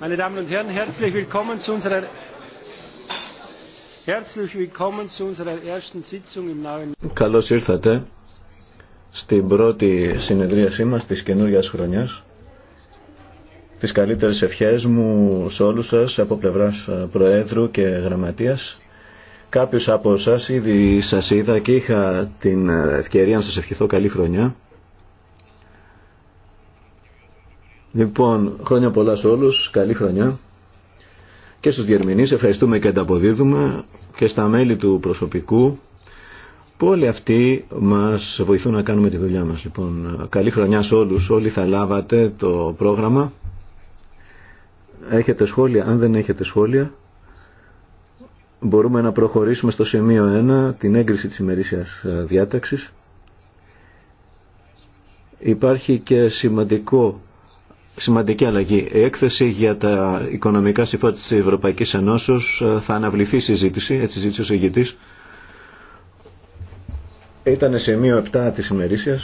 meine Damen und Herren, herzlich willkommen zu unserer ersten Καλώς ήρθατε στην πρώτη συνεδρίασή μας της καινούργιας χρονιάς. Τις καλύτερες ευχές μου σε όλους σας από πλευράς Προέδρου και Γραμματείας. Κάποιους από εσάς ήδη σας είδα και είχα την ευκαιρία να σας ευχηθώ καλή χρονιά. Λοιπόν, χρόνια πολλά σε όλους, καλή χρονιά και στους διερμηνείς, ευχαριστούμε και ανταποδίδουμε και στα μέλη του προσωπικού που όλοι αυτοί μας βοηθούν να κάνουμε τη δουλειά μας. Λοιπόν, καλή χρονιά σε όλους, όλοι θα λάβατε το πρόγραμμα. Έχετε σχόλια, αν δεν έχετε σχόλια μπορούμε να προχωρήσουμε στο σημείο 1, την έγκριση της ημερήσιας ε, διάταξης. Υπάρχει και σημαντικό σημαντική αλλαγή. Η έκθεση για τα οικονομικά συμφέροντα της Ευρωπαϊκής Ενώσεω ε, θα αναβληθεί η συζήτηση, έτσι ζήτησε ο συγγητή. Ήταν σημείο 7 της ημερήσια.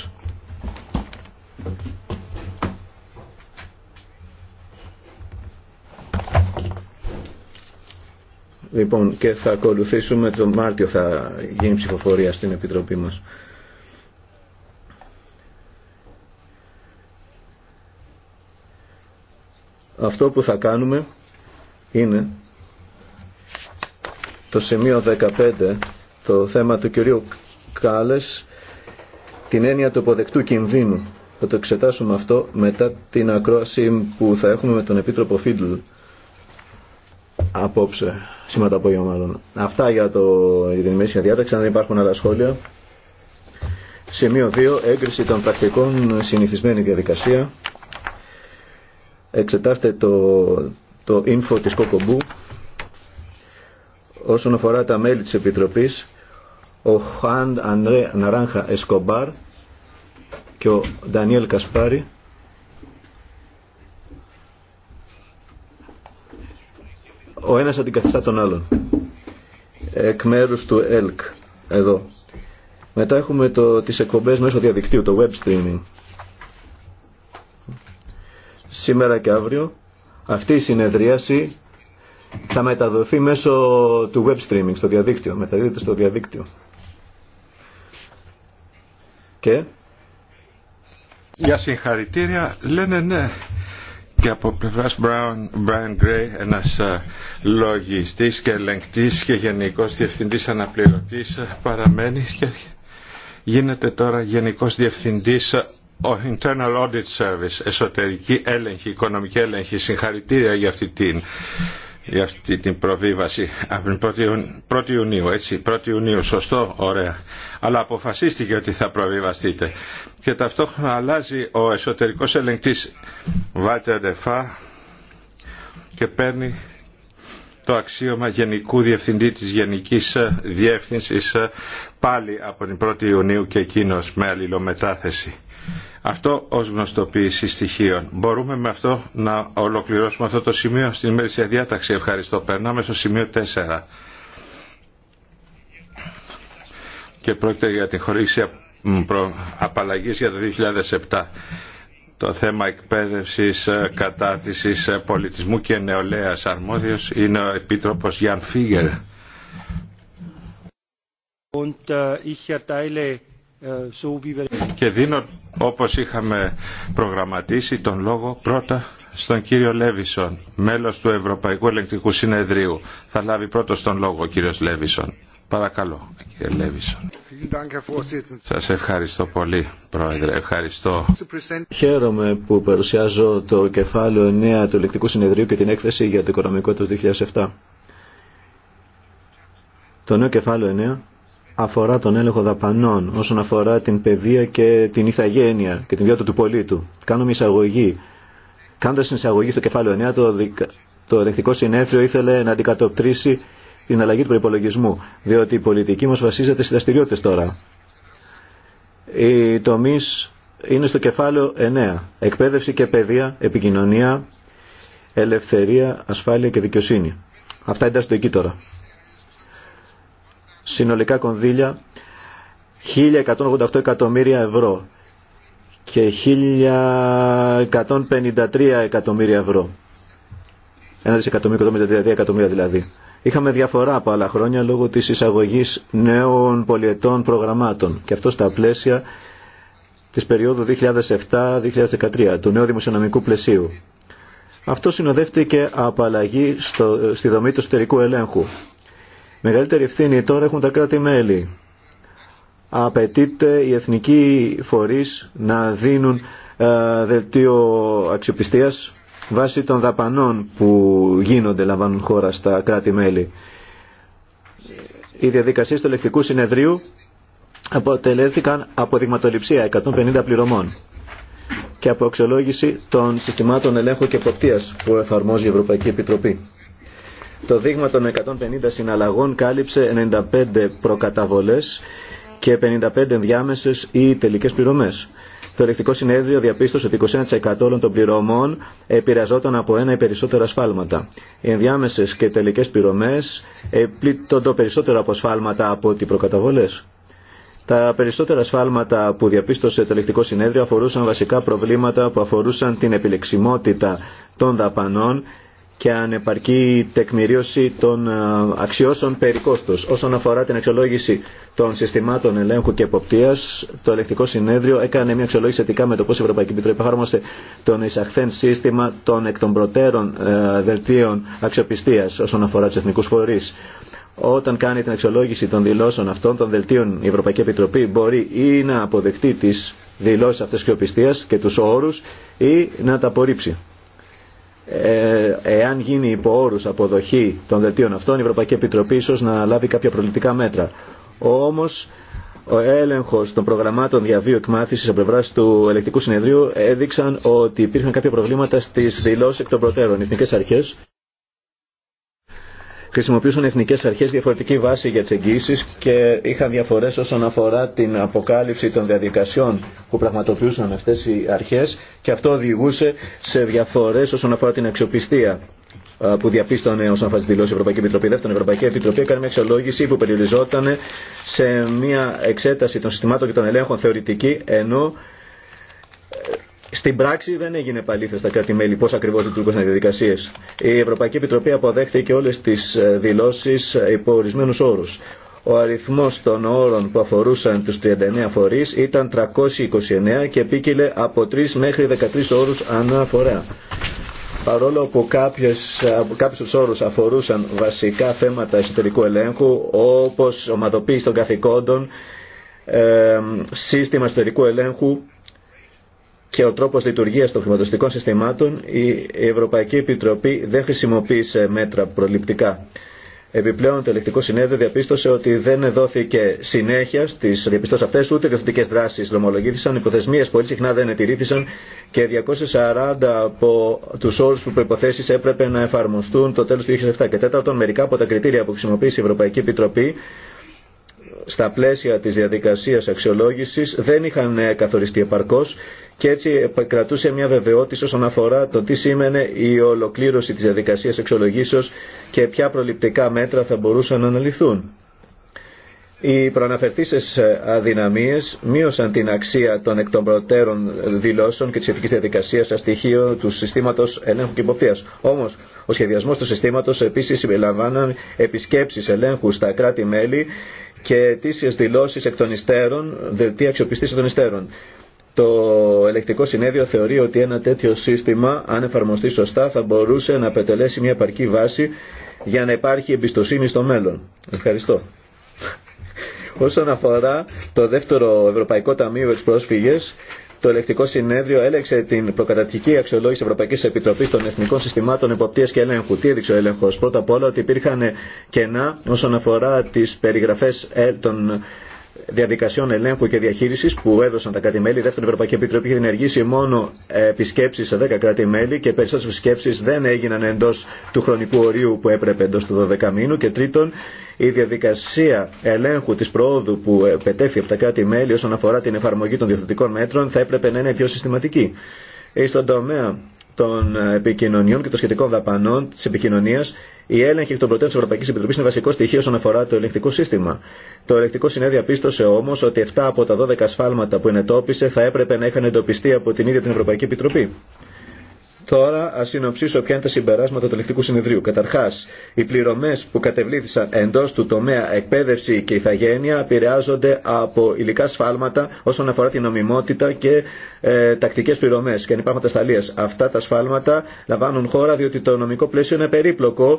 Λοιπόν, και θα ακολουθήσουμε τον Μάρτιο θα γίνει ψηφοφορία στην Επιτροπή μας. Αυτό που θα κάνουμε είναι το σημείο 15, το θέμα του κυρίου Κάλες, την έννοια του αποδεκτού κινδύνου. Θα το εξετάσουμε αυτό μετά την ακρόαση που θα έχουμε με τον Επίτροπο Φίντλ απόψε, σήμερα το απόγευμα μάλλον. Αυτά για, το, για την ημερήσια διάταξη, αν δεν υπάρχουν άλλα σχόλια. Σημείο 2, έγκριση των πρακτικών, συνηθισμένη διαδικασία εξετάστε το, το info της Κοκομπού όσον αφορά τα μέλη της Επιτροπής ο Χαν Ανρέ Ναράνχα Εσκομπάρ και ο Ντανιέλ Κασπάρη ο ένας αντικαθιστά τον άλλον εκ μέρους του ΕΛΚ εδώ μετά έχουμε το, τις εκπομπές μέσω διαδικτύου, το web streaming σήμερα και αύριο, αυτή η συνεδρίαση θα μεταδοθεί μέσω του web streaming στο διαδίκτυο, μεταδίδεται στο διαδίκτυο. Και... Για συγχαρητήρια λένε ναι και από πλευράς Brown, Brian Gray, ένας ε, λογιστής και ελεγκτής και γενικός διευθυντής αναπληρωτής ε, παραμένει και γίνεται τώρα γενικός διευθυντής ε, ο Internal Audit Service, εσωτερική έλεγχη, οικονομική έλεγχη, συγχαρητήρια για αυτή την για αυτή την προβίβαση από την 1η Ιουνίου, έτσι, 1η Ιουνίου, σωστό, ωραία. Αλλά αποφασίστηκε ότι θα προβιβαστείτε. Και ταυτόχρονα αλλάζει ο εσωτερικός ελεγκτής Βάλτερ Ντεφά και παίρνει το αξίωμα Γενικού Διευθυντή της Γενικής Διεύθυνσης πάλι από την 1η Ιουνίου και εκείνος με αλληλομετάθεση. Αυτό ως γνωστοποίηση στοιχείων. Μπορούμε με αυτό να ολοκληρώσουμε αυτό το σημείο στην ημερησία διάταξη. Ευχαριστώ. Περνάμε στο σημείο 4. Και πρόκειται για την χωρίση απαλλαγής για το 2007 το θέμα εκπαίδευσης, ε, κατάρτισης ε, πολιτισμού και νεολαίας αρμόδιος είναι ο Επίτροπος Γιάνν Φίγκερ. Ε, και δίνω όπως είχαμε προγραμματίσει τον λόγο πρώτα στον κύριο Λέβισον, μέλος του Ευρωπαϊκού Ελεκτρικού Συνεδρίου. Θα λάβει πρώτο τον λόγο ο κύριος Λέβισον. Παρακαλώ, κύριε Λέβισον. Σας ευχαριστώ πολύ, Πρόεδρε. Ευχαριστώ. Χαίρομαι που παρουσιάζω το κεφάλαιο 9 του Ελεκτικού Συνεδρίου και την έκθεση για το οικονομικό του 2007. Το νέο κεφάλαιο 9 αφορά τον έλεγχο δαπανών, όσον αφορά την παιδεία και την ηθαγένεια και την ιδιότητα του πολίτου. Κάνουμε εισαγωγή. Κάνοντα την εισαγωγή στο κεφάλαιο 9, το, το ελεκτικό συνέθριο ήθελε να αντικατοπτρίσει την αλλαγή του προπολογισμού, διότι η πολιτική μα βασίζεται στι δραστηριότητε τώρα. Οι τομεί είναι στο κεφάλαιο 9. Εκπαίδευση και παιδεία, επικοινωνία, ελευθερία, ασφάλεια και δικαιοσύνη. Αυτά εντάσσονται εκεί τώρα συνολικά κονδύλια 1.188 εκατομμύρια ευρώ και 1.153 εκατομμύρια ευρώ. Ένα δισεκατομμύριο, εκατομμύρια δηλαδή. Είχαμε διαφορά από άλλα χρόνια λόγω της εισαγωγής νέων πολιετών προγραμμάτων και αυτό στα πλαίσια της περίοδου 2007-2013, του νέου δημοσιονομικού πλαισίου. Αυτό συνοδεύτηκε από αλλαγή στο, στη δομή του εσωτερικού ελέγχου Μεγαλύτερη ευθύνη τώρα έχουν τα κράτη-μέλη. Απαιτείται οι εθνικοί φορείς να δίνουν ε, δελτίο αξιοπιστίας βάσει των δαπανών που γίνονται, λαμβάνουν χώρα στα κράτη-μέλη. Οι διαδικασίες του ελεκτικού συνεδρίου αποτελέθηκαν από δειγματοληψία 150 πληρωμών και από αξιολόγηση των συστημάτων ελέγχου και εποπτείας που εφαρμόζει η Ευρωπαϊκή Επιτροπή. Το δείγμα των 150 συναλλαγών κάλυψε 95 προκαταβολές και 55 ενδιάμεσες ή τελικές πληρωμές. Το ελεκτικό συνέδριο διαπίστωσε ότι 21% των πληρωμών επηρεαζόταν από ένα ή περισσότερα σφάλματα. Οι ενδιάμεσε και τελικές πληρωμές πλήττονται περισσότερο από σφάλματα από ότι προκαταβολές. Τα περισσότερα σφάλματα που διαπίστωσε το ελεκτικό συνέδριο αφορούσαν βασικά προβλήματα που αφορούσαν την επιλεξιμότητα των δαπανών και ανεπαρκή τεκμηρίωση των ε, αξιώσεων περί κόστος. Όσον αφορά την αξιολόγηση των συστημάτων ελέγχου και εποπτείας, το ελεκτικό συνέδριο έκανε μια αξιολόγηση σχετικά με το πώς η Ευρωπαϊκή Επιτροπή εφάρμοσε τον εισαχθέν σύστημα των εκ των προτέρων ε, δελτίων αξιοπιστίας όσον αφορά τους εθνικούς φορείς. Όταν κάνει την αξιολόγηση των δηλώσεων αυτών των δελτίων η Ευρωπαϊκή Επιτροπή μπορεί ή να αποδεχτεί τις δηλώσεις αυτές αξιοπιστία και τους όρους ή να τα απορρίψει. Ε, εάν γίνει υπό όρους αποδοχή των δελτίων αυτών, η Ευρωπαϊκή Επιτροπή ίσως να λάβει κάποια προληπτικά μέτρα. Όμως, ο έλεγχος των προγραμμάτων διαβίου εκμάθησης από πλευράς του ελεκτικού συνεδρίου έδειξαν ότι υπήρχαν κάποια προβλήματα στις δηλώσεις εκ των προτέρων. Οι εθνικέ χρησιμοποιούσαν εθνικέ αρχέ διαφορετική βάση για τι εγγύησει και είχαν διαφορέ όσον αφορά την αποκάλυψη των διαδικασιών που πραγματοποιούσαν αυτέ οι αρχέ και αυτό οδηγούσε σε διαφορέ όσον αφορά την αξιοπιστία που διαπίστωνε όσον αφορά τι δηλώσει η Ευρωπαϊκή Επιτροπή. Δεύτερον, η Ευρωπαϊκή Επιτροπή έκανε μια αξιολόγηση που περιοριζόταν σε μια εξέταση των συστημάτων και των ελέγχων θεωρητική, ενώ στην πράξη δεν έγινε παλίθε στα κράτη-μέλη πώ ακριβώς λειτουργούσαν οι διαδικασίες. Η Ευρωπαϊκή Επιτροπή αποδέχθηκε όλε τι ε, δηλώσει ε, υπό ορισμένου όρους. Ο αριθμό των όρων που αφορούσαν του 39 φορεί ήταν 329 και επίκυλε από 3 μέχρι 13 όρου ανάφορα. Παρόλο που ε, κάποιου όρου αφορούσαν βασικά θέματα εσωτερικού ελέγχου όπω ομαδοποίηση των καθηκόντων, σύστημα εσωτερικού ελέγχου και ο τρόπος λειτουργίας των χρηματοστικών συστημάτων, η Ευρωπαϊκή Επιτροπή δεν χρησιμοποίησε μέτρα προληπτικά. Επιπλέον, το ελεκτικό συνέδριο διαπίστωσε ότι δεν δόθηκε συνέχεια στι διαπιστώσει αυτέ, ούτε διευθυντικέ δράσει λομολογήθησαν, οι πολύ συχνά δεν ετηρήθησαν και 240 από του όρου που προποθέσει έπρεπε να εφαρμοστούν το τέλο του 2007. Και τέταρτον, μερικά από τα κριτήρια που χρησιμοποίησε η Ευρωπαϊκή Επιτροπή στα πλαίσια της διαδικασίας αξιολόγησης δεν είχαν καθοριστεί επαρκώς και έτσι επικρατούσε μια βεβαιότητα όσον αφορά το τι σήμαινε η ολοκλήρωση της διαδικασία εξολογήσεως και ποια προληπτικά μέτρα θα μπορούσαν να αναλυθούν. Οι προαναφερθήσεις αδυναμίες μείωσαν την αξία των εκ των προτέρων δηλώσεων και της ειδικής διαδικασίας σαν στοιχείο του συστήματος ελέγχου και υποπτίας. Όμως, ο σχεδιασμός του συστήματος επίσης συμπεριλαμβάναν επισκέψεις ελέγχου στα κράτη-μέλη και αιτήσιες δηλώσεις εκ των υστέρων, δελτία αξιοπιστής των υστέρων. Το ελεκτικό συνέδριο θεωρεί ότι ένα τέτοιο σύστημα, αν εφαρμοστεί σωστά, θα μπορούσε να πετελέσει μια επαρκή βάση για να υπάρχει εμπιστοσύνη στο μέλλον. Ευχαριστώ. Όσον αφορά το δεύτερο Ευρωπαϊκό Ταμείο για το ελεκτικό συνέδριο έλεξε την προκαταρκτική αξιολόγηση Ευρωπαϊκή Επιτροπή των Εθνικών Συστημάτων Εποπτεία και Έλεγχου. Τι έδειξε ο έλεγχο. Πρώτα απ' όλα ότι υπήρχαν κενά όσον αφορά τι περιγραφέ ε, των διαδικασιών ελέγχου και διαχείρισης που έδωσαν τα κράτη-μέλη. Η Δεύτερη Ευρωπαϊκή Επιτροπή είχε διενεργήσει μόνο επισκέψει σε 10 κράτη-μέλη και περισσότερε επισκέψει δεν έγιναν εντό του χρονικού ορίου που έπρεπε εντό του 12 μήνου. Και τρίτον, η διαδικασία ελέγχου τη προόδου που πετέφει από τα κράτη-μέλη όσον αφορά την εφαρμογή των διευθυντικών μέτρων θα έπρεπε να είναι πιο συστηματική. Στον τομέα των επικοινωνιών και των σχετικών δαπανών τη επικοινωνία, η έλεγχη εκ των προτέρων τη Ευρωπαϊκή Επιτροπή είναι βασικό στοιχείο όσον αφορά το ελεγκτικό σύστημα. Το ελεγκτικό συνέδριο πίστωσε όμω ότι 7 από τα 12 σφάλματα που ενετόπισε θα έπρεπε να είχαν εντοπιστεί από την ίδια την Ευρωπαϊκή Επιτροπή. Τώρα α συνοψίσω ποια είναι τα συμπεράσματα του ελεκτικού συνεδρίου. Καταρχά, οι πληρωμέ που κατεβλήθησαν εντό του τομέα εκπαίδευση και ηθαγένεια επηρεάζονται από υλικά σφάλματα όσον αφορά την νομιμότητα και ε, τακτικέ πληρωμέ και αν υπάρχουν Αυτά τα σφάλματα λαμβάνουν χώρα διότι το νομικό πλαίσιο είναι περίπλοκο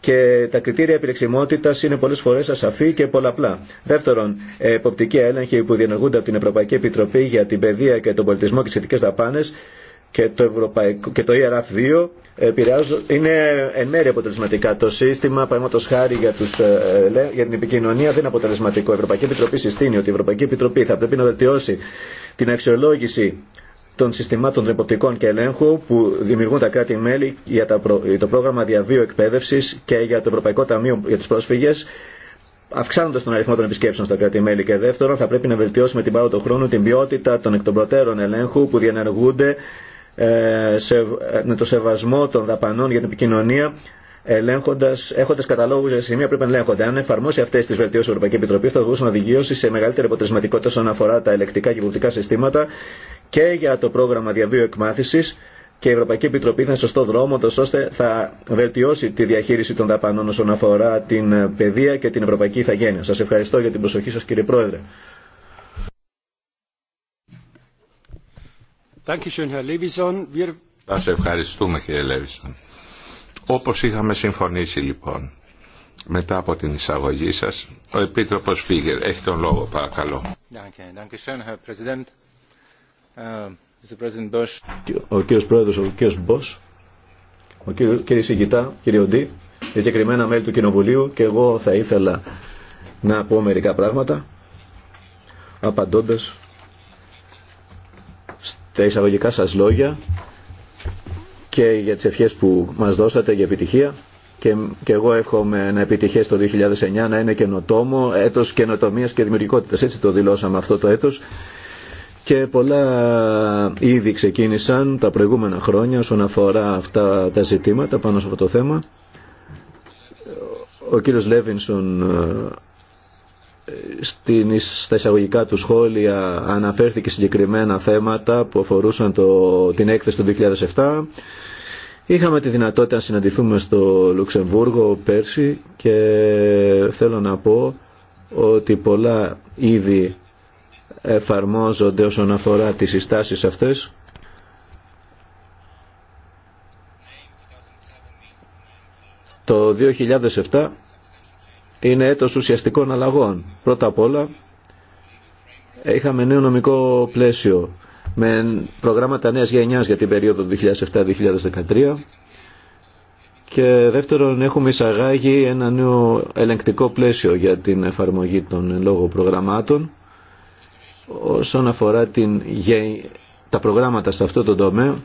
και τα κριτήρια επιλεξιμότητα είναι πολλέ φορέ ασαφή και πολλαπλά. Δεύτερον, εποπτική έλεγχη που διενεργούνται από την Ευρωπαϊκή Επιτροπή για την Παιδεία και τον Πολιτισμό και σχετικέ δαπάνε και το, Ευρωπαϊκό, και το ERF2 είναι εν μέρει αποτελεσματικά. Το σύστημα, παραδείγματο χάρη για, τους, ε, ε, για την επικοινωνία, δεν είναι αποτελεσματικό. Η Ευρωπαϊκή Επιτροπή συστήνει ότι η Ευρωπαϊκή Επιτροπή θα πρέπει να βελτιώσει την αξιολόγηση των συστημάτων ρεποπτικών και ελέγχου που δημιουργούν τα κράτη-μέλη για το πρόγραμμα διαβίου εκπαίδευση και για το Ευρωπαϊκό Ταμείο για του Πρόσφυγε, αυξάνοντα τον αριθμό των επισκέψεων στα κράτη-μέλη. Και δεύτερον, θα πρέπει να βελτιώσουμε την πάροδο χρόνου την ποιότητα των εκ των ελέγχου που διενεργούνται ε, σε, με το σεβασμό των δαπανών για την επικοινωνία ελέγχοντας, έχοντας καταλόγους για σημεία πρέπει να ελέγχονται. Αν εφαρμόσει αυτές τις βελτιώσεις η Ευρωπαϊκή Επιτροπή θα οδηγούσαν οδηγίωση σε μεγαλύτερη αποτελεσματικότητα όσον αφορά τα ελεκτικά και βουλτικά συστήματα και για το πρόγραμμα διαβίου εκμάθησης και η Ευρωπαϊκή Επιτροπή θα είναι σωστό δρόμο, τόσο ώστε θα βελτιώσει τη διαχείριση των δαπανών όσον αφορά την παιδεία και την ευρωπαϊκή ηθαγένεια. Σας ευχαριστώ για την προσοχή σας κύριε Πρόεδρε. Σας ευχαριστούμε κύριε Λέβισον. Όπως είχαμε συμφωνήσει λοιπόν μετά από την εισαγωγή σας, ο Επίτροπος Φίγερ έχει τον λόγο παρακαλώ. Äh, ο κύριο Πρόεδρος, ο κύριο Μπός, ο κύριος, κύριε Σιγητά, κύριε Οντή, διακεκριμένα μέλη του Κοινοβουλίου και εγώ θα ήθελα να πω μερικά πράγματα απαντώντας τα εισαγωγικά σας λόγια και για τις ευχές που μας δώσατε για επιτυχία και, και εγώ εύχομαι να επιτυχές το 2009 να είναι καινοτόμο, έτος καινοτομίας και δημιουργικότητας. Έτσι το δηλώσαμε αυτό το έτος και πολλά ήδη ξεκίνησαν τα προηγούμενα χρόνια όσον αφορά αυτά τα ζητήματα πάνω σε αυτό το θέμα. Ο κύριος Λέβινσον στην, στα εισαγωγικά του σχόλια αναφέρθηκε συγκεκριμένα θέματα που αφορούσαν το, την έκθεση του 2007. Είχαμε τη δυνατότητα να συναντηθούμε στο Λουξεμβούργο πέρσι και θέλω να πω ότι πολλά ήδη εφαρμόζονται όσον αφορά τις συστάσεις αυτές. Το 2007 είναι έτος ουσιαστικών αλλαγών. Πρώτα απ' όλα είχαμε νέο νομικό πλαίσιο με προγράμματα νέας γενιάς για την περίοδο 2007-2013 και δεύτερον έχουμε εισαγάγει ένα νέο ελεγκτικό πλαίσιο για την εφαρμογή των λόγω προγραμμάτων όσον αφορά την, τα προγράμματα σε αυτό το τομέα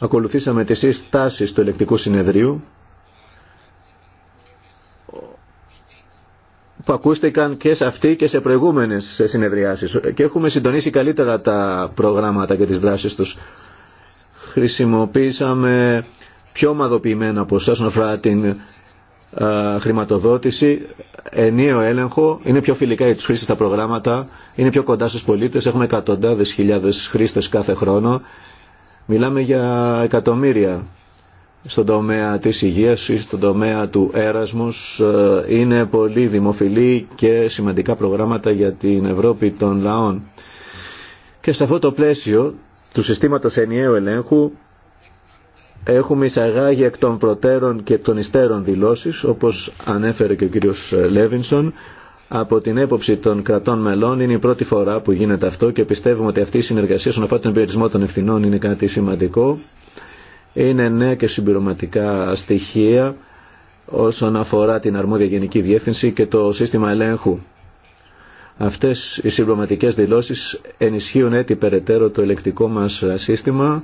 ακολουθήσαμε τις συστάσεις του ελεκτικού συνεδρίου που ακούστηκαν και σε αυτή και σε προηγούμενες συνεδριάσεις και έχουμε συντονίσει καλύτερα τα προγράμματα και τις δράσεις τους. Χρησιμοποίησαμε πιο ομαδοποιημένα από όσον αφορά την χρηματοδότηση, ενίο έλεγχο, είναι πιο φιλικά για τους χρήστες τα προγράμματα, είναι πιο κοντά στους πολίτες, έχουμε εκατοντάδες χιλιάδες χρήστες κάθε χρόνο, μιλάμε για εκατομμύρια στον τομέα της υγείας ή στον τομέα του έρασμους ε, είναι πολύ δημοφιλή και σημαντικά προγράμματα για την Ευρώπη των λαών. Και σε αυτό το πλαίσιο του συστήματος ενιαίου ελέγχου έχουμε εισαγάγει εκ των προτέρων και εκ των υστέρων δηλώσεις όπως ανέφερε και ο κύριος Λέβινσον από την έποψη των κρατών μελών είναι η πρώτη φορά που γίνεται αυτό και πιστεύουμε ότι αυτή η συνεργασία στον αφορά τον περιορισμό των ευθυνών είναι κάτι σημαντικό είναι νέα και συμπληρωματικά στοιχεία όσον αφορά την αρμόδια γενική διεύθυνση και το σύστημα ελέγχου. Αυτές οι συμπληρωματικέ δηλώσεις ενισχύουν έτσι περαιτέρω το ελεκτικό μας σύστημα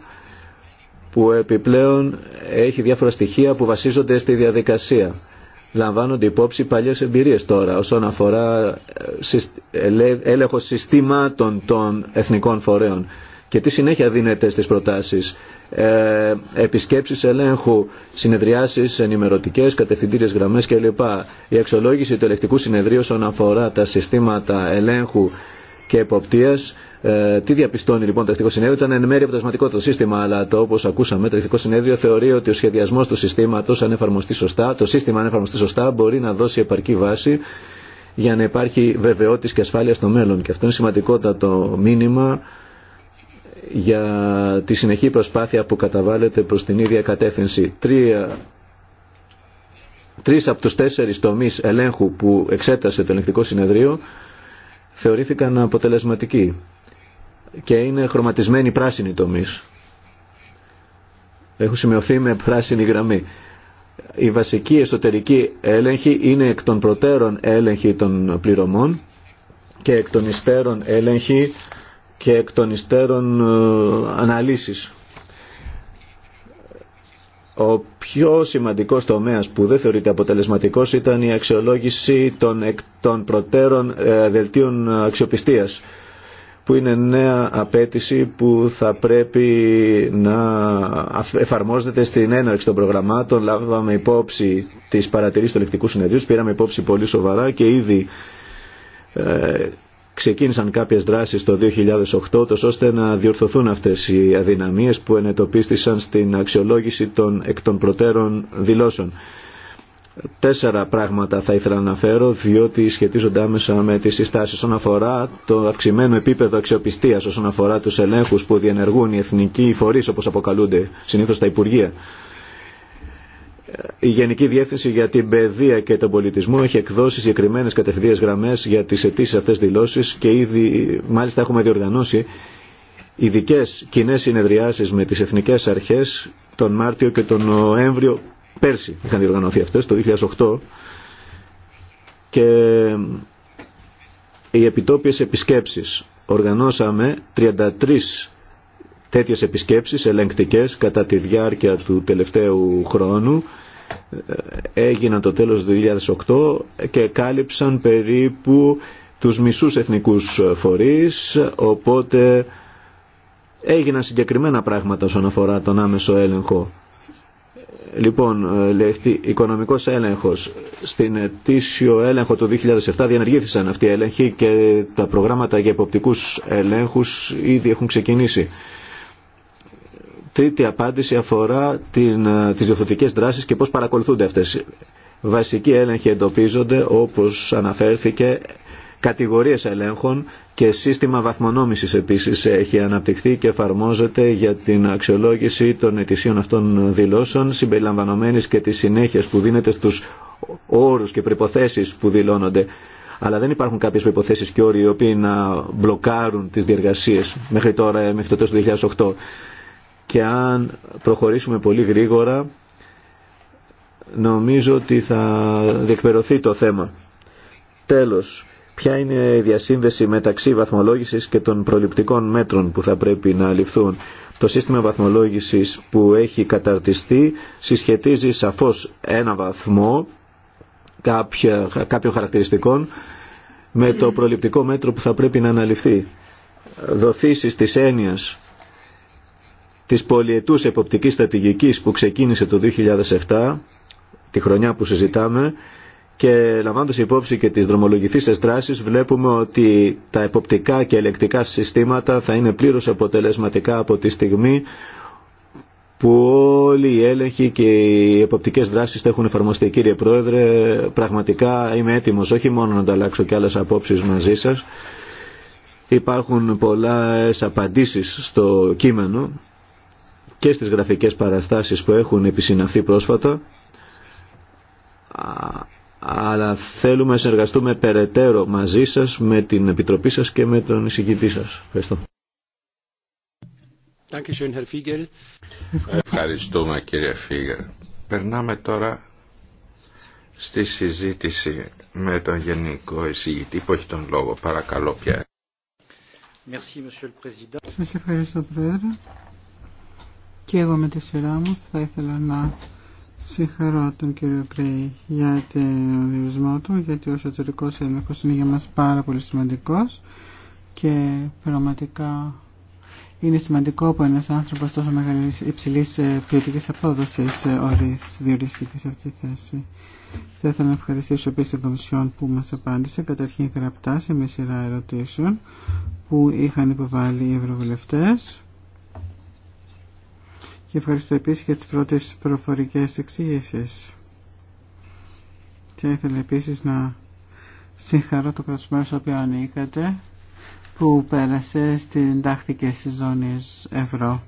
που επιπλέον έχει διάφορα στοιχεία που βασίζονται στη διαδικασία. Λαμβάνονται υπόψη παλιές εμπειρίες τώρα όσον αφορά ε, έλεγχο συστήματων των εθνικών φορέων. Και τι συνέχεια δίνεται στις προτάσεις ε, επισκέψεις ελέγχου, συνεδριάσεις ενημερωτικές, κατευθυντήριες γραμμές κλπ. Η αξιολόγηση του ελεκτικού συνεδρίου όσον αφορά τα συστήματα ελέγχου και εποπτείας ε, τι διαπιστώνει λοιπόν το Εθνικό Συνέδριο, ήταν εν μέρει αποτελεσματικό το σύστημα, αλλά το όπω ακούσαμε, το Εθνικό Συνέδριο θεωρεί ότι ο σχεδιασμό του συστήματο, αν εφαρμοστεί σωστά, το σύστημα, αν εφαρμοστεί σωστά, μπορεί να δώσει επαρκή βάση για να υπάρχει βεβαιότητα και ασφάλεια στο μέλλον. Και αυτό είναι σημαντικότατο μήνυμα για τη συνεχή προσπάθεια που καταβάλλεται προς την ίδια κατεύθυνση. Τρία, τρεις από τους τέσσερις τομείς ελέγχου που εξέτασε το ελεγκτικό συνεδρίο θεωρήθηκαν αποτελεσματικοί και είναι χρωματισμένοι πράσινοι τομείς. Έχουν σημειωθεί με πράσινη γραμμή. Η βασική εσωτερική έλεγχη είναι εκ των προτέρων έλεγχη των πληρωμών και εκ των υστέρων έλεγχη και εκ των υστέρων ε, αναλύσεις. Ο πιο σημαντικός τομέας που δεν θεωρείται αποτελεσματικός ήταν η αξιολόγηση των εκ προτέρων ε, δελτίων αξιοπιστίας που είναι νέα απέτηση που θα πρέπει να εφαρμόζεται στην έναρξη των προγραμμάτων. Λάβαμε υπόψη τις παρατηρήσεις του ελεκτικού συνεδρίου, πήραμε υπόψη πολύ σοβαρά και ήδη ε, ξεκίνησαν κάποιες δράσεις το 2008 ώστε να διορθωθούν αυτές οι αδυναμίες που ενετοπίστησαν στην αξιολόγηση των εκ των προτέρων δηλώσεων. Τέσσερα πράγματα θα ήθελα να αναφέρω διότι σχετίζονται άμεσα με τις συστάσεις όσον αφορά το αυξημένο επίπεδο αξιοπιστίας όσον αφορά τους ελέγχους που διενεργούν οι εθνικοί φορείς όπως αποκαλούνται συνήθως τα Υπουργεία. Η Γενική Διεύθυνση για την Παιδεία και τον Πολιτισμό έχει εκδώσει συγκεκριμένε κατευθυντήριε γραμμέ για τι αιτήσει αυτέ δηλώσει και ήδη μάλιστα έχουμε διοργανώσει ειδικέ κοινέ συνεδριάσει με τι εθνικέ αρχέ τον Μάρτιο και τον Νοέμβριο πέρσι είχαν διοργανωθεί αυτέ το 2008 και οι επιτόπιε επισκέψει. Οργανώσαμε 33 τέτοιες επισκέψεις ελεγκτικές κατά τη διάρκεια του τελευταίου χρόνου έγιναν το τέλος του 2008 και κάλυψαν περίπου τους μισούς εθνικούς φορείς, οπότε έγιναν συγκεκριμένα πράγματα όσον αφορά τον άμεσο έλεγχο. Λοιπόν, λεχτή, οικονομικός έλεγχος. Στην ετήσιο έλεγχο του 2007 διενεργήθησαν αυτοί οι έλεγχοι και τα προγράμματα για υποπτικούς ελέγχους ήδη έχουν ξεκινήσει. Τρίτη απάντηση αφορά την, ε, τις διορθωτικές δράσεις και πώς παρακολουθούνται αυτές. Βασικοί έλεγχοι εντοπίζονται όπως αναφέρθηκε κατηγορίες ελέγχων και σύστημα βαθμονόμησης επίσης έχει αναπτυχθεί και εφαρμόζεται για την αξιολόγηση των ετησίων αυτών δηλώσεων συμπεριλαμβανομένης και της συνέχεια που δίνεται στους όρους και προϋποθέσεις που δηλώνονται. Αλλά δεν υπάρχουν κάποιες προϋποθέσεις και όροι οι οποίοι να μπλοκάρουν τις διεργασίες μέχρι τώρα, μέχρι το τέλος του 2008 και αν προχωρήσουμε πολύ γρήγορα νομίζω ότι θα διεκπαιρωθεί το θέμα. Τέλος, ποια είναι η διασύνδεση μεταξύ βαθμολόγησης και των προληπτικών μέτρων που θα πρέπει να ληφθούν. Το σύστημα βαθμολόγησης που έχει καταρτιστεί συσχετίζει σαφώς ένα βαθμό κάποιων χαρακτηριστικών με το προληπτικό μέτρο που θα πρέπει να αναλυφθεί. Δοθήσεις της έννοιας της πολιετούς εποπτικής στρατηγικής που ξεκίνησε το 2007, τη χρονιά που συζητάμε, και λαμβάνοντας υπόψη και τις δρομολογηθήσεις δράσεις βλέπουμε ότι τα εποπτικά και ελεκτικά συστήματα θα είναι πλήρως αποτελεσματικά από τη στιγμή που όλοι οι έλεγχοι και οι εποπτικές δράσεις έχουν εφαρμοστεί. Κύριε Πρόεδρε, πραγματικά είμαι έτοιμος όχι μόνο να ανταλλάξω και άλλες απόψεις μαζί σας. Υπάρχουν πολλές απαντήσεις στο κείμενο και στις γραφικές παραστάσεις που έχουν επισυναθεί πρόσφατα αλλά θέλουμε να συνεργαστούμε περαιτέρω μαζί σας, με την Επιτροπή σας και με τον εισηγητή σας. Ευχαριστώ. Ευχαριστούμε κύριε Φίγερ. Περνάμε τώρα στη συζήτηση με τον Γενικό Εισηγητή που έχει τον λόγο. Παρακαλώ πια. Σας ευχαριστώ Πρόεδρε. Και εγώ με τη σειρά μου θα ήθελα να συγχαρώ τον κύριο Κρέη για τον διορισμό του, γιατί ο εσωτερικό έλεγχο είναι για μα πάρα πολύ σημαντικό και πραγματικά είναι σημαντικό που ένα άνθρωπο τόσο μεγάλη υψηλή ε, ποιοτική απόδοση ε, διορίστηκε σε αυτή τη θέση. Θα ήθελα να ευχαριστήσω επίση την Κομισιόν που μα απάντησε καταρχήν γραπτά σε μια σειρά ερωτήσεων που είχαν υποβάλει οι ευρωβουλευτέ και ευχαριστώ επίσης για τις πρώτες προφορικές εξήγησεις. Και ήθελα επίσης να συγχαρώ το κρασμένο στο οποίο ανήκατε που πέρασε στην τάχτηκε στη ζώνη ευρώ.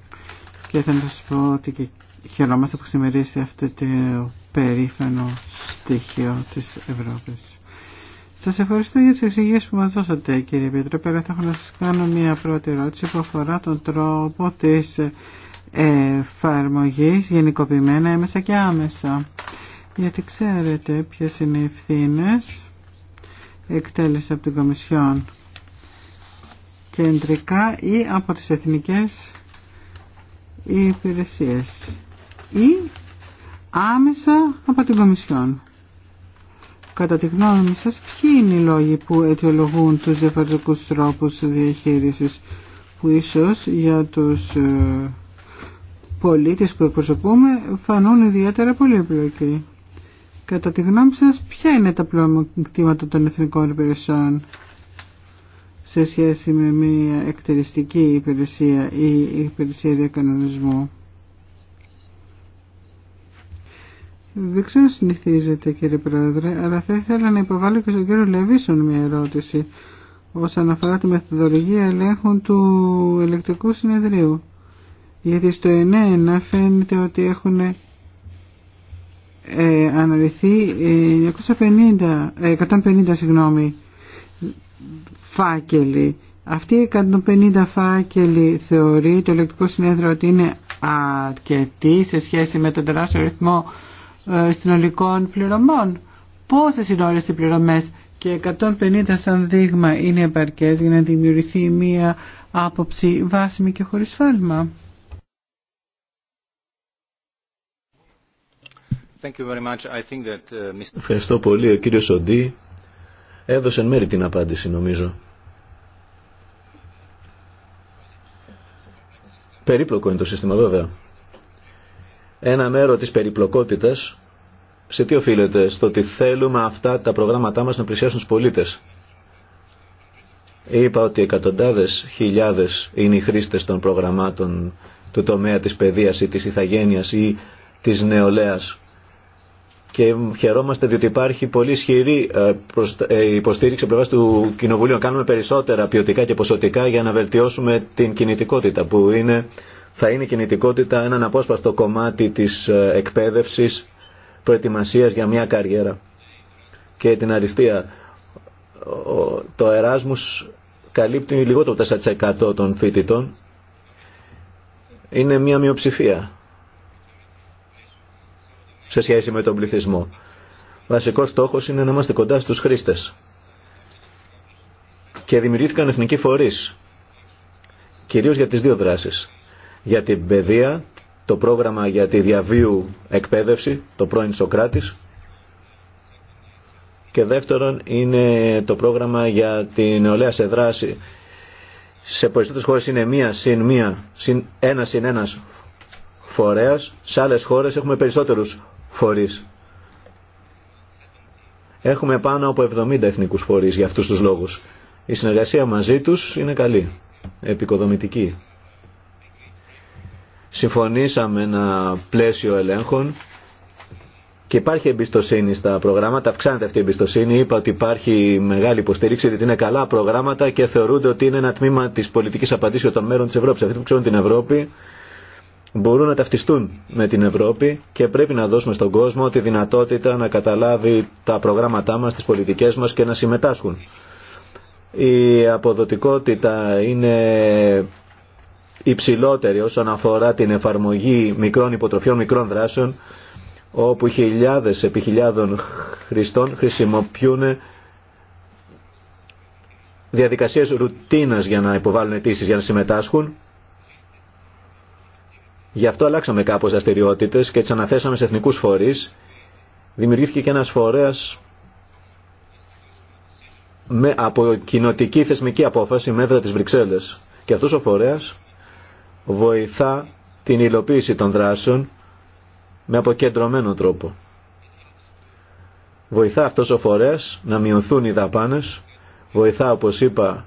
Και θα να σας πω ότι χαιρόμαστε που ξημερίσετε αυτό το περήφανο στοιχείο της Ευρώπης. Σας ευχαριστώ για τις εξηγήσεις που μας δώσατε κύριε Πίτρο. Πέρα θα έχω να σας κάνω μια πρώτη ερώτηση που αφορά τον τρόπο της εφαρμογής γενικοποιημένα έμεσα και άμεσα. Γιατί ξέρετε ποιες είναι οι ευθύνε εκτέλεση από την Κομισιόν κεντρικά ή από τις εθνικές υπηρεσίες ή άμεσα από την Κομισιόν. Κατά τη γνώμη σας, ποιοι είναι οι λόγοι που αιτιολογούν τους διαφορετικούς τρόπους διαχείρισης που ίσως για τους ε, πολίτες που εκπροσωπούμε φανούν ιδιαίτερα πολύπλοκοι. Κατά τη γνώμη σας, ποια είναι τα πλεονεκτήματα των εθνικών υπηρεσιών σε σχέση με μια εκτελεστική υπηρεσία ή υπηρεσία διακανονισμού. Δεν ξέρω συνηθίζετε, κύριε Πρόεδρε, αλλά θα ήθελα να υποβάλω και στον κύριο Λεβίσον μια ερώτηση όσον αφορά τη μεθοδολογία ελέγχων του ηλεκτρικού συνεδρίου γιατί στο 9 φαίνεται ότι έχουν ε, αναλυθεί 150 ε, ε, συγγνώμη, φάκελοι. Αυτοί οι 150 φάκελοι θεωρεί το ηλεκτρικό συνέδριο ότι είναι αρκετοί σε σχέση με τον τεράστιο ρυθμό ε, συνολικών πληρωμών. Πόσες είναι όλες οι πληρωμές και 150 σαν δείγμα είναι επαρκές για να δημιουργηθεί μία άποψη βάσιμη και χωρίς φάλμα. Uh, Ευχαριστώ πολύ. Ο κύριος Σοντή έδωσε μέρη την απάντηση νομίζω. Περίπλοκο είναι το σύστημα βέβαια. Ένα μέρο της περιπλοκότητας σε τι οφείλεται, στο ότι θέλουμε αυτά τα προγράμματά μας να πλησιάσουν τους πολίτες. Είπα ότι εκατοντάδες χιλιάδες είναι οι χρήστες των προγραμμάτων του τομέα της παιδείας ή της ηθαγένειας ή της νεολαίας και χαιρόμαστε διότι υπάρχει πολύ ισχυρή ε, ε, υποστήριξη πλευρά του Κοινοβουλίου. Κάνουμε περισσότερα ποιοτικά και ποσοτικά για να βελτιώσουμε την κινητικότητα που είναι, θα είναι η κινητικότητα έναν απόσπαστο κομμάτι της ε, εκπαίδευσης προετοιμασίας για μια καριέρα και την αριστεία. Το Εράσμους καλύπτει λιγότερο 4% των φοιτητών. Είναι μια μειοψηφία σε σχέση με τον πληθυσμό. Βασικός στόχος είναι να είμαστε κοντά στους χρήστες. Και δημιουργήθηκαν εθνικοί φορείς, κυρίως για τις δύο δράσεις. Για την παιδεία, το πρόγραμμα για τη διαβίου εκπαίδευση, το πρώην Σοκράτης, και δεύτερον είναι το πρόγραμμα για την νεολαία σε δράση. Σε περισσότερες χώρες είναι μία συν μία, συν, ένα συν ένας φορέας. Σε άλλες χώρες έχουμε περισσότερους φορείς. Έχουμε πάνω από 70 εθνικούς φορείς για αυτούς τους λόγους. Η συνεργασία μαζί τους είναι καλή, επικοδομητική. Συμφωνήσαμε ένα πλαίσιο ελέγχων και υπάρχει εμπιστοσύνη στα προγράμματα, αυξάνεται αυτή η εμπιστοσύνη. Είπα ότι υπάρχει μεγάλη υποστήριξη, γιατί είναι καλά προγράμματα και θεωρούνται ότι είναι ένα τμήμα τη πολιτική απαντήσεως των μέρων τη Ευρώπη. Αυτοί που ξέρουν την Ευρώπη μπορούν να ταυτιστούν με την Ευρώπη και πρέπει να δώσουμε στον κόσμο τη δυνατότητα να καταλάβει τα προγράμματά μας, τις πολιτικές μας και να συμμετάσχουν. Η αποδοτικότητα είναι υψηλότερη όσον αφορά την εφαρμογή μικρών υποτροφιών, μικρών δράσεων, όπου χιλιάδες επί χιλιάδων χρηστών χρησιμοποιούν διαδικασίες ρουτίνας για να υποβάλουν αιτήσει για να συμμετάσχουν Γι' αυτό αλλάξαμε κάπως δραστηριότητε και τι αναθέσαμε σε εθνικούς φορείς. Δημιουργήθηκε και ένας φορέας με, από κοινοτική θεσμική απόφαση μέτρα της Βρυξέλλες. Και αυτός ο φορέας βοηθά την υλοποίηση των δράσεων με αποκεντρωμένο τρόπο. Βοηθά αυτός ο φορέας να μειωθούν οι δαπάνες, βοηθά όπως είπα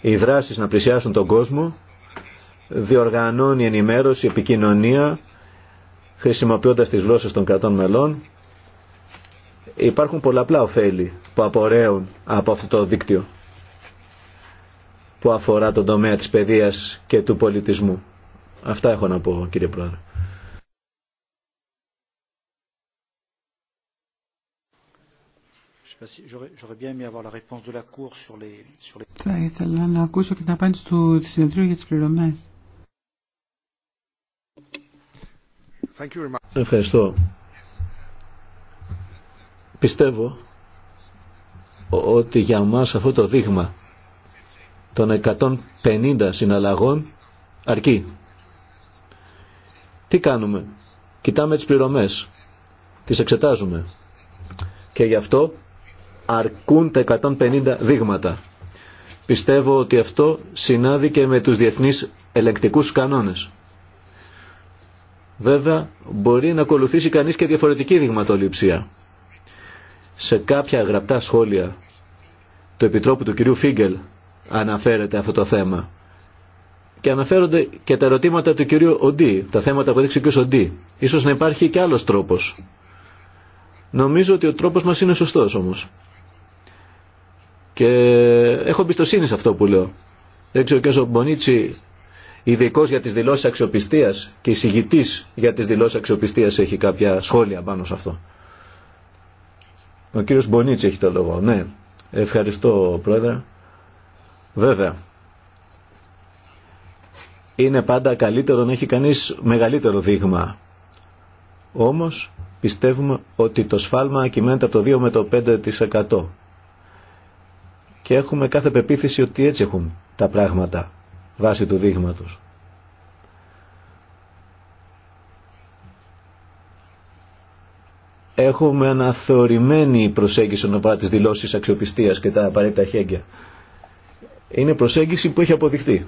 οι δράσεις να πλησιάσουν τον κόσμο διοργανώνει ενημέρωση, επικοινωνία, χρησιμοποιώντας τις γλώσσες των κρατών μελών. Υπάρχουν πολλαπλά ωφέλη που απορρέουν από αυτό το δίκτυο που αφορά τον τομέα της παιδείας και του πολιτισμού. Αυτά έχω να πω κύριε Πρόεδρε. Θα ήθελα να ακούσω και την απάντηση του συνεδρίου για τις πληρωμές. Ευχαριστώ. Πιστεύω ότι για μας αυτό το δείγμα των 150 συναλλαγών αρκεί. Τι κάνουμε. Κοιτάμε τις πληρωμές. Τις εξετάζουμε. Και γι' αυτό αρκούν τα 150 δείγματα. Πιστεύω ότι αυτό συνάδει και με τους διεθνείς ελεκτικούς κανόνες. Βέβαια, μπορεί να ακολουθήσει κανείς και διαφορετική δειγματοληψία. Σε κάποια γραπτά σχόλια του Επιτρόπου του κυρίου Φίγκελ αναφέρεται αυτό το θέμα. Και αναφέρονται και τα ερωτήματα του κυρίου Οντί, τα θέματα που έδειξε ο κύριος Οντί. Ίσως να υπάρχει και άλλος τρόπος. Νομίζω ότι ο τρόπος μας είναι σωστός όμως. Και έχω εμπιστοσύνη σε αυτό που λέω. Δεν ξέρω και ο Μπονίτσι ειδικό για τι δηλώσει αξιοπιστία και εισηγητή για τι δηλώσει αξιοπιστία έχει κάποια σχόλια πάνω σε αυτό. Ο κύριο Μπονίτς έχει το λόγο. Ναι, ευχαριστώ πρόεδρε. Βέβαια. Είναι πάντα καλύτερο να έχει κανείς μεγαλύτερο δείγμα. Όμως πιστεύουμε ότι το σφάλμα κυμαίνεται από το 2 με το 5% και έχουμε κάθε πεποίθηση ότι έτσι έχουν τα πράγματα. Βάση του δείγματος. Έχουμε αναθεωρημένη προσέγγιση όταν παρά τις δηλώσεις αξιοπιστίας και τα απαραίτητα χέγγια. Είναι προσέγγιση που έχει αποδειχθεί.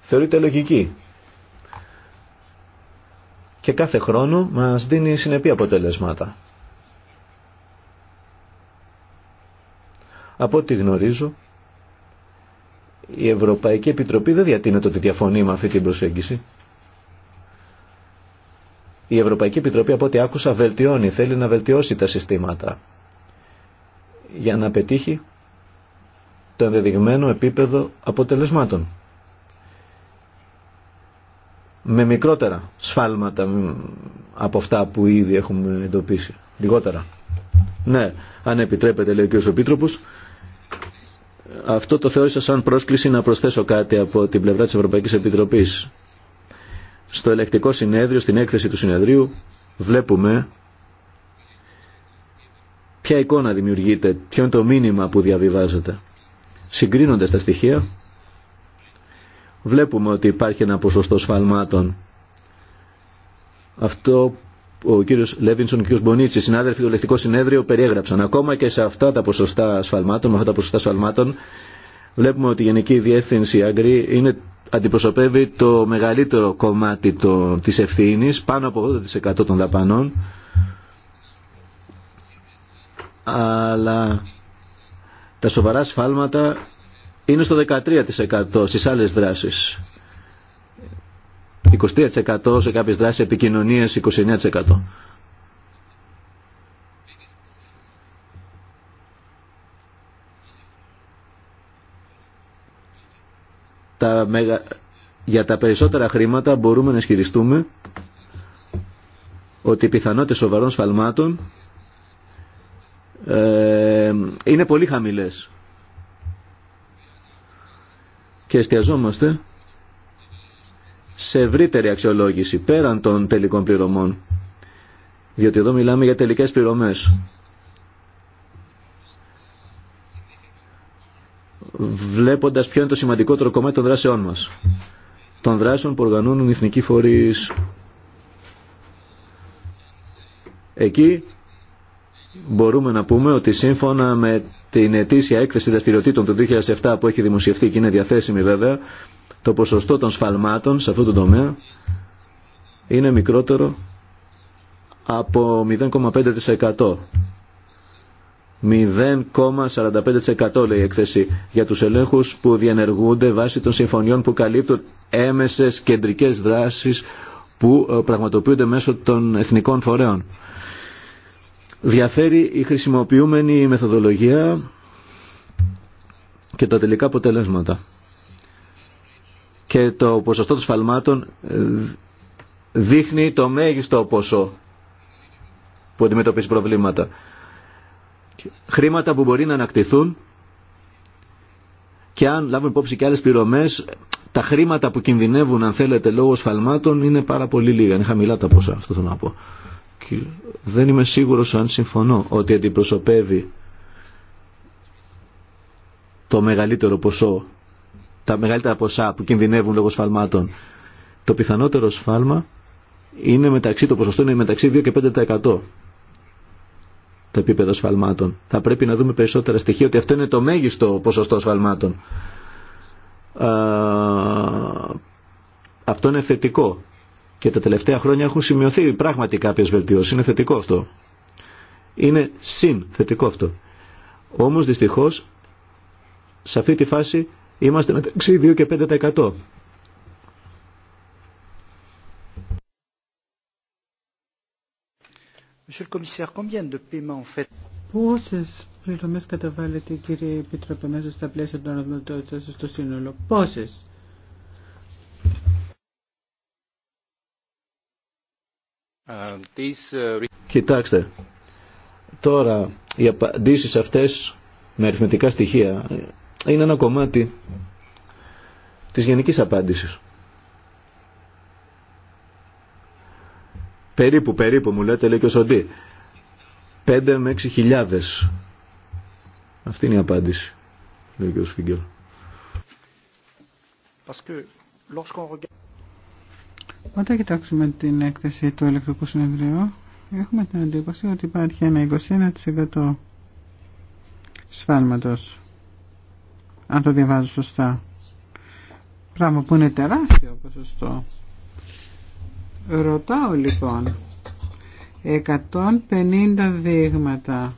Θεωρείται λογική. Και κάθε χρόνο μας δίνει συνεπή αποτελέσματα. Από ό,τι γνωρίζω, η Ευρωπαϊκή Επιτροπή δεν διατείνεται ότι διαφωνεί με αυτή την προσέγγιση. Η Ευρωπαϊκή Επιτροπή από ό,τι άκουσα βελτιώνει, θέλει να βελτιώσει τα συστήματα για να πετύχει το ενδεδειγμένο επίπεδο αποτελεσμάτων. Με μικρότερα σφάλματα από αυτά που ήδη έχουμε εντοπίσει. Λιγότερα. Ναι, αν επιτρέπετε λέει ο κ. Επίτροπος, αυτό το θεώρησα σαν πρόσκληση να προσθέσω κάτι από την πλευρά της Ευρωπαϊκής Επιτροπής. Στο ελεκτικό συνέδριο, στην έκθεση του συνεδρίου, βλέπουμε ποια εικόνα δημιουργείται, ποιο είναι το μήνυμα που διαβιβάζεται. Συγκρίνοντας τα στοιχεία, βλέπουμε ότι υπάρχει ένα ποσοστό σφαλμάτων. Αυτό ο κύριος Λέβινσον και ο κύριος Μπονίτσι, συνάδελφοι του Λεκτικού Συνέδριου, περιέγραψαν. Ακόμα και σε αυτά τα ποσοστά ασφαλμάτων, με αυτά τα ποσοστά ασφαλμάτων, βλέπουμε ότι η Γενική Διεύθυνση Άγκρη είναι, αντιπροσωπεύει το μεγαλύτερο κομμάτι το, της ευθύνης, πάνω από 80% των δαπανών. Αλλά τα σοβαρά σφάλματα είναι στο 13% στις άλλες δράσεις. 23% σε κάποιες δράσεις επικοινωνίας 29%. Τα Για τα περισσότερα χρήματα μπορούμε να ισχυριστούμε ότι οι πιθανότητες σοβαρών σφαλμάτων ε, είναι πολύ χαμηλές. Και εστιαζόμαστε σε ευρύτερη αξιολόγηση πέραν των τελικών πληρωμών. Διότι εδώ μιλάμε για τελικές πληρωμές. Βλέποντας ποιο είναι το σημαντικότερο κομμάτι των δράσεών μας. Των δράσεων που οργανώνουν οι εθνικοί φορείς. Εκεί μπορούμε να πούμε ότι σύμφωνα με την ετήσια έκθεση δραστηριοτήτων του 2007 που έχει δημοσιευτεί και είναι διαθέσιμη βέβαια, το ποσοστό των σφαλμάτων σε αυτό το τομέα είναι μικρότερο από 0,5%. 0,45% λέει η έκθεση για τους ελέγχους που διενεργούνται βάσει των συμφωνιών που καλύπτουν έμεσες κεντρικές δράσεις που ε, πραγματοποιούνται μέσω των εθνικών φορέων. Διαφέρει η χρησιμοποιούμενη μεθοδολογία και τα τελικά αποτελέσματα και το ποσοστό των σφαλμάτων ε, δείχνει το μέγιστο ποσό που αντιμετωπίζει προβλήματα. Χρήματα που μπορεί να ανακτηθούν και αν λαβούν υπόψη και άλλες πληρωμές, τα χρήματα που κινδυνεύουν, αν θέλετε, λόγω σφαλμάτων είναι πάρα πολύ λίγα, είναι χαμηλά τα ποσά, αυτό θέλω να πω. δεν είμαι σίγουρος αν συμφωνώ ότι αντιπροσωπεύει το μεγαλύτερο ποσό τα μεγαλύτερα ποσά που κινδυνεύουν λόγω σφαλμάτων. Το πιθανότερο σφάλμα είναι μεταξύ, το ποσοστό είναι μεταξύ 2 και 5% το επίπεδο σφαλμάτων. Θα πρέπει να δούμε περισσότερα στοιχεία ότι αυτό είναι το μέγιστο ποσοστό σφαλμάτων. Α, αυτό είναι θετικό. Και τα τελευταία χρόνια έχουν σημειωθεί πράγματι κάποιες βελτιώσεις. Είναι θετικό αυτό. Είναι συνθετικό αυτό. Όμως δυστυχώς σε αυτή τη φάση Είμαστε μεταξύ 2 και 5%. Πόσες πληρωμές καταβάλλετε κύριε Επιτροπέ μέσα στα πλαίσια των αρμοδιότητων στο σύνολο. Πόσες. Uh, uh, Κοιτάξτε, τώρα οι απαντήσεις αυτές με αριθμητικά στοιχεία είναι ένα κομμάτι της γενικής απάντησης. Περίπου, περίπου μου λέτε λέει και ο Σοντή. 5 με 6 χιλιάδες. Αυτή είναι η απάντηση, λέει και ο Σφίγγελ. Όταν κοιτάξουμε την έκθεση του ηλεκτρικού συνεδρίου, έχουμε την εντύπωση ότι υπάρχει ένα 21% σφάλματος αν το διαβάζω σωστά. Πράγμα που είναι τεράστιο ποσοστό. Ρωτάω λοιπόν, 150 δείγματα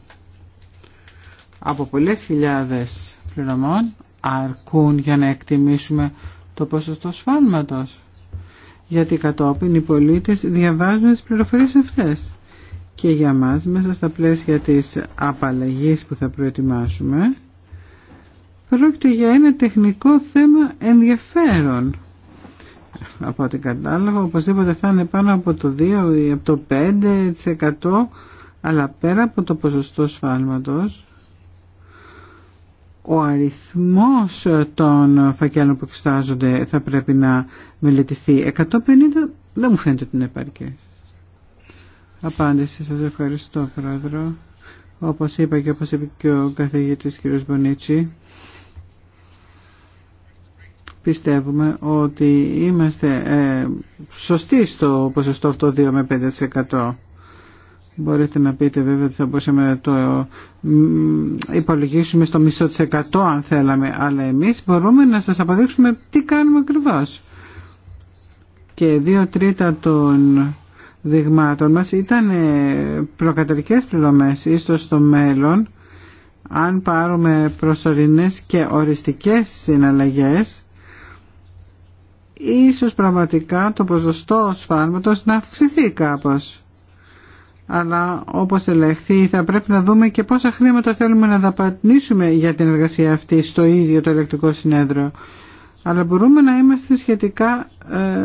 από πολλές χιλιάδες πληρωμών αρκούν για να εκτιμήσουμε το ποσοστό σφάλματος. Γιατί κατόπιν οι πολίτες διαβάζουν τις πληροφορίες αυτές. Και για μας μέσα στα πλαίσια της απαλλαγής που θα προετοιμάσουμε Πρόκειται για ένα τεχνικό θέμα ενδιαφέρον. Από ό,τι κατάλαβα, οπωσδήποτε θα είναι πάνω από το 2 ή από το 5%, αλλά πέρα από το ποσοστό σφάλματος, ο αριθμός των φακέλων που εξετάζονται θα πρέπει να μελετηθεί. 150 δεν μου φαίνεται ότι είναι επαρκή. Απάντηση σας ευχαριστώ πρόεδρο. Όπως είπα και όπως είπε και ο καθηγητής κ. Μπονίτσι, πιστεύουμε ότι είμαστε ε, σωστοί στο ποσοστό αυτό 2 με 5%. Μπορείτε να πείτε βέβαια ότι θα μπορούσαμε να το υπολογίσουμε στο μισό της εκατό αν θέλαμε, αλλά εμείς μπορούμε να σας αποδείξουμε τι κάνουμε ακριβώς. Και δύο τρίτα των δειγμάτων μας ήταν ε, προκαταρικές πληρωμές, ίσως στο μέλλον, αν πάρουμε προσωρινές και οριστικές συναλλαγές, ίσως πραγματικά το ποσοστό σφάλματος να αυξηθεί κάπως. Αλλά όπως ελεγχθεί θα πρέπει να δούμε και πόσα χρήματα θέλουμε να δαπανίσουμε για την εργασία αυτή στο ίδιο το ηλεκτρικό συνέδριο. Αλλά μπορούμε να είμαστε σχετικά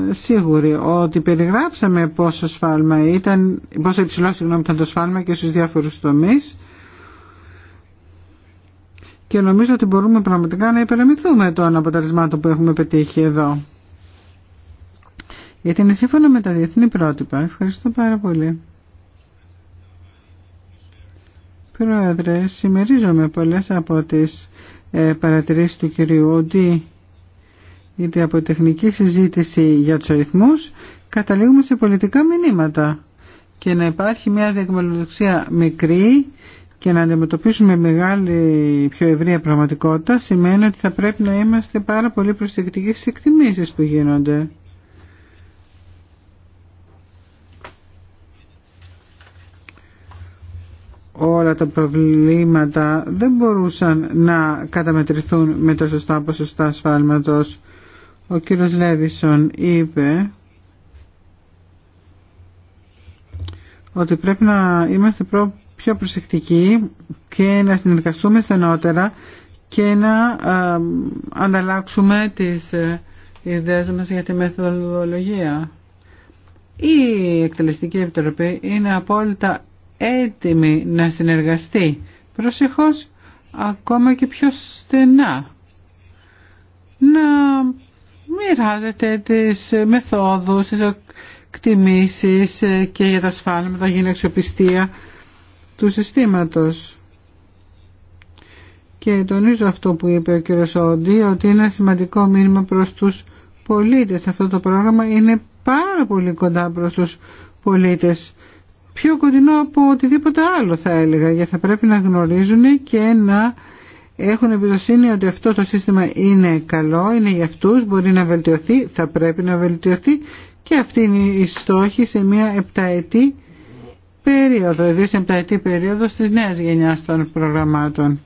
ε, σίγουροι ότι περιγράψαμε πόσο, σφάλμα ήταν, πόσο υψηλό συγγνώμη, ήταν το σφάλμα και στους διάφορους τομείς και νομίζω ότι μπορούμε πραγματικά να υπεραμειθούμε των αποτελεσμάτων που έχουμε πετύχει εδώ γιατί είναι σύμφωνα με τα διεθνή πρότυπα. Ευχαριστώ πάρα πολύ. Πρόεδρε, συμμερίζομαι πολλές από τις ε, παρατηρήσεις του κυρίου Όντι, γιατί από τεχνική συζήτηση για τους αριθμούς καταλήγουμε σε πολιτικά μηνύματα και να υπάρχει μια διακμελοδοξία μικρή και να αντιμετωπίσουμε μεγάλη πιο ευρεία πραγματικότητα σημαίνει ότι θα πρέπει να είμαστε πάρα πολύ προσεκτικοί στις εκτιμήσεις που γίνονται. όλα τα προβλήματα δεν μπορούσαν να καταμετρηθούν με τα σωστά ποσοστά ασφάλματος. Ο κύριος Λέβισον είπε ότι πρέπει να είμαστε πιο προσεκτικοί και να συνεργαστούμε στενότερα και να ανταλλάξουμε τις ε, ιδέες μας για τη μεθοδολογία. Η Εκτελεστική Επιτροπή είναι απόλυτα έτοιμη να συνεργαστεί προσεχώς ακόμα και πιο στενά να μοιράζεται τις μεθόδους, τις εκτιμήσεις και για τα σφάλματα γίνει αξιοπιστία του συστήματος. Και τονίζω αυτό που είπε ο κ. Σόντι ότι είναι ένα σημαντικό μήνυμα προς τους πολίτες. Αυτό το πρόγραμμα είναι πάρα πολύ κοντά προς τους πολίτες πιο κοντινό από οτιδήποτε άλλο θα έλεγα γιατί θα πρέπει να γνωρίζουν και να έχουν εμπιστοσύνη ότι αυτό το σύστημα είναι καλό, είναι για αυτούς, μπορεί να βελτιωθεί, θα πρέπει να βελτιωθεί και αυτή είναι η στόχη σε μια επταετή περίοδο, ιδίω σε επταετή περίοδο τη νέες γενιάς των προγραμμάτων.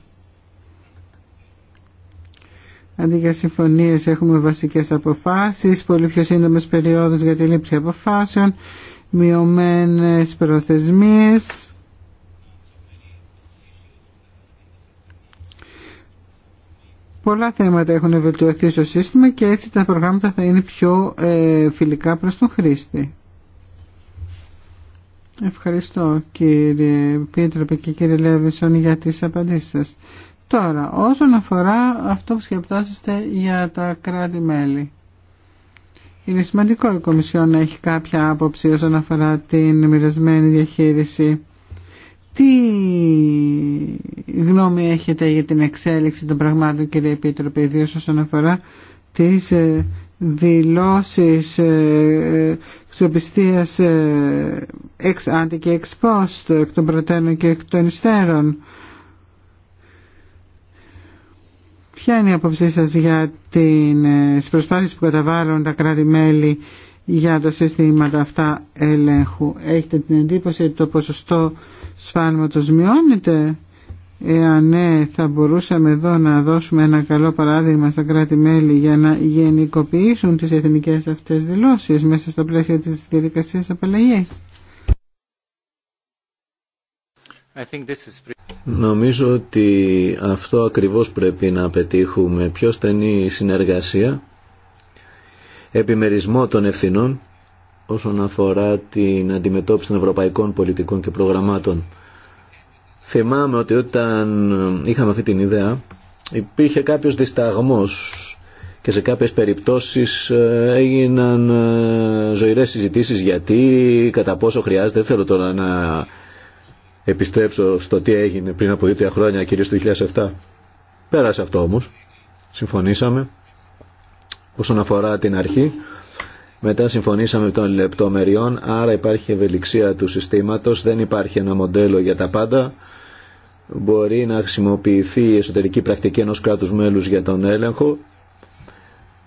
Αντί για συμφωνίες έχουμε βασικές αποφάσεις, πολύ πιο σύντομες περιόδους για τη λήψη αποφάσεων, μειωμένες προθεσμίες Πολλά θέματα έχουν βελτιωθεί στο σύστημα και έτσι τα προγράμματα θα είναι πιο ε, φιλικά προς τον χρήστη. Ευχαριστώ κύριε Πίτροπε και κύριε Λέβισον για τις απαντήσεις σας. Τώρα, όσον αφορά αυτό που σκεπτάσαστε για τα κράτη-μέλη. Είναι σημαντικό η Κομισιόν να έχει κάποια άποψη όσον αφορά την μοιρασμένη διαχείριση. Τι γνώμη έχετε για την εξέλιξη των πραγμάτων κύριε Επίτροπε, ιδίως όσον αφορά τις ε, δηλώσεις εξοπιστίας ε, ex ε, ante και ex post, εκ των προτένων και εκ των υστέρων Ποια είναι η απόψή σας για ε, τις προσπάθειες που καταβάλλουν τα κράτη-μέλη για τα συστήματα αυτά ελέγχου. Έχετε την εντύπωση ότι το ποσοστό σφάλματος μειώνεται. Εάν ναι, θα μπορούσαμε εδώ να δώσουμε ένα καλό παράδειγμα στα κράτη-μέλη για να γενικοποιήσουν τις εθνικές αυτές δηλώσεις μέσα στα πλαίσια της διαδικασίας απαλλαγής. Νομίζω ότι αυτό ακριβώς πρέπει να πετύχουμε πιο στενή συνεργασία, επιμερισμό των ευθυνών όσον αφορά την αντιμετώπιση των ευρωπαϊκών πολιτικών και προγραμμάτων. Θυμάμαι ότι όταν είχαμε αυτή την ιδέα υπήρχε κάποιος δισταγμός και σε κάποιες περιπτώσεις ε, έγιναν ε, ζωηρές συζητήσεις γιατί, κατά πόσο χρειάζεται, δεν θέλω τώρα να επιστρέψω στο τι έγινε πριν από δύο χρόνια, κυρίως το 2007. Πέρασε αυτό όμως, συμφωνήσαμε, όσον αφορά την αρχή. Μετά συμφωνήσαμε των λεπτομεριών, άρα υπάρχει ευελιξία του συστήματος, δεν υπάρχει ένα μοντέλο για τα πάντα. Μπορεί να χρησιμοποιηθεί η εσωτερική πρακτική ενός κράτους μέλους για τον έλεγχο.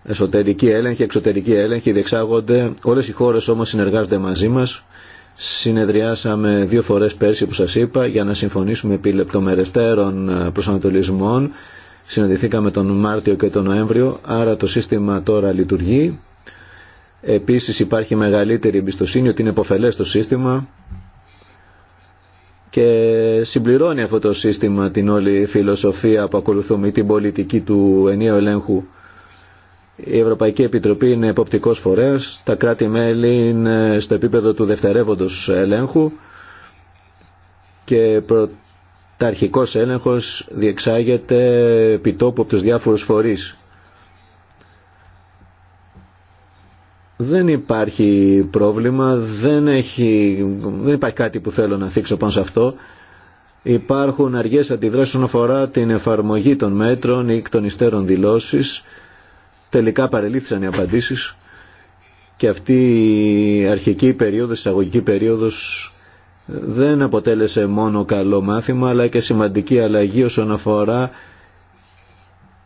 Εσωτερική έλεγχη, εξωτερική έλεγχη, διεξάγονται. Όλες οι χώρες όμως συνεργάζονται μαζί μας Συνεδριάσαμε δύο φορές πέρσι που σας είπα για να συμφωνήσουμε επί λεπτομερεστέρων ε, προσανατολισμών. Συναντηθήκαμε τον Μάρτιο και τον Νοέμβριο, άρα το σύστημα τώρα λειτουργεί. Επίσης υπάρχει μεγαλύτερη εμπιστοσύνη ότι είναι υποφελές το σύστημα και συμπληρώνει αυτό το σύστημα την όλη φιλοσοφία που ακολουθούμε ή την πολιτική του ενιαίου ελέγχου η Ευρωπαϊκή Επιτροπή είναι εποπτικός φορέας, τα κράτη-μέλη είναι στο επίπεδο του δευτερεύοντος ελέγχου και πρωταρχικό έλεγχος διεξάγεται επιτόπου από τους διάφορους φορείς. Δεν υπάρχει πρόβλημα, δεν, έχει, δεν υπάρχει κάτι που θέλω να θίξω πάνω σε αυτό. Υπάρχουν αργές αντιδράσεις όσον αφορά την εφαρμογή των μέτρων ή των υστέρων δηλώσεις Τελικά παρελήφθησαν οι απαντήσεις και αυτή η αρχική περίοδος, η εισαγωγική περίοδος ε, δεν αποτέλεσε μόνο καλό μάθημα αλλά και σημαντική αλλαγή όσον αφορά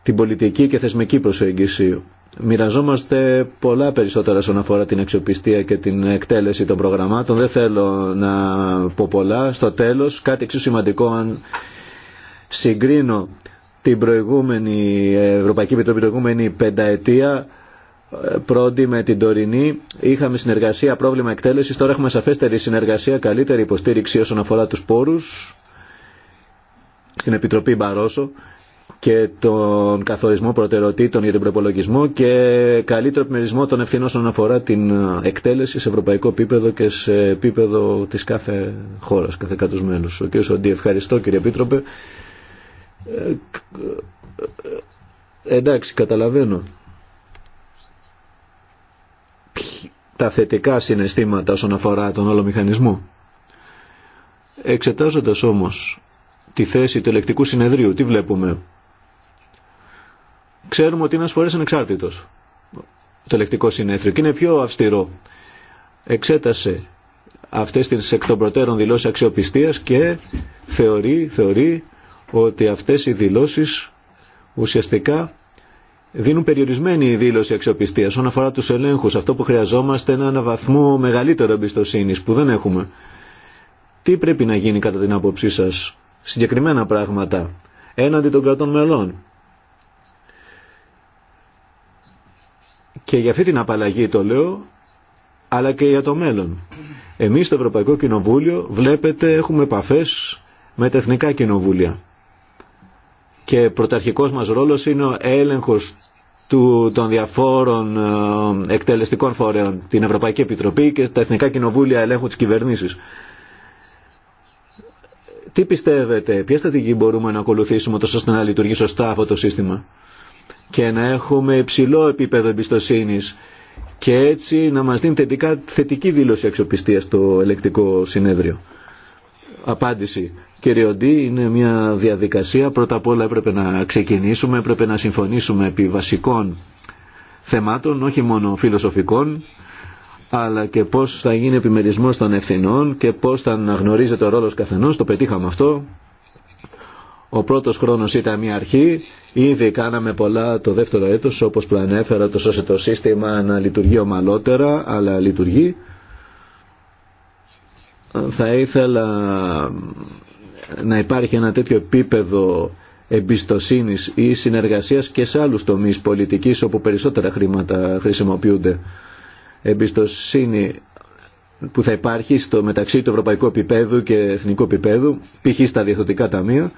την πολιτική και θεσμική προσέγγιση. Μοιραζόμαστε πολλά περισσότερα όσον αφορά την αξιοπιστία και την εκτέλεση των προγραμμάτων. Δεν θέλω να πω πολλά. Στο τέλος κάτι εξίσου σημαντικό αν συγκρίνω την προηγούμενη ε, Ευρωπαϊκή Επιτροπή, την προηγούμενη πενταετία, ε, πρώτη με την τωρινή, είχαμε συνεργασία, πρόβλημα εκτέλεσης, τώρα έχουμε σαφέστερη συνεργασία, καλύτερη υποστήριξη όσον αφορά τους πόρους στην Επιτροπή Μπαρόσο και τον καθορισμό προτεραιοτήτων για τον προπολογισμό και καλύτερο επιμερισμό των ευθυνών όσον αφορά την ε, εκτέλεση σε ευρωπαϊκό επίπεδο και σε επίπεδο της κάθε χώρας, κάθε κράτους μέλους. Ο κ. Σοντή, ευχαριστώ κύριε Επίτροπε. Ε, εντάξει, καταλαβαίνω. Τα θετικά συναισθήματα όσον αφορά τον όλο μηχανισμό. Εξετάζοντας όμως τη θέση του ελεκτικού συνεδρίου, τι βλέπουμε. Ξέρουμε ότι είναι ένας φορές ανεξάρτητος το ελεκτικό συνέδριο και είναι πιο αυστηρό. Εξέτασε αυτές τις εκ των προτέρων δηλώσεις αξιοπιστίας και θεωρεί, θεωρεί ότι αυτές οι δηλώσεις ουσιαστικά δίνουν περιορισμένη δήλωση αξιοπιστία όσον αφορά τους ελέγχους. Αυτό που χρειαζόμαστε είναι ένα βαθμό μεγαλύτερο εμπιστοσύνη που δεν έχουμε. Τι πρέπει να γίνει κατά την άποψή σας συγκεκριμένα πράγματα έναντι των κρατών μελών. Και για αυτή την απαλλαγή το λέω, αλλά και για το μέλλον. Εμείς στο Ευρωπαϊκό Κοινοβούλιο βλέπετε έχουμε επαφές με τα εθνικά κοινοβούλια και πρωταρχικός μας ρόλος είναι ο έλεγχος του, των διαφόρων ε, εκτελεστικών φορέων, την Ευρωπαϊκή Επιτροπή και τα Εθνικά Κοινοβούλια Ελέγχου της Κυβερνήσης. Τι πιστεύετε, ποια στρατηγική μπορούμε να ακολουθήσουμε τόσο ώστε να λειτουργεί σωστά αυτό το σύστημα και να έχουμε υψηλό επίπεδο εμπιστοσύνη και έτσι να μας δίνει θετική δήλωση αξιοπιστίας στο ελεκτικό συνέδριο απάντηση. Κύριε είναι μια διαδικασία. Πρώτα απ' όλα έπρεπε να ξεκινήσουμε, έπρεπε να συμφωνήσουμε επί βασικών θεμάτων, όχι μόνο φιλοσοφικών, αλλά και πώς θα γίνει επιμερισμός των ευθυνών και πώς θα αναγνωρίζεται ο ρόλος καθενός. Το πετύχαμε αυτό. Ο πρώτος χρόνος ήταν μια αρχή. Ήδη κάναμε πολλά το δεύτερο έτος, όπως προανέφερα, σώσε το σύστημα να λειτουργεί ομαλότερα, αλλά λειτουργεί θα ήθελα να υπάρχει ένα τέτοιο επίπεδο εμπιστοσύνης ή συνεργασίας και σε άλλους τομείς πολιτικής όπου περισσότερα χρήματα χρησιμοποιούνται. Εμπιστοσύνη που θα υπάρχει στο μεταξύ του ευρωπαϊκού επίπεδου και εθνικού επίπεδου, π.χ. στα διεθνωτικά ταμεία,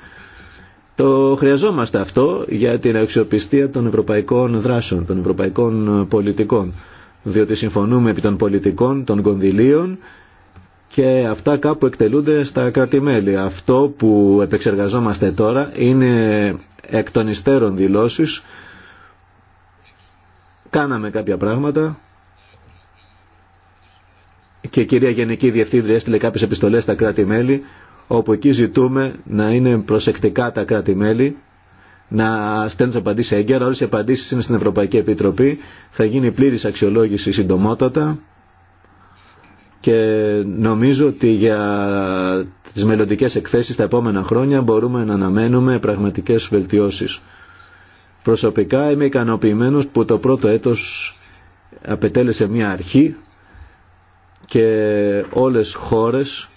το χρειαζόμαστε αυτό για την αξιοπιστία των ευρωπαϊκών δράσεων, των ευρωπαϊκών πολιτικών. Διότι συμφωνούμε επί των πολιτικών, των κονδυλίων και αυτά κάπου εκτελούνται στα κράτη-μέλη. Αυτό που επεξεργαζόμαστε τώρα είναι εκ των υστέρων δηλώσεις. Κάναμε κάποια πράγματα και η κυρία Γενική Διευθύντρια έστειλε κάποιες επιστολές στα κράτη-μέλη όπου εκεί ζητούμε να είναι προσεκτικά τα κράτη-μέλη να στέλνουν απαντήσει έγκαιρα. Όλες οι απαντήσεις είναι στην Ευρωπαϊκή Επιτροπή. Θα γίνει πλήρης αξιολόγηση συντομότατα και νομίζω ότι για τις μελλοντικέ εκθέσεις τα επόμενα χρόνια μπορούμε να αναμένουμε πραγματικές βελτιώσεις. Προσωπικά είμαι ικανοποιημένος που το πρώτο έτος απετέλεσε μια αρχή και όλες χώρες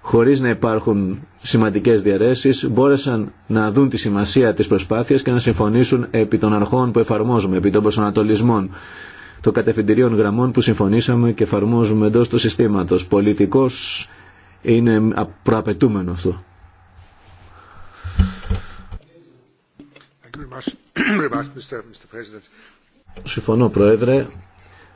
χωρίς να υπάρχουν σημαντικές διαρρέσεις μπόρεσαν να δουν τη σημασία της προσπάθειας και να συμφωνήσουν επί των αρχών που εφαρμόζουμε, επί των προσανατολισμών των κατευθυντηρίων γραμμών που συμφωνήσαμε και εφαρμόζουμε εντό του συστήματο. πολιτικός είναι προαπαιτούμενο αυτό. Συμφωνώ, Πρόεδρε.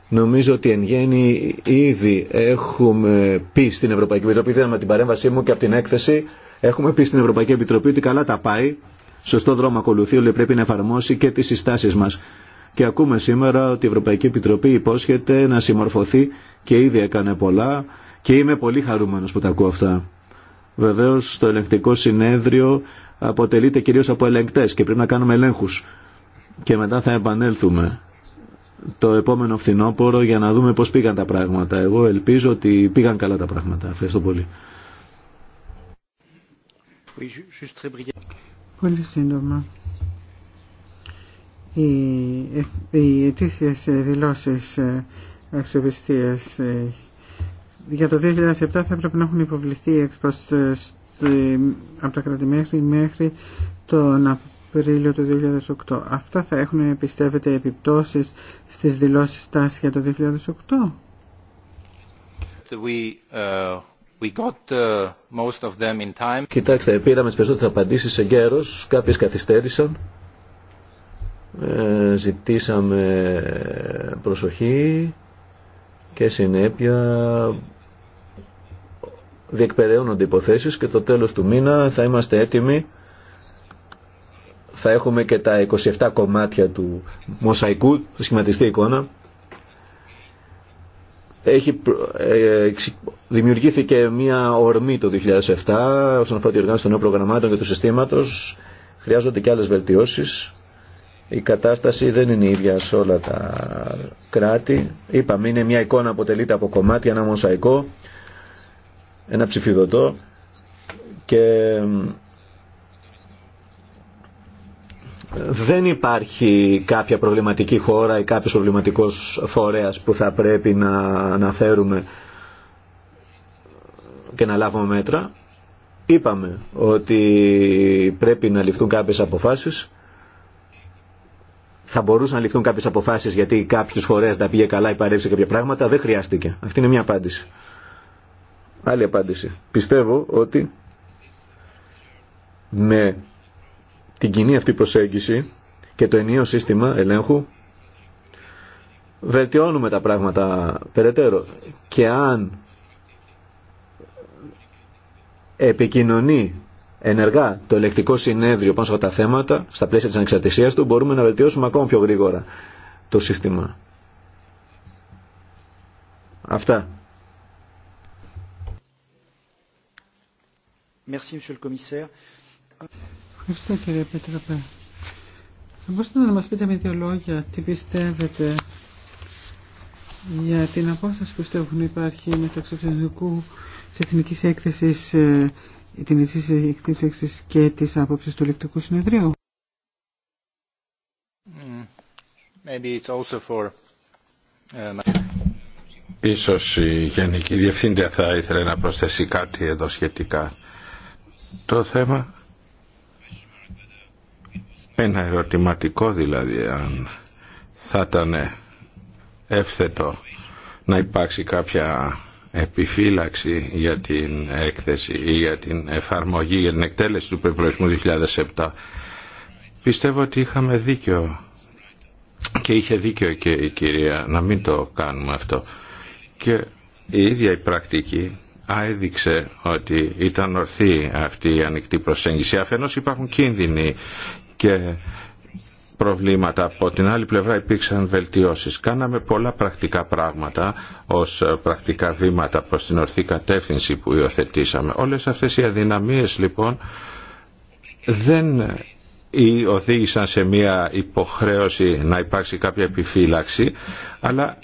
Νομίζω ότι εν γέννη ήδη έχουμε πει στην Ευρωπαϊκή Επιτροπή, με την παρέμβασή μου και από την έκθεση, έχουμε πει στην Ευρωπαϊκή Επιτροπή ότι καλά τα πάει, σωστό δρόμο ακολουθεί, όλοι πρέπει να εφαρμόσει και τις συστάσεις μας και ακούμε σήμερα ότι η Ευρωπαϊκή Επιτροπή υπόσχεται να συμμορφωθεί και ήδη έκανε πολλά και είμαι πολύ χαρούμενος που τα ακούω αυτά. Βεβαίως το ελεγκτικό συνέδριο αποτελείται κυρίως από ελεγκτές και πρέπει να κάνουμε ελέγχους και μετά θα επανέλθουμε το επόμενο φθινόπωρο για να δούμε πώς πήγαν τα πράγματα. Εγώ ελπίζω ότι πήγαν καλά τα πράγματα. Ευχαριστώ πολύ. Πολύ σύντομα οι ετήσιες δηλώσεις ε, αξιοπιστίας ε, για το 2007 θα έπρεπε να έχουν υποβληθεί ε, από τα κράτη μέχρι τον Απρίλιο του 2008. Αυτά θα έχουν πιστεύετε επιπτώσεις στις δηλώσεις τάση για το 2008. we got, most of them in time. Κοιτάξτε, πήραμε τις περισσότερες απαντήσεις γέρος. κάποιες καθυστέρησαν. Ε, ζητήσαμε προσοχή και συνέπεια διεκπεραιώνονται υποθέσεις και το τέλος του μήνα θα είμαστε έτοιμοι θα έχουμε και τα 27 κομμάτια του μοσαϊκού, σχηματιστή εικόνα. Έχει, ε, δημιουργήθηκε μια ορμή το 2007 όσον αφορά τη οργάνωση των νέων προγραμμάτων και του συστήματος. Χρειάζονται και άλλες βελτιώσεις η κατάσταση δεν είναι ίδια σε όλα τα κράτη. Είπαμε, είναι μια εικόνα αποτελείται από κομμάτια, ένα μοσαϊκό, ένα ψηφιδωτό και δεν υπάρχει κάποια προβληματική χώρα ή κάποιος προβληματικός φορέας που θα πρέπει να αναφέρουμε και να λάβουμε μέτρα. Είπαμε ότι πρέπει να ληφθούν κάποιες αποφάσεις θα μπορούσαν να ληφθούν κάποιε αποφάσει γιατί κάποιε φορέ τα πήγε καλά ή παρέψε κάποια πράγματα. Δεν χρειάστηκε. Αυτή είναι μια απάντηση. Άλλη απάντηση. Πιστεύω ότι με την κοινή αυτή προσέγγιση και το ενίο σύστημα ελέγχου βελτιώνουμε τα πράγματα περαιτέρω και αν επικοινωνεί ενεργά το ελεκτικό συνέδριο πάνω σε αυτά τα θέματα, στα πλαίσια της ανεξαρτησίας του, μπορούμε να βελτιώσουμε ακόμα πιο γρήγορα το σύστημα. Αυτά. Ευχαριστώ κύριε Πέτροπε. Θα μπορούσατε να μας πείτε με δύο λόγια τι πιστεύετε για την απόσταση που πιστεύουν υπάρχει μεταξύ του εθνικού της εθνικής έκθεσης ε, την εξήσεξη και της άποψης του λεκτικού συνεδρίου. Mm. Maybe uh, Ίσως η Γενική Διευθύντρια θα ήθελε να προσθέσει κάτι εδώ σχετικά. Το θέμα ένα ερωτηματικό δηλαδή αν θα ήταν εύθετο να υπάρξει κάποια επιφύλαξη για την έκθεση ή για την εφαρμογή, για την εκτέλεση του προϋπολογισμού 2007. Πιστεύω ότι είχαμε δίκιο και είχε δίκιο και η κυρία να μην το κάνουμε αυτό. Και η ίδια η πρακτική έδειξε ότι ήταν ορθή αυτή η ανοιχτή προσέγγιση. Αφενός υπάρχουν κίνδυνοι και προβλήματα. Από την άλλη πλευρά υπήρξαν βελτιώσεις. Κάναμε πολλά πρακτικά πράγματα ως ε, πρακτικά βήματα προς την ορθή κατεύθυνση που υιοθετήσαμε. Όλες αυτές οι αδυναμίες λοιπόν δεν ε, οδήγησαν σε μια υποχρέωση να υπάρξει κάποια επιφύλαξη, αλλά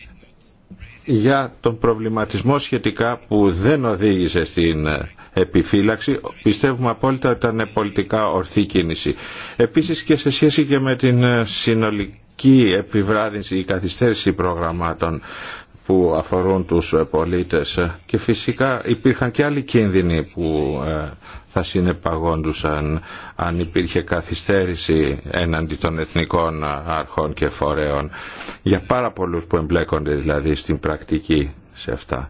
για τον προβληματισμό σχετικά που δεν οδήγησε στην ε, επιφύλαξη. Πιστεύουμε απόλυτα ότι ήταν πολιτικά ορθή κίνηση. Επίσης και σε σχέση και με την ε, συνολική επιβράδυνση ή καθυστέρηση προγραμμάτων που αφορούν τους ε, πολίτες και φυσικά υπήρχαν και άλλοι κίνδυνοι που ε, θα συνεπαγόντουσαν αν υπήρχε καθυστέρηση έναντι των εθνικών αρχών και φορέων για πάρα πολλούς που εμπλέκονται δηλαδή στην πρακτική σε αυτά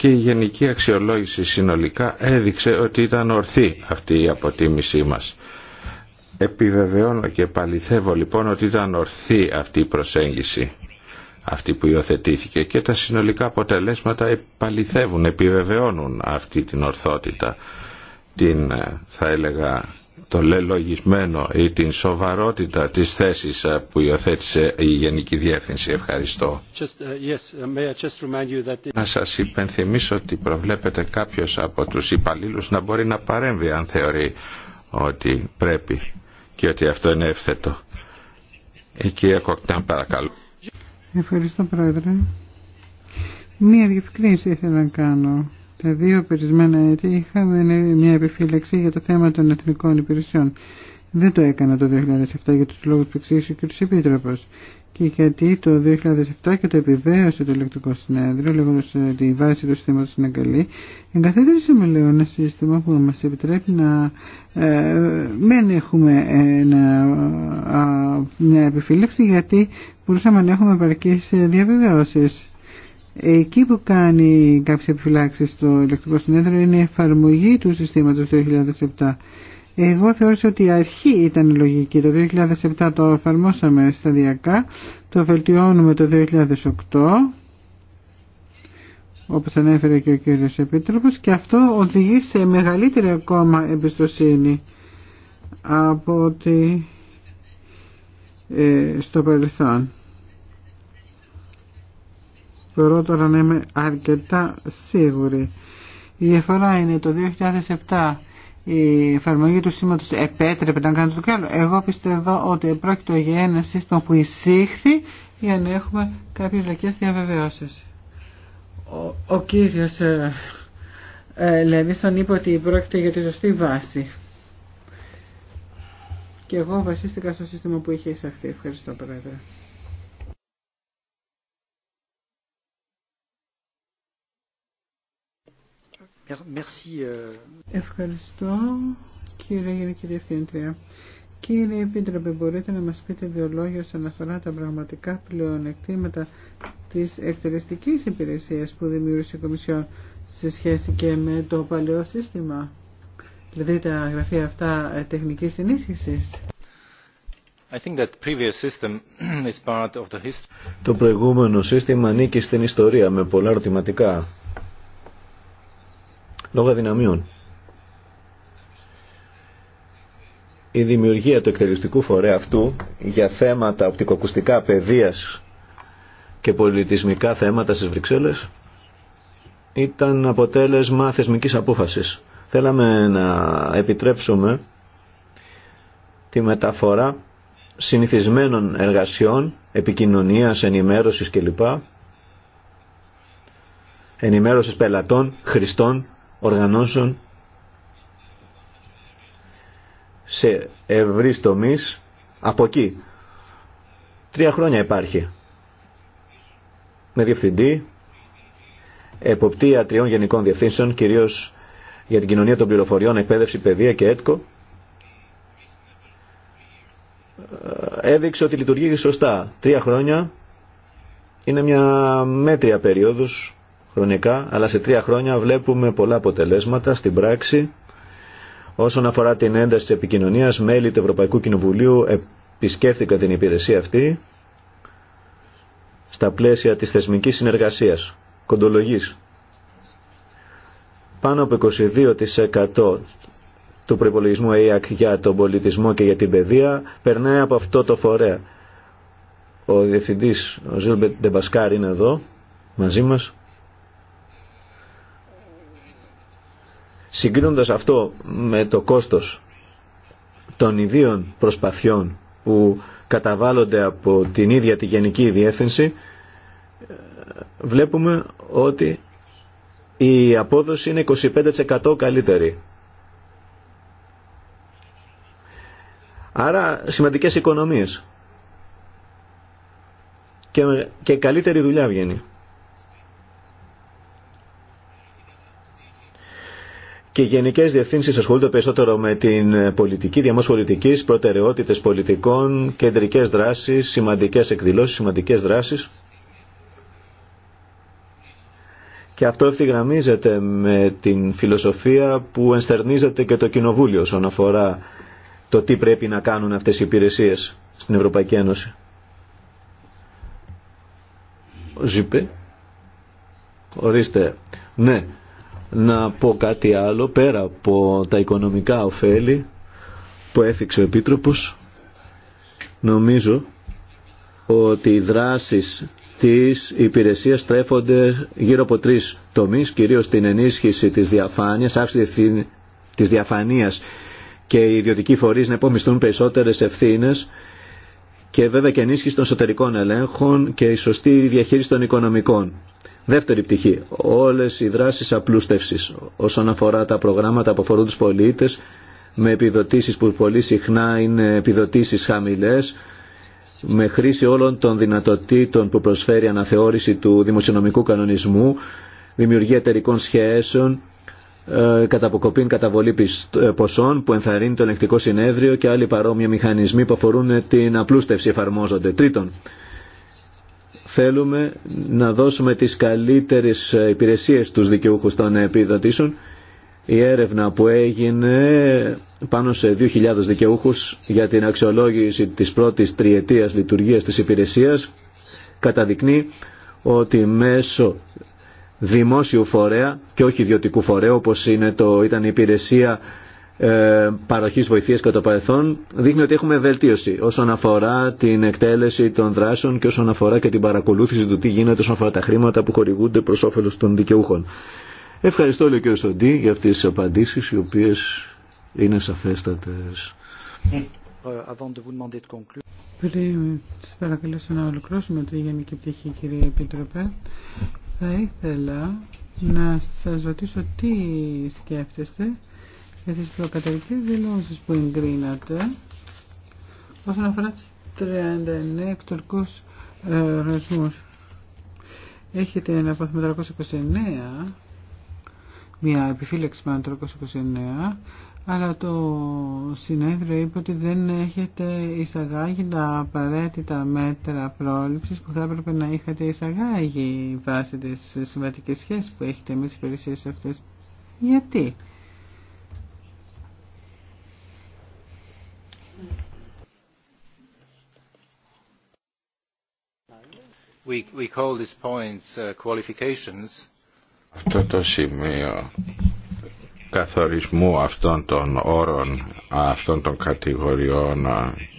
και η γενική αξιολόγηση συνολικά έδειξε ότι ήταν ορθή αυτή η αποτίμησή μας. Επιβεβαιώνω και παληθεύω λοιπόν ότι ήταν ορθή αυτή η προσέγγιση αυτή που υιοθετήθηκε και τα συνολικά αποτελέσματα επαληθεύουν, επιβεβαιώνουν αυτή την ορθότητα, την ε, θα έλεγα το λελογισμένο ή την σοβαρότητα της θέσης ε, που υιοθέτησε η Γενική Διεύθυνση. Ευχαριστώ. Uh, uh, να σας υπενθυμίσω ότι προβλέπεται κάποιος από τους υπαλλήλους να μπορεί να παρέμβει αν θεωρεί ότι πρέπει και ότι αυτό είναι εύθετο. Η κυρία Κοκτάν παρακαλώ. Ευχαριστώ πρόεδρε. Μία διευκρίνηση ήθελα να κάνω τα δύο περισμένα έτη είχαμε μια επιφύλαξη για το θέμα των εθνικών υπηρεσιών. Δεν το έκανα το 2007 για τους λόγους που εξήγησε και τους Επίτροπος. Και γιατί το 2007 και το επιβέωσε το ηλεκτρικό συνέδριο, λέγοντα ότι η βάση του συστήματος είναι καλή, με λέω ένα σύστημα που μας επιτρέπει να μην ε, έχουμε μια επιφύλαξη γιατί μπορούσαμε να έχουμε επαρκείς διαβεβαιώσεις. Εκεί που κάνει κάποιες επιφυλάξεις στο ηλεκτρικό συνέδριο είναι η εφαρμογή του συστήματος του 2007. Εγώ θεώρησα ότι η αρχή ήταν η λογική. Το 2007 το εφαρμόσαμε σταδιακά, το βελτιώνουμε το 2008 όπως ανέφερε και ο κύριος Επίτροπος και αυτό οδηγεί σε μεγαλύτερη ακόμα εμπιστοσύνη από ότι ε, στο παρελθόν. Μπορώ τώρα να είμαι αρκετά σίγουρη. Η διαφορά είναι το 2007 η εφαρμογή του σήματο επέτρεπε να κάνει το καλό. Εγώ πιστεύω ότι πρόκειται για ένα σύστημα που εισήχθη για να έχουμε κάποιες λακές διαβεβαιώσεις. Ο, ο κύριος ε, ε, Λεβίσον είπε ότι πρόκειται για τη σωστή βάση. Και εγώ βασίστηκα στο σύστημα που είχε εισαχθεί. Ευχαριστώ, Πρόεδρε. Euh, Ευχαριστώ κύριε Γενική Διευθύντρια. Κύριε Επίτροπε, μπορείτε να μας πείτε δύο λόγια όσον αφορά τα πραγματικά πλεονεκτήματα της εκτελεστικής υπηρεσίας που δημιούργησε η Κομισιόν σε σχέση και με το παλαιό σύστημα, δηλαδή τα γραφεία αυτά ε, τεχνικής ενίσχυσης. Το προηγούμενο σύστημα ανήκει στην ιστορία με πολλά ερωτηματικά λόγω δυναμίων. Η δημιουργία του εκτελεστικού φορέα αυτού για θέματα οπτικοκουστικά παιδείας και πολιτισμικά θέματα στις Βρυξέλλες ήταν αποτέλεσμα θεσμικής απόφασης. Θέλαμε να επιτρέψουμε τη μεταφορά συνηθισμένων εργασιών, επικοινωνίας, ενημέρωσης κλπ. Ενημέρωσης πελατών, χρηστών οργανώσεων σε ευρύ τομεί από εκεί. Τρία χρόνια υπάρχει. Με διευθυντή, εποπτεία τριών γενικών διευθύνσεων, κυρίω για την κοινωνία των πληροφοριών, εκπαίδευση, παιδεία και έτκο, έδειξε ότι λειτουργεί σωστά. Τρία χρόνια είναι μια μέτρια περίοδος χρονικά, αλλά σε τρία χρόνια βλέπουμε πολλά αποτελέσματα στην πράξη όσον αφορά την ένταση της επικοινωνίας. Μέλη του Ευρωπαϊκού Κοινοβουλίου επισκέφθηκαν την υπηρεσία αυτή στα πλαίσια της θεσμικής συνεργασίας, κοντολογής. Πάνω από 22% του προπολογισμού ΑΕΑΚ για τον πολιτισμό και για την παιδεία περνάει από αυτό το φορέα. Ο διευθυντής, ο Ζίλμπετ είναι εδώ μαζί μας. Συγκρίνοντας αυτό με το κόστος των ιδίων προσπαθειών που καταβάλλονται από την ίδια τη Γενική Διεύθυνση, βλέπουμε ότι η απόδοση είναι 25% καλύτερη. Άρα σημαντικές οικονομίες και, και καλύτερη δουλειά βγαίνει. και οι γενικέ διευθύνσει ασχολούνται περισσότερο με την ε, πολιτική, διαμόρφωση πολιτική, προτεραιότητε πολιτικών, κεντρικέ δράσει, σημαντικέ εκδηλώσει, σημαντικέ δράσει. Και αυτό ευθυγραμμίζεται με την φιλοσοφία που ενστερνίζεται και το Κοινοβούλιο όσον αφορά το τι πρέπει να κάνουν αυτές οι υπηρεσίες στην Ευρωπαϊκή Ένωση. Ζήπε. Ορίστε. Ναι, να πω κάτι άλλο πέρα από τα οικονομικά ωφέλη που έθιξε ο Επίτροπος. Νομίζω ότι οι δράσεις της υπηρεσίας στρέφονται γύρω από τρεις τομείς, κυρίως την ενίσχυση της διαφάνειας, αύξηση της διαφανείας και οι ιδιωτικοί φορείς να υπομισθούν περισσότερες ευθύνες και βέβαια και ενίσχυση των εσωτερικών ελέγχων και η σωστή διαχείριση των οικονομικών. Δεύτερη πτυχή, όλε οι δράσει απλούστευση όσον αφορά τα προγράμματα που αφορούν του πολίτε, με επιδοτήσει που πολύ συχνά είναι επιδοτήσει χαμηλέ, με χρήση όλων των δυνατοτήτων που προσφέρει αναθεώρηση του δημοσιονομικού κανονισμού δημιουργία εταιρικών σχέσεων ε, κατά καταβολή ε, ποσών που ενθαρρύνει το ελεκτικό συνέδριο και άλλοι παρόμοιοι μηχανισμοί που αφορούν την απλούστευση εφαρμόζονται. Τρίτον, Θέλουμε να δώσουμε τις καλύτερες υπηρεσίες στους δικαιούχους των επιδοτήσεων. Η έρευνα που έγινε πάνω σε 2.000 δικαιούχους για την αξιολόγηση της πρώτης τριετίας λειτουργίας της υπηρεσίας καταδεικνύει ότι μέσω δημόσιου φορέα και όχι ιδιωτικού φορέα όπως είναι το, ήταν η υπηρεσία ε, παροχής βοηθείας κατά το παρελθόν δείχνει ότι έχουμε βελτίωση όσον αφορά την εκτέλεση των δράσεων και όσον αφορά και την παρακολούθηση του τι γίνεται όσον αφορά τα χρήματα που χορηγούνται προς όφελος των δικαιούχων. Ευχαριστώ λέει ο κ. Σοντή για αυτές τις απαντήσεις οι οποίες είναι σαφέστατες. Πριν σας παρακαλέσω να ολοκλώσουμε τη Γενική Πτυχή κύριε Επίτροπε, θα ήθελα να σας ρωτήσω τι σκέφτεστε για τις προκαταρκτικές δηλώσεις που εγκρίνατε όσον αφορά τις 39 εκτορικούς ε, οργανισμούς. Έχετε ένα από 329, μια επιφύλαξη πάνω 329, αλλά το συνέδριο είπε ότι δεν έχετε εισαγάγει τα απαραίτητα μέτρα πρόληψης που θα έπρεπε να είχατε εισαγάγει βάσει της συμβατικές σχέσεις που έχετε με τις υπηρεσίες αυτές. Γιατί. Uh, Αυτό το σημείο καθορισμού αυτών των όρων, αυτών των κατηγοριών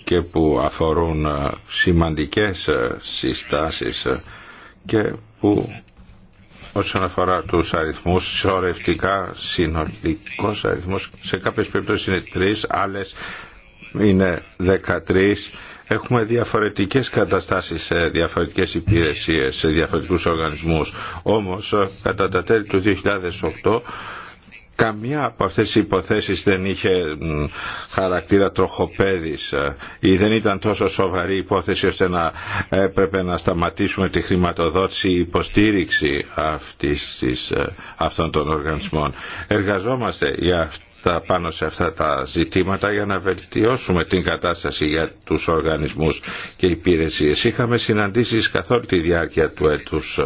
και που αφορούν ε, σημαντικές ε, συστάσεις ε, και που όσον αφορά τους αριθμούς σωρευτικά συνολικός αριθμός σε κάποιες περιπτώσεις είναι τρεις, άλλες είναι δεκατρεις έχουμε διαφορετικές καταστάσεις σε διαφορετικές υπηρεσίες, σε διαφορετικούς οργανισμούς. Όμως, κατά τα τέλη του 2008, Καμία από αυτές τις υποθέσεις δεν είχε χαρακτήρα τροχοπέδης ε, ή δεν ήταν τόσο σοβαρή υπόθεση ώστε να έπρεπε να σταματήσουμε τη χρηματοδότηση ή υποστήριξη αυτής ε, αυτών των οργανισμών. Εργαζόμαστε για αυτό τα πάνω σε αυτά τα ζητήματα για να βελτιώσουμε την κατάσταση για τους οργανισμούς και υπηρεσίες. Είχαμε συναντήσεις καθ' όλη τη διάρκεια του έτους.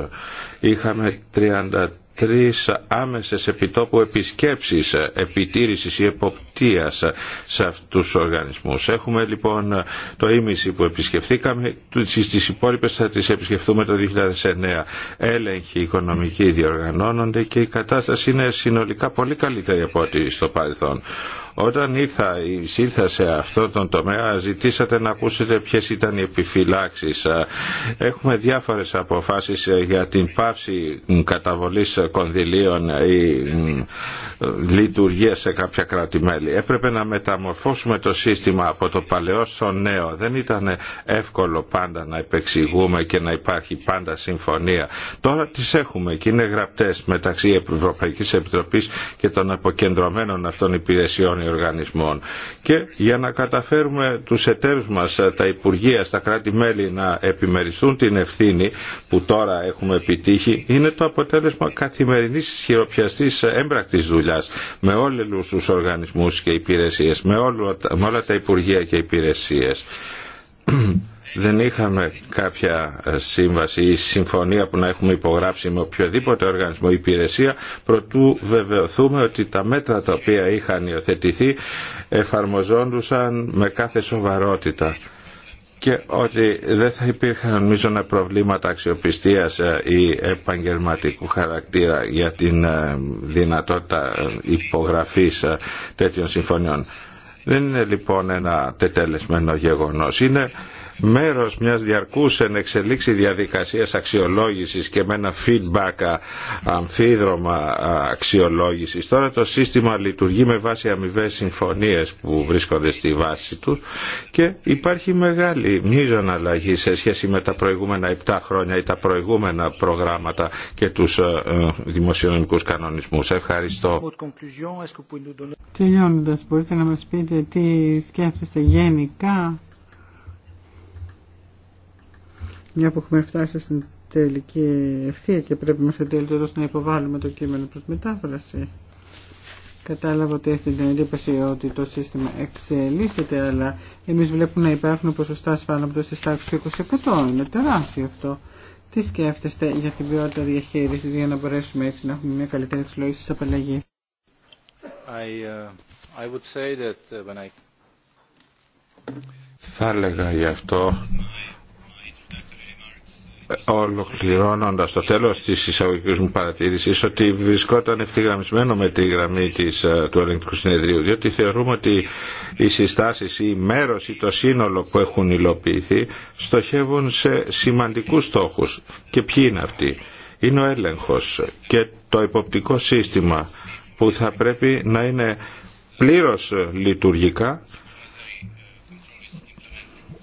Είχαμε 30 τρεις άμεσες επιτόπου επισκέψεις επιτήρησης ή εποπτείας σε αυτούς τους οργανισμούς. Έχουμε λοιπόν το ίμιση που επισκεφθήκαμε, στις υπόλοιπες θα τις επισκεφθούμε το 2009. Έλεγχοι οικονομικοί διοργανώνονται και η κατάσταση είναι συνολικά πολύ καλύτερη από ό,τι στο παρελθόν. Όταν ήρθα, σε αυτό τον τομέα, ζητήσατε να ακούσετε ποιες ήταν οι επιφυλάξεις. Έχουμε διάφορες αποφάσεις για την πάυση καταβολής κονδυλίων ή λειτουργία σε κάποια κράτη-μέλη. Έπρεπε να μεταμορφώσουμε το σύστημα από το παλαιό στο νέο. Δεν ήταν εύκολο πάντα να επεξηγούμε και να υπάρχει πάντα συμφωνία. Τώρα τις έχουμε και είναι γραπτές μεταξύ Ευρωπαϊκής Επιτροπής και των αποκεντρωμένων αυτών υπηρεσιών οργανισμών. Και για να καταφέρουμε τους εταίρους μας, τα Υπουργεία, στα κράτη-μέλη να επιμεριστούν την ευθύνη που τώρα έχουμε επιτύχει, είναι το αποτέλεσμα καθημερινής χειροπιαστής έμπρακτης δουλειάς με όλους τους οργανισμούς και υπηρεσίες, με όλα τα Υπουργεία και υπηρεσίες δεν είχαμε κάποια ε, σύμβαση ή συμφωνία που να έχουμε υπογράψει με οποιοδήποτε οργανισμό ή υπηρεσία προτού βεβαιωθούμε ότι τα μέτρα τα οποία είχαν υιοθετηθεί εφαρμοζόντουσαν με κάθε σοβαρότητα και ότι δεν θα υπήρχαν νομίζω προβλήματα αξιοπιστίας ε, ή επαγγελματικού χαρακτήρα για την ε, δυνατότητα υπογραφής τέτοιων συμφωνιών. Δεν είναι λοιπόν ένα τετέλεσμένο γεγονός μέρος μιας διαρκούς ενεξελίξη διαδικασίας αξιολόγησης και με ένα feedback αμφίδρομα αξιολόγησης. Τώρα το σύστημα λειτουργεί με βάση αμοιβέ συμφωνίες που βρίσκονται στη βάση τους και υπάρχει μεγάλη μίζων αλλαγή σε σχέση με τα προηγούμενα 7 χρόνια ή τα προηγούμενα προγράμματα και τους ε, δημοσιονομικούς κανονισμούς. Ευχαριστώ. Τελειώνοντας, μπορείτε να μας πείτε τι σκέφτεστε γενικά μια που έχουμε φτάσει στην τελική ευθεία και πρέπει μέχρι την να υποβάλουμε το κείμενο προς μετάφραση. Κατάλαβα ότι έχετε την εντύπωση ότι το σύστημα εξελίσσεται, αλλά εμείς βλέπουμε να υπάρχουν ποσοστά ασφάλματος της τάξης του 20%. Είναι τεράστιο αυτό. Τι σκέφτεστε για την ποιότητα διαχείρισης για να μπορέσουμε έτσι να έχουμε μια καλύτερη εξολόγηση τη απαλλαγή. Uh, uh, Θα έλεγα γι' αυτό ολοκληρώνοντας το τέλος της εισαγωγικής μου παρατήρησης ότι βρισκόταν ευθυγραμμισμένο με τη γραμμή της, ε, του Ελληνικού Συνεδρίου διότι θεωρούμε ότι οι συστάσεις ή η μέρος ή το σύνολο που έχουν υλοποιηθεί στοχεύουν σε σημαντικούς στόχους και ποιοι είναι αυτοί είναι ο έλεγχος και το υποπτικό σύστημα που θα πρέπει να είναι πλήρως λειτουργικά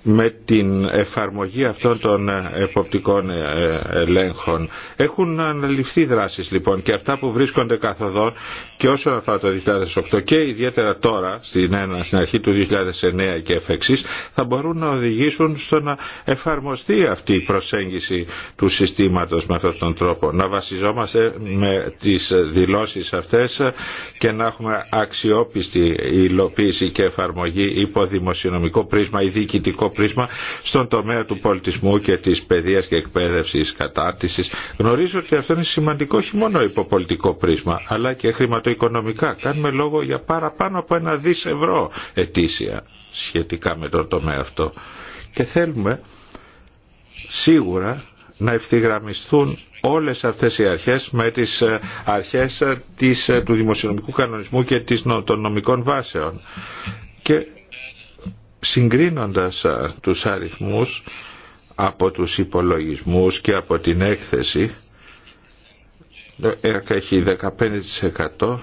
με την εφαρμογή αυτών των ε, εποπτικών ε, ελέγχων. Έχουν αναλυφθεί δράσεις λοιπόν και αυτά που βρίσκονται καθοδόν και όσον αφορά το 2008 και ιδιαίτερα τώρα στην, στην αρχή του 2009 και εφ' θα μπορούν να οδηγήσουν στο να εφαρμοστεί αυτή η προσέγγιση του συστήματος με αυτόν τον τρόπο. Να βασιζόμαστε με τις δηλώσεις αυτές και να έχουμε αξιόπιστη υλοποίηση και εφαρμογή υπό δημοσιονομικό πρίσμα ή διοικητικό πρίσμα στον τομέα του πολιτισμού και της παιδείας και εκπαίδευσης, κατάρτισης. Γνωρίζω ότι αυτό είναι σημαντικό όχι μόνο υπό πολιτικό πρίσμα, αλλά και χρηματοοικονομικά. Κάνουμε λόγο για παραπάνω από ένα δις ευρώ ετήσια σχετικά με τον τομέα αυτό. Και θέλουμε σίγουρα να ευθυγραμμιστούν όλες αυτές οι αρχές με τις ε, αρχές ε, της, ε, του δημοσιονομικού κανονισμού και των νομικών βάσεων. Και συγκρίνοντας τους αριθμούς από τους υπολογισμούς και από την έκθεση το ε, έχει 15%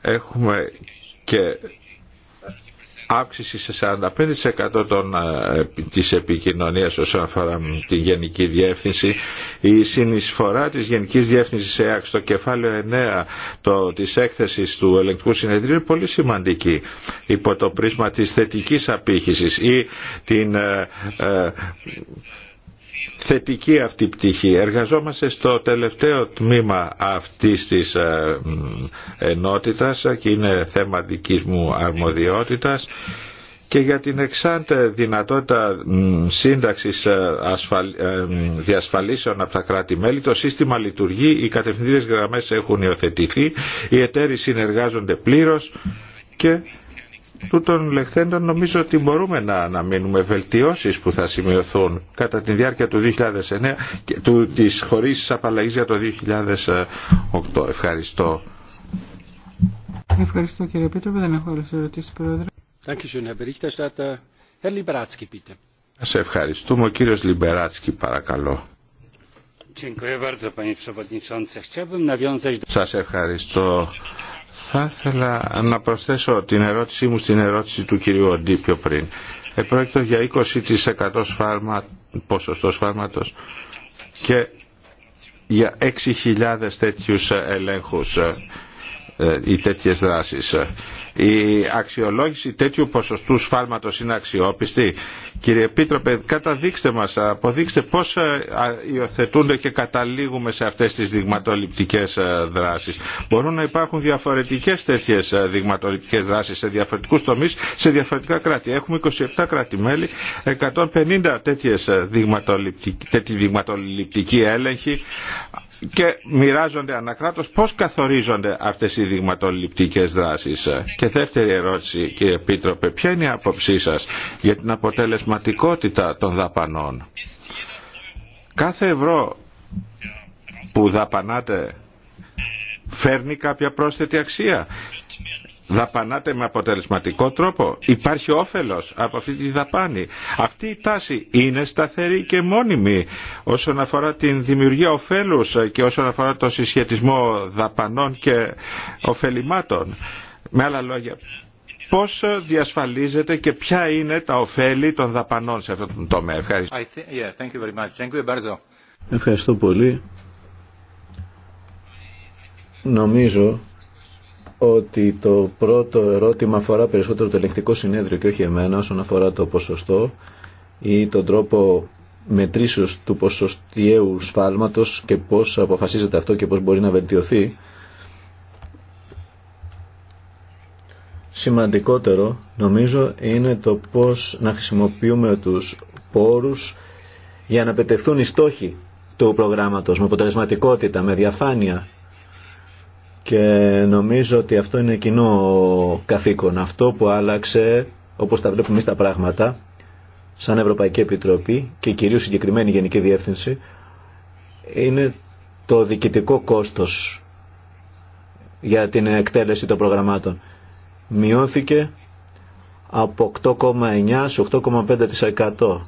έχουμε και αύξηση σε 45% των, ε, της επικοινωνίας όσον αφορά την Γενική Διεύθυνση. Η συνεισφορά της Γενικής Διεύθυνσης ΕΑΚ στο κεφάλαιο 9 το, της έκθεσης του Ελεγκτικού Συνεδρίου είναι πολύ σημαντική υπό το πρίσμα της θετικής απήχησης ή την ε, ε, θετική αυτή πτυχή. Εργαζόμαστε στο τελευταίο τμήμα αυτής της ε, ενότητας και είναι θέμα δικής μου αρμοδιότητας και για την εξάντα δυνατότητα σύνταξης ε, ε, διασφαλίσεων από τα κράτη-μέλη το σύστημα λειτουργεί, οι κατευθυντήρες γραμμές έχουν υιοθετηθεί, οι εταίροι συνεργάζονται πλήρως και τούτων λεχθέντων νομίζω ότι μπορούμε να αναμείνουμε βελτιώσεις που θα σημειωθούν κατά τη διάρκεια του 2009 και του, της χωρίς απαλλαγής για το 2008. Ευχαριστώ. Ευχαριστώ κύριε Δεν έχω άλλες ερωτήσεις πρόεδρε. Σε ευχαριστούμε. Ο κύριος Λιμπεράτσκι παρακαλώ. Σας ευχαριστώ θα ήθελα να προσθέσω την ερώτησή μου στην ερώτηση του κυρίου Οντή πιο πριν. Επρόκειτο για 20% σφάρμα, ποσοστό σφάρματος και για 6.000 τέτοιους ελέγχους ε, ή τέτοιες δράσεις η αξιολόγηση τέτοιου ποσοστού σφάλματος είναι αξιόπιστη. Κύριε Επίτροπε, καταδείξτε μας, αποδείξτε πώς ε, υιοθετούνται και καταλήγουμε σε αυτές τις δειγματοληπτικές ε, δράσεις. Μπορούν να υπάρχουν διαφορετικές τέτοιες ε, δειγματοληπτικές δράσεις σε διαφορετικούς τομείς, σε διαφορετικά κράτη. Έχουμε 27 κράτη-μέλη, 150 τέτοιες δειγματοληπτικοί έλεγχοι και μοιράζονται ανακράτως πώς καθορίζονται αυτές οι δειγματοληπτικές δράσεις. Και δεύτερη ερώτηση κύριε Επίτροπε, ποια είναι η άποψή σας για την αποτελεσματικότητα των δαπανών. Κάθε ευρώ που δαπανάτε φέρνει κάποια πρόσθετη αξία δαπανάτε με αποτελεσματικό τρόπο, υπάρχει όφελος από αυτή τη δαπάνη. Αυτή η τάση είναι σταθερή και μόνιμη όσον αφορά την δημιουργία ωφέλους και όσον αφορά το συσχετισμό δαπανών και ωφελημάτων. Με άλλα λόγια, πώς διασφαλίζεται και ποια είναι τα ωφέλη των δαπανών σε αυτόν τον τομέα. Ευχαριστώ. Ευχαριστώ πολύ. Νομίζω ότι το πρώτο ερώτημα αφορά περισσότερο το ελεγκτικό συνέδριο και όχι εμένα όσον αφορά το ποσοστό ή τον τρόπο μετρήσεως του ποσοστιαίου σφάλματος και πώς αποφασίζεται αυτό και πώς μπορεί να βελτιωθεί. Σημαντικότερο νομίζω είναι το πώς να χρησιμοποιούμε τους πόρους για να πετευθούν οι στόχοι του προγράμματος με αποτελεσματικότητα, με διαφάνεια και νομίζω ότι αυτό είναι κοινό καθήκον. Αυτό που άλλαξε, όπως τα βλέπουμε εμείς τα πράγματα, σαν Ευρωπαϊκή Επιτροπή και κυρίως συγκεκριμένη Γενική Διεύθυνση, είναι το διοικητικό κόστος για την εκτέλεση των προγραμμάτων. Μειώθηκε από 8,9% σε 8,5%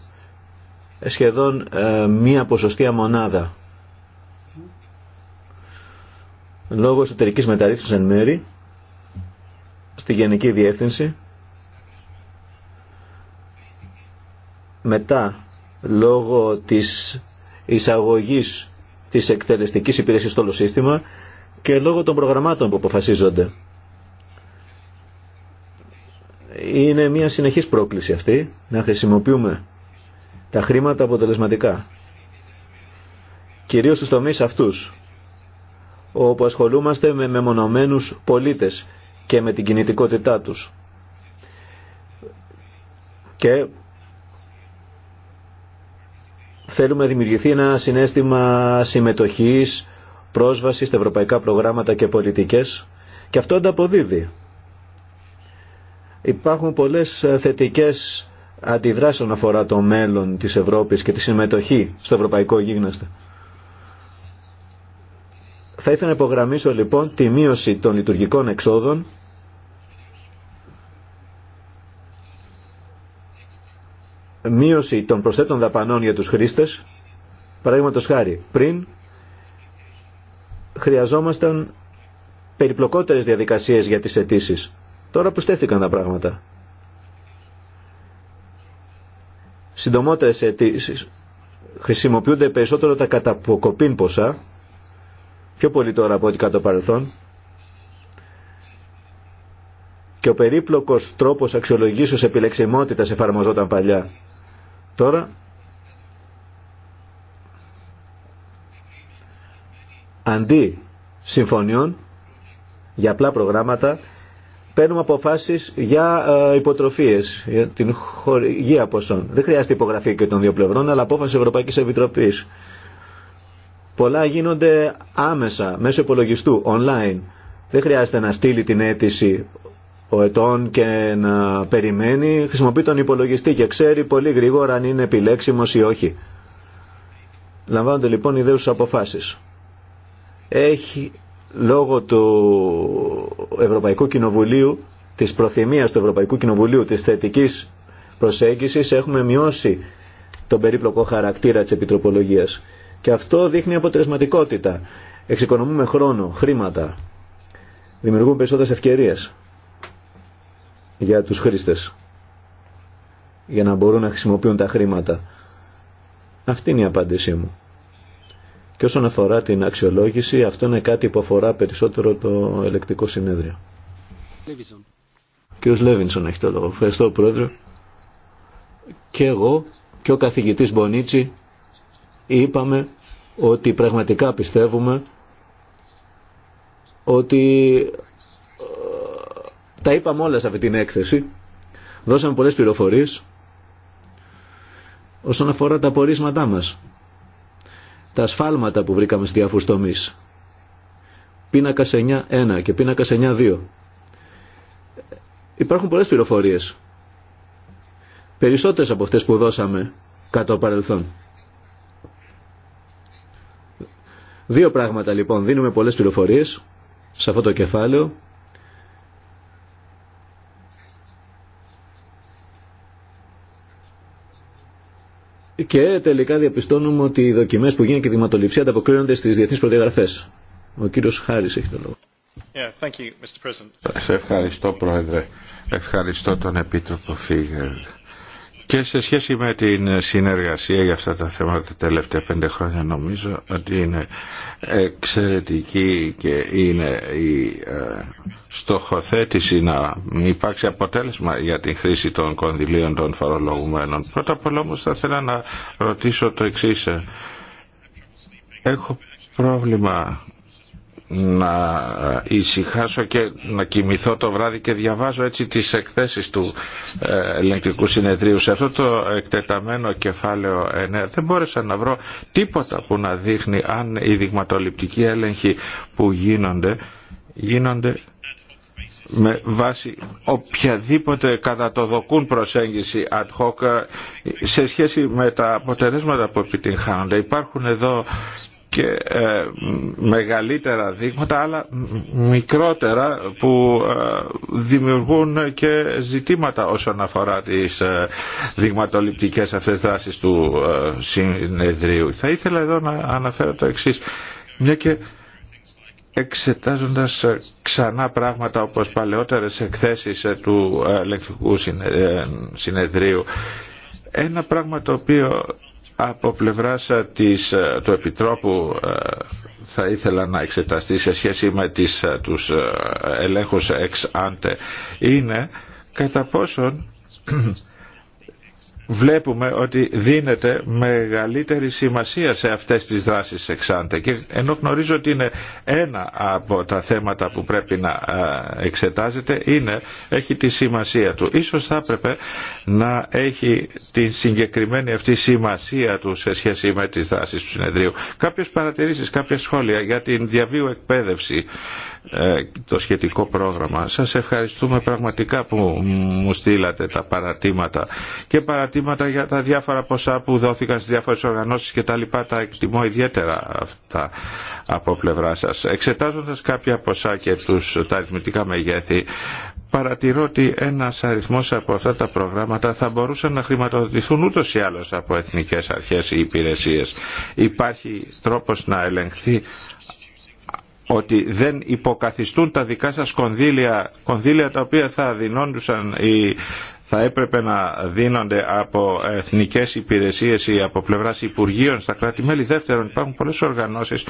ε, σχεδόν ε, μία ποσοστία μονάδα λόγω εσωτερικής μεταρρύθμισης εν μέρη στη Γενική Διεύθυνση μετά λόγω της εισαγωγής της εκτελεστικής υπηρεσίας στο όλο σύστημα και λόγω των προγραμμάτων που αποφασίζονται. Είναι μια συνεχής πρόκληση αυτή να χρησιμοποιούμε τα χρήματα αποτελεσματικά. Κυρίως στους τομείς αυτούς όπου ασχολούμαστε με μεμονωμένους πολίτες και με την κινητικότητά τους. Και θέλουμε να δημιουργηθεί ένα συνέστημα συμμετοχής, πρόσβασης στα ευρωπαϊκά προγράμματα και πολιτικές και αυτό ανταποδίδει. Υπάρχουν πολλές θετικές αντιδράσεις όσον αφορά το μέλλον της Ευρώπης και τη συμμετοχή στο ευρωπαϊκό γίγναστο. Θα ήθελα να υπογραμμίσω λοιπόν τη μείωση των λειτουργικών εξόδων μείωση των προσθέτων δαπανών για τους χρήστες παραδείγματος χάρη πριν χρειαζόμασταν περιπλοκότερες διαδικασίες για τις αιτήσει. Τώρα που στέθηκαν τα πράγματα. Συντομότερες αιτήσει. Χρησιμοποιούνται περισσότερο τα καταποκοπήν ποσά πιο πολύ τώρα από ό,τι κατά παρελθόν. Και ο περίπλοκος τρόπος αξιολογήσεως επιλεξιμότητας εφαρμοζόταν παλιά. Τώρα αντί συμφωνιών για απλά προγράμματα παίρνουμε αποφάσεις για ε, υποτροφίες, για την χορηγία ποσών. Δεν χρειάζεται υπογραφή και των δύο πλευρών, αλλά απόφαση Ευρωπαϊκής Επιτροπής. Πολλά γίνονται άμεσα, μέσω υπολογιστού, online. Δεν χρειάζεται να στείλει την αίτηση ο ετών και να περιμένει. Χρησιμοποιεί τον υπολογιστή και ξέρει πολύ γρήγορα αν είναι επιλέξιμος ή όχι. Λαμβάνονται λοιπόν δέους αποφάσεις. Έχει λόγω του Ευρωπαϊκού Κοινοβουλίου, της προθυμίας του Ευρωπαϊκού Κοινοβουλίου, της θετικής προσέγγισης, έχουμε μειώσει τον περίπλοκο χαρακτήρα της επιτροπολογίας. Και αυτό δείχνει αποτελεσματικότητα. Εξοικονομούμε χρόνο, χρήματα. Δημιουργούμε περισσότερες ευκαιρίες για τους χρήστες. Για να μπορούν να χρησιμοποιούν τα χρήματα. Αυτή είναι η απάντησή μου. Και όσον αφορά την αξιολόγηση, αυτό είναι κάτι που αφορά περισσότερο το ελεκτικό συνέδριο. Λέβινσον έχει το λόγο. Ευχαριστώ, Πρόεδρε. Και εγώ και ο καθηγητής Μπονίτσι είπαμε ότι πραγματικά πιστεύουμε ότι ε, τα είπαμε όλα σε αυτή την έκθεση. Δώσαμε πολλές πληροφορίες όσον αφορά τα πορίσματά μας. Τα σφάλματα που βρήκαμε στις διάφορους τομείς. Πίνακα 9.1 και πίνακα 9.2. Υπάρχουν πολλές πληροφορίες. Περισσότερες από αυτές που δώσαμε κατά το παρελθόν. Δύο πράγματα λοιπόν. Δίνουμε πολλές πληροφορίες σε αυτό το κεφάλαιο. Και τελικά διαπιστώνουμε ότι οι δοκιμές που γίνανε και η δηματοληψία ανταποκρίνονται στις διεθνείς προδιαγραφές. Ο κύριος Χάρης έχει το λόγο. you, Σε ευχαριστώ Πρόεδρε. Ευχαριστώ τον Επίτροπο Φίγερ και σε σχέση με την συνεργασία για αυτά τα θέματα τα τελευταία πέντε χρόνια νομίζω ότι είναι εξαιρετική και είναι η ε, στοχοθέτηση να υπάρξει αποτέλεσμα για την χρήση των κονδυλίων των φορολογουμένων. Πρώτα απ' όλα όμως θα ήθελα να ρωτήσω το εξής. Έχω πρόβλημα να ησυχάσω και να κοιμηθώ το βράδυ και διαβάζω έτσι τις εκθέσεις του ε, ελεγκτικού συνεδρίου σε αυτό το εκτεταμένο κεφάλαιο 9 δεν μπόρεσα να βρω τίποτα που να δείχνει αν οι δειγματοληπτικοί έλεγχοι που γίνονται γίνονται με βάση οποιαδήποτε κατά προσέγγιση ad hoc ε, σε σχέση με τα αποτελέσματα που επιτυγχάνονται. Υπάρχουν εδώ και ε, μεγαλύτερα δείγματα αλλά μικρότερα που ε, δημιουργούν και ζητήματα όσον αφορά τις ε, δειγματοληπτικές αυτές δράσεις του ε, συνεδρίου. Θα ήθελα εδώ να αναφέρω το εξής. Μια και εξετάζοντας ξανά πράγματα όπως παλαιότερες εκθέσεις του ελεκτικού συνεδρίου ένα πράγμα το οποίο από πλευρά ε, της, ε, του Επιτρόπου ε, θα ήθελα να εξεταστεί σε σχέση με τις, τους ελέγχους εξ είναι κατά πόσον βλέπουμε ότι δίνεται μεγαλύτερη σημασία σε αυτές τις δράσεις εξάντε και ενώ γνωρίζω ότι είναι ένα από τα θέματα που πρέπει να εξετάζεται είναι, έχει τη σημασία του. Ίσως θα έπρεπε να έχει τη συγκεκριμένη αυτή σημασία του σε σχέση με τις δράσεις του συνεδρίου. Κάποιες παρατηρήσεις, κάποια σχόλια για την διαβίου εκπαίδευση ε, το σχετικό πρόγραμμα. Σας ευχαριστούμε πραγματικά που μου στείλατε τα παρατήματα και ερωτήματα για τα διάφορα ποσά που δόθηκαν στις διάφορες οργανώσεις και τα λοιπά τα εκτιμώ ιδιαίτερα αυτά από πλευρά σας. Εξετάζοντας κάποια ποσά και τους, τα αριθμητικά μεγέθη παρατηρώ ότι ένας αριθμός από αυτά τα προγράμματα θα μπορούσαν να χρηματοδοτηθούν ούτως ή άλλως από εθνικές αρχές ή υπηρεσίες. Υπάρχει τρόπος να ελεγχθεί ότι δεν υποκαθιστούν τα δικά σας κονδύλια, κονδύλια τα οποία θα δινόντουσαν ή θα έπρεπε να δίνονται από εθνικές υπηρεσίες ή από πλευράς Υπουργείων στα κράτη-μέλη. Δεύτερον, υπάρχουν πολλές οργανώσεις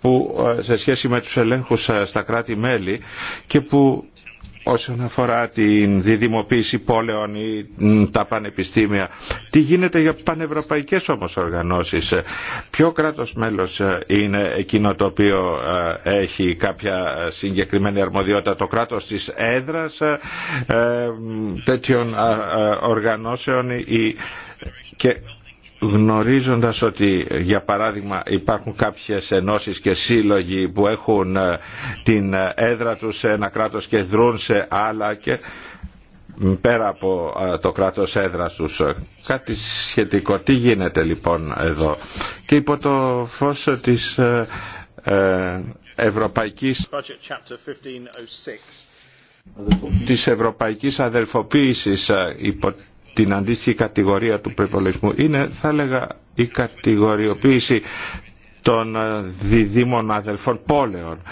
που ε, σε σχέση με τους ελέγχους ε, στα κράτη-μέλη και που όσον αφορά τη διδημοποίηση πόλεων ή τα πανεπιστήμια. Τι γίνεται για πανευρωπαϊκές όμως οργανώσεις. Ποιο κράτος μέλος ε, είναι εκείνο το οποίο ε, έχει κάποια συγκεκριμένη αρμοδιότητα. Το κράτος της έδρας ε, τέτοιων οργανώσεων ή και γνωρίζοντας ότι για παράδειγμα υπάρχουν κάποιες ενώσεις και σύλλογοι που έχουν ε, την έδρα τους σε ένα κράτος και δρούν σε άλλα και πέρα από ε, το κράτος έδρας τους. Κάτι σχετικό. Τι γίνεται λοιπόν εδώ. Και υπό το φως της ε, ευρωπαϊκής oh της ευρωπαϊκής αδελφοποίησης υπό την αντίστοιχη κατηγορία του προπολογισμού. Είναι, θα έλεγα, η κατηγοριοποίηση των ε, διδήμων αδελφών πόλεων.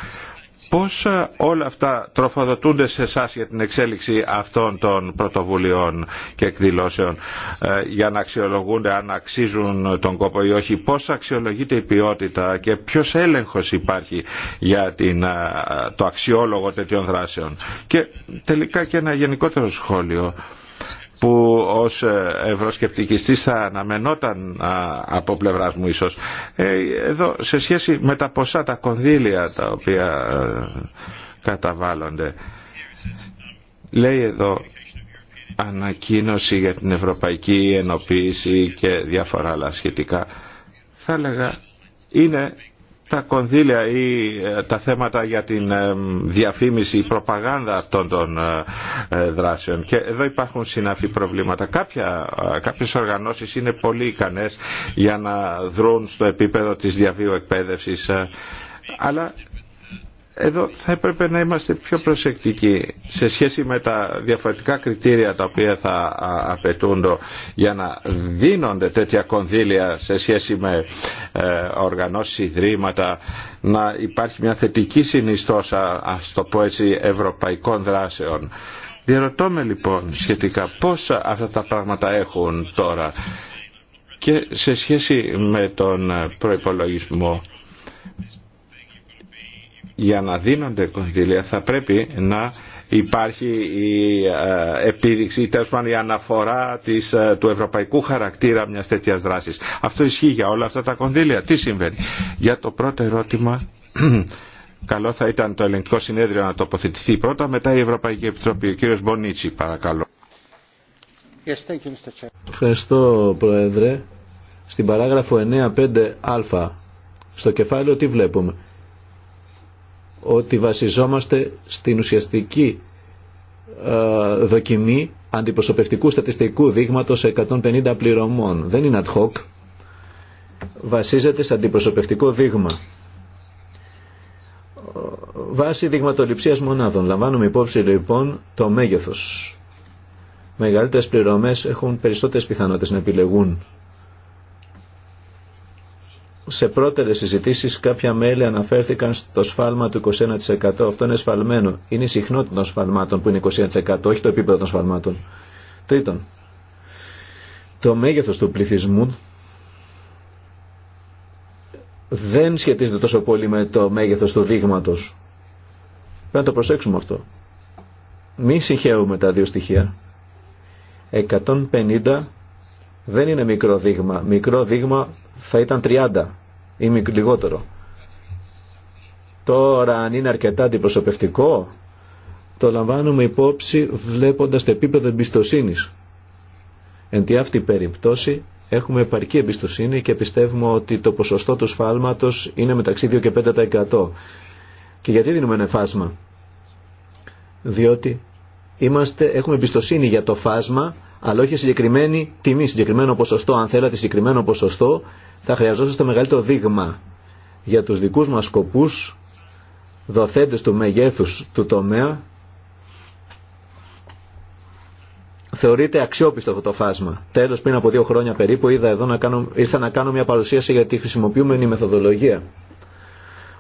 Πώς ε, όλα αυτά τροφοδοτούνται σε εσά για την εξέλιξη αυτών των πρωτοβουλειών και εκδηλώσεων ε, για να αξιολογούνται αν αξίζουν τον κόπο ή όχι. Πώς αξιολογείται η ποιότητα και ποιος έλεγχος υπάρχει για την, το αξιόλογο τέτοιων δράσεων. Και τελικά και ένα γενικότερο σχόλιο που ως ε, ευρωσκεπτικιστής θα αναμενόταν από πλευράς μου ίσως. Ε, εδώ σε σχέση με τα ποσά, τα κονδύλια τα οποία ε, καταβάλλονται. Λέει εδώ ανακοίνωση για την ευρωπαϊκή ενοποίηση και διάφορα άλλα σχετικά. Θα έλεγα είναι τα κονδύλια ή ε, τα θέματα για την ε, διαφήμιση, η προπαγάνδα αυτών των ε, δράσεων. Και εδώ υπάρχουν συναφή προβλήματα. Κάποια, κάποιες οργανώσεις είναι πολύ ικανές για να δρουν στο επίπεδο της διαβίου εκπαίδευσης αλλά εδώ θα έπρεπε να είμαστε πιο προσεκτικοί σε σχέση με τα διαφορετικά κριτήρια τα οποία θα απαιτούνται για να δίνονται τέτοια κονδύλια σε σχέση με ε, οργανώσεις ιδρύματα, να υπάρχει μια θετική συνιστόσα, ας το πω έτσι, ευρωπαϊκών δράσεων. Διερωτώ με λοιπόν σχετικά πόσα αυτά τα πράγματα έχουν τώρα και σε σχέση με τον προϋπολογισμό για να δίνονται κονδύλια θα πρέπει να υπάρχει η ε, επίδειξη, τέλο η αναφορά της, ε, του ευρωπαϊκού χαρακτήρα μιας τέτοιας δράσης. Αυτό ισχύει για όλα αυτά τα κονδύλια. Τι συμβαίνει. Για το πρώτο ερώτημα... Καλό θα ήταν το ελεγκτικό συνέδριο να τοποθετηθεί πρώτα, μετά η Ευρωπαϊκή Επιτροπή. Ο κύριος Μπονίτσι, παρακαλώ. Yes, thank you, Mr. Ευχαριστώ, Πρόεδρε. Στην παράγραφο 9.5α, στο κεφάλαιο τι βλέπουμε ότι βασιζόμαστε στην ουσιαστική ε, δοκιμή αντιπροσωπευτικού στατιστικού δείγματος 150 πληρωμών. Δεν είναι ad hoc. Βασίζεται σε αντιπροσωπευτικό δείγμα. Βάση δειγματοληψίας μονάδων. Λαμβάνουμε υπόψη λοιπόν το μέγεθος. Μεγαλύτερες πληρωμές έχουν περισσότερες πιθανότητες να επιλεγούν σε πρώτερες συζητήσεις κάποια μέλη αναφέρθηκαν στο σφάλμα του 21%. Αυτό είναι σφαλμένο. Είναι η συχνότητα των σφαλμάτων που είναι 21%, όχι το επίπεδο των σφαλμάτων. Τρίτον, το μέγεθος του πληθυσμού δεν σχετίζεται τόσο πολύ με το μέγεθος του δείγματος. Πρέπει να το προσέξουμε αυτό. Μη συγχαίουμε τα δύο στοιχεία. 150 δεν είναι μικρό δείγμα. Μικρό δείγμα θα ήταν 30 ή λιγότερο. Τώρα αν είναι αρκετά αντιπροσωπευτικό το λαμβάνουμε υπόψη βλέποντας το επίπεδο εμπιστοσύνη. Εν τη αυτή περιπτώση έχουμε επαρκή εμπιστοσύνη και πιστεύουμε ότι το ποσοστό του σφάλματος είναι μεταξύ 2 και 5%. Και γιατί δίνουμε ένα φάσμα. Διότι είμαστε, έχουμε εμπιστοσύνη για το φάσμα αλλά όχι συγκεκριμένη τιμή, συγκεκριμένο ποσοστό. Αν θέλατε συγκεκριμένο ποσοστό θα χρειαζόσαστε μεγαλύτερο δείγμα για τους δικούς μας σκοπούς δοθέντες του μεγέθους του τομέα θεωρείται αξιόπιστο αυτό το φάσμα. Τέλος πριν από δύο χρόνια περίπου, είδα εδώ να κάνω, ήρθα να κάνω μια παρουσίαση για τη χρησιμοποιούμενη μεθοδολογία.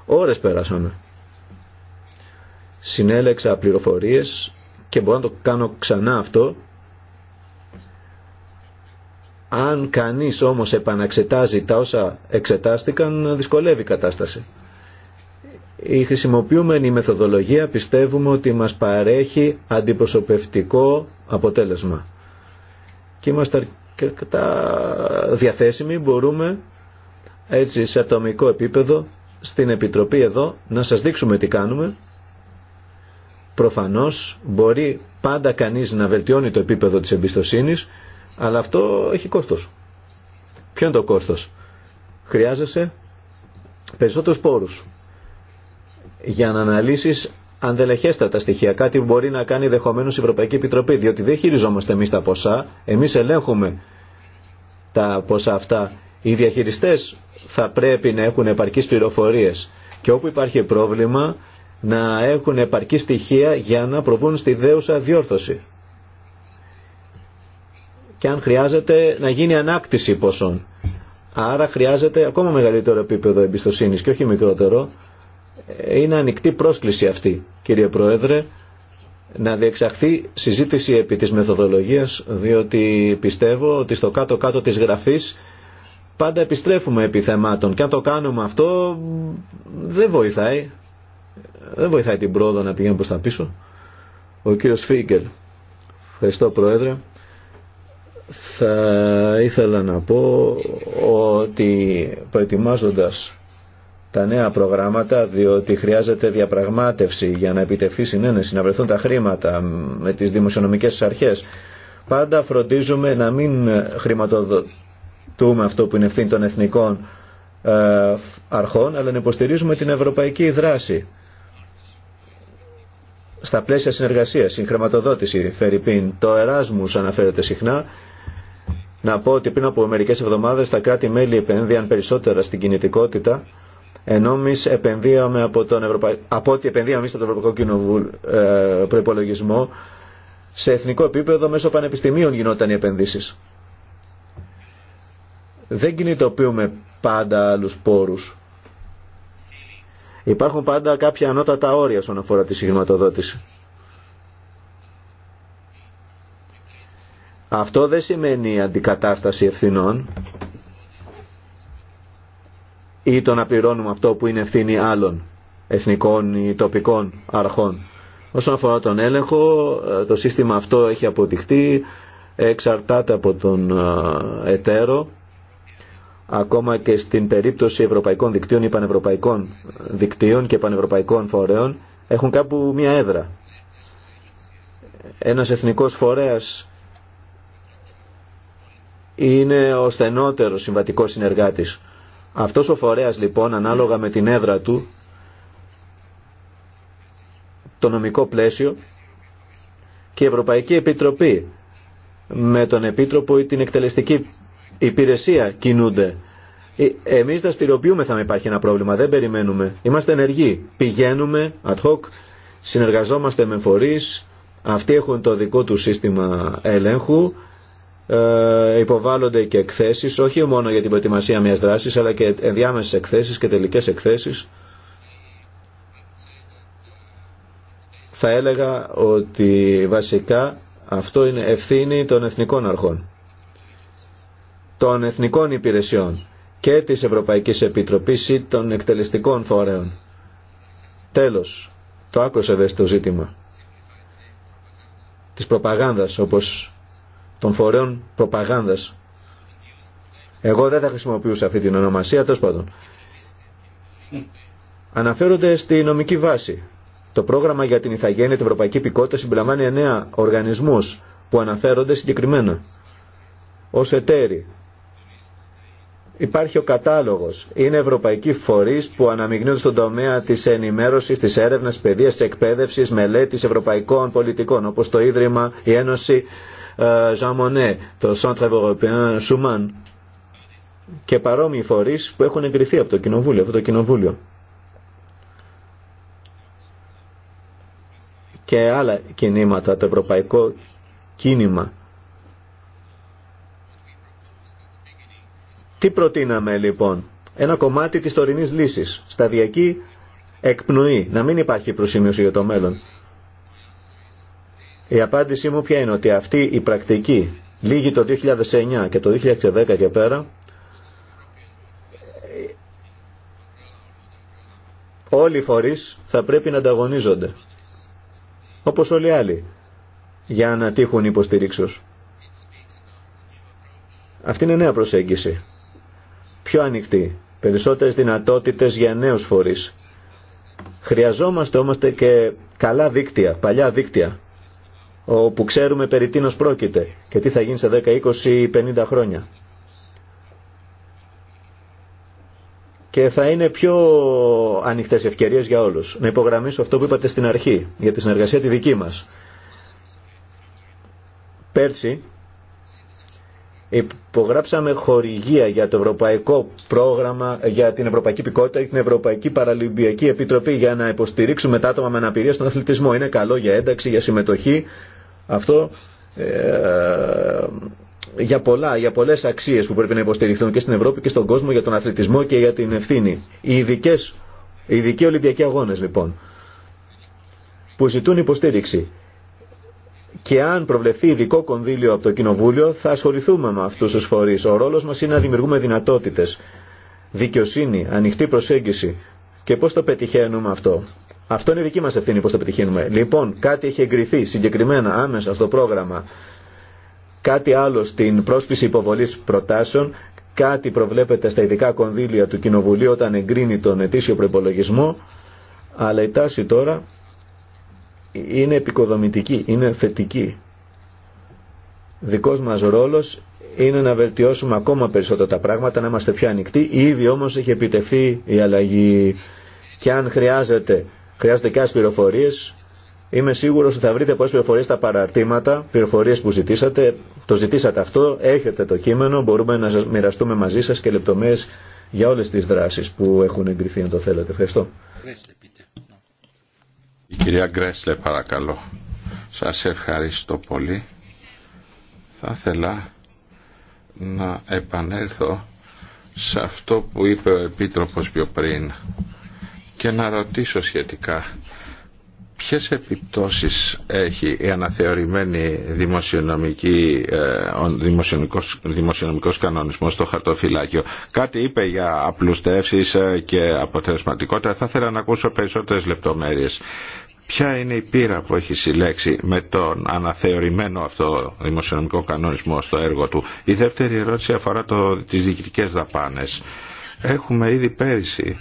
Ώρες πέρασαν. Συνέλεξα πληροφορίες και μπορώ να το κάνω ξανά αυτό αν κανείς όμως επαναξετάζει τα όσα εξετάστηκαν, δυσκολεύει η κατάσταση. Η χρησιμοποιούμενη μεθοδολογία πιστεύουμε ότι μας παρέχει αντιπροσωπευτικό αποτέλεσμα. Και είμαστε αρκετά διαθέσιμοι, μπορούμε έτσι σε ατομικό επίπεδο στην Επιτροπή εδώ να σας δείξουμε τι κάνουμε. Προφανώς μπορεί πάντα κανείς να βελτιώνει το επίπεδο της εμπιστοσύνης αλλά αυτό έχει κόστος. Ποιο είναι το κόστος. Χρειάζεσαι περισσότερους πόρους για να αναλύσεις τα στοιχεία, κάτι που μπορεί να κάνει δεχομένως η Ευρωπαϊκή Επιτροπή, διότι δεν χειριζόμαστε εμείς τα ποσά, εμείς ελέγχουμε τα ποσά αυτά. Οι διαχειριστές θα πρέπει να έχουν επαρκείς πληροφορίες και όπου υπάρχει πρόβλημα να έχουν επαρκή στοιχεία για να προβούν στη δέουσα διόρθωση και αν χρειάζεται να γίνει ανάκτηση ποσών. Άρα χρειάζεται ακόμα μεγαλύτερο επίπεδο εμπιστοσύνης και όχι μικρότερο. Ε, είναι ανοιχτή πρόσκληση αυτή, κύριε Πρόεδρε, να διεξαχθεί συζήτηση επί της μεθοδολογίας, διότι πιστεύω ότι στο κάτω-κάτω της γραφής πάντα επιστρέφουμε επί θεμάτων και αν το κάνουμε αυτό δεν βοηθάει. Δεν βοηθάει την πρόοδο να πηγαίνουμε προς τα πίσω. Ο κύριος Φίγκελ. Ευχαριστώ Πρόεδρε θα ήθελα να πω ότι προετοιμάζοντας τα νέα προγράμματα διότι χρειάζεται διαπραγμάτευση για να επιτευχθεί συνένεση, να βρεθούν τα χρήματα με τις δημοσιονομικές αρχές. Πάντα φροντίζουμε να μην χρηματοδοτούμε αυτό που είναι ευθύνη των εθνικών ε, αρχών, αλλά να υποστηρίζουμε την ευρωπαϊκή δράση. Στα πλαίσια συνεργασίας, η χρηματοδότηση, Φερρυπίν, το Εράσμους αναφέρεται συχνά, να πω ότι πριν από μερικέ εβδομάδες τα κράτη-μέλη επενδύαν περισσότερα στην κινητικότητα ενώ εμεί επενδύαμε από, τον Ευρωπα... από ό,τι επενδύαμε στο Ευρωπαϊκό Κοινοβούλιο ε, προπολογισμό, σε εθνικό επίπεδο μέσω πανεπιστημίων γινόταν οι επενδύσεις. Δεν κινητοποιούμε πάντα άλλου πόρου. Υπάρχουν πάντα κάποια ανώτατα όρια όσον αφορά τη συγχρηματοδότηση. Αυτό δεν σημαίνει αντικατάσταση ευθυνών ή το να πληρώνουμε αυτό που είναι ευθύνη άλλων εθνικών ή τοπικών αρχών. Όσον αφορά τον έλεγχο, ε, το σύστημα αυτό έχει αποδειχτεί, εξαρτάται από τον ε, εταίρο, ακόμα και στην περίπτωση ευρωπαϊκών δικτύων ή πανευρωπαϊκών δικτύων και πανευρωπαϊκών φορέων, έχουν κάπου μία έδρα. Ένας εθνικός φορέας είναι ο στενότερος συμβατικός συνεργάτης. Αυτός ο φορέας λοιπόν ανάλογα με την έδρα του, το νομικό πλαίσιο και η Ευρωπαϊκή Επιτροπή με τον Επίτροπο ή την εκτελεστική υπηρεσία κινούνται. Ε, εμείς δραστηριοποιούμε θα υπάρχει ένα πρόβλημα, δεν περιμένουμε. Είμαστε ενεργοί, πηγαίνουμε ad hoc, συνεργαζόμαστε με φορείς, αυτοί έχουν το δικό του σύστημα ελέγχου, ε, υποβάλλονται και εκθέσεις, όχι μόνο για την προετοιμασία μιας δράσης, αλλά και ενδιάμεσες εκθέσεις και τελικές εκθέσεις. Θα έλεγα ότι βασικά αυτό είναι ευθύνη των εθνικών αρχών, των εθνικών υπηρεσιών και της Ευρωπαϊκής Επιτροπής ή των εκτελεστικών φορέων. Τέλος, το άκουσε δε στο ζήτημα της προπαγάνδας όπως των φορέων προπαγάνδας. Εγώ δεν θα χρησιμοποιούσα αυτή την ονομασία, τέλο πάντων. Αναφέρονται στη νομική βάση. Το πρόγραμμα για την ηθαγένεια, την ευρωπαϊκή υπηκότητα συμπεριλαμβάνει εννέα οργανισμούς που αναφέρονται συγκεκριμένα ως εταίροι. Υπάρχει ο κατάλογος. Είναι ευρωπαϊκοί φορείς που αναμειγνύονται στον τομέα της ενημέρωσης, της έρευνας, παιδείας, της εκπαίδευσης, μελέτης ευρωπαϊκών πολιτικών, όπως το Ίδρυμα, η Ένωση ε, Jean Monnet, το Centre Européen Schumann και παρόμοιοι φορεί που έχουν εγκριθεί από το Κοινοβούλιο, αυτό το Κοινοβούλιο. Και άλλα κινήματα, το ευρωπαϊκό κίνημα. Τι προτείναμε λοιπόν, ένα κομμάτι της τωρινής λύσης, σταδιακή εκπνοή, να μην υπάρχει προσήμιωση για το μέλλον. Η απάντησή μου ποια είναι ότι αυτή η πρακτική λίγη το 2009 και το 2010 και πέρα όλοι οι φορείς θα πρέπει να ανταγωνίζονται όπως όλοι οι άλλοι για να τύχουν υποστηρίξους. Αυτή είναι νέα προσέγγιση. Πιο ανοιχτή. Περισσότερες δυνατότητες για νέους φορείς. Χρειαζόμαστε όμως και καλά δίκτυα, παλιά δίκτυα όπου ξέρουμε περί τίνος πρόκειται και τι θα γίνει σε 10, 20 ή 50 χρόνια. Και θα είναι πιο ανοιχτέ ευκαιρίε για όλου. Να υπογραμμίσω αυτό που είπατε στην αρχή για τη συνεργασία τη δική μα. Πέρσι υπογράψαμε χορηγία για το Ευρωπαϊκό Πρόγραμμα για την Ευρωπαϊκή Πικότητα και την Ευρωπαϊκή Παραλυμπιακή Επιτροπή για να υποστηρίξουμε τα άτομα με αναπηρία στον αθλητισμό. Είναι καλό για ένταξη, για συμμετοχή, αυτό ε, για πολλά, για πολλέ αξίε που πρέπει να υποστηριχθούν και στην Ευρώπη και στον κόσμο για τον αθλητισμό και για την ευθύνη. Οι ειδικέ, οι ειδικοί Ολυμπιακοί αγώνε λοιπόν, που ζητούν υποστήριξη. Και αν προβλεφθεί ειδικό κονδύλιο από το Κοινοβούλιο, θα ασχοληθούμε με αυτού του φορεί. Ο ρόλο μα είναι να δημιουργούμε δυνατότητε. Δικαιοσύνη, ανοιχτή προσέγγιση. Και πώ το πετυχαίνουμε αυτό. Αυτό είναι δική μας ευθύνη πώς το επιτυχίνουμε. Λοιπόν, κάτι έχει εγκριθεί συγκεκριμένα άμεσα στο πρόγραμμα. Κάτι άλλο στην πρόσκληση υποβολής προτάσεων, κάτι προβλέπεται στα ειδικά κονδύλια του Κοινοβουλίου όταν εγκρίνει τον ετήσιο προπολογισμό, αλλά η τάση τώρα είναι επικοδομητική, είναι θετική. Δικός μας ρόλος είναι να βελτιώσουμε ακόμα περισσότερο τα πράγματα, να είμαστε πιο ανοιχτοί. Ήδη όμως έχει επιτευχθεί η αλλαγή και αν χρειάζεται χρειάζονται και άλλε πληροφορίε. Είμαι σίγουρος ότι θα βρείτε πολλέ πληροφορίε στα παραρτήματα, πληροφορίε που ζητήσατε. Το ζητήσατε αυτό, έχετε το κείμενο, μπορούμε να μοιραστούμε μαζί σας και λεπτομέρειε για όλες τις δράσεις που έχουν εγκριθεί, αν το θέλετε. Ευχαριστώ. Η κυρία Γκρέσλε παρακαλώ. Σα ευχαριστώ πολύ. Θα ήθελα να επανέλθω σε αυτό που είπε ο Επίτροπος πιο πριν και να ρωτήσω σχετικά ποιες επιπτώσεις έχει η αναθεωρημένη δημοσιονομική, ε, δημοσιονομικός, δημοσιονομικός κανονισμός στο χαρτοφυλάκιο. Κάτι είπε για απλουστεύσεις ε, και αποτελεσματικότητα. Θα ήθελα να ακούσω περισσότερες λεπτομέρειες. Ποια είναι η πείρα που έχει συλλέξει με τον αναθεωρημένο αυτό δημοσιονομικό κανονισμό στο έργο του. Η δεύτερη ερώτηση αφορά το, τις διοικητικές δαπάνες. Έχουμε ήδη πέρυσι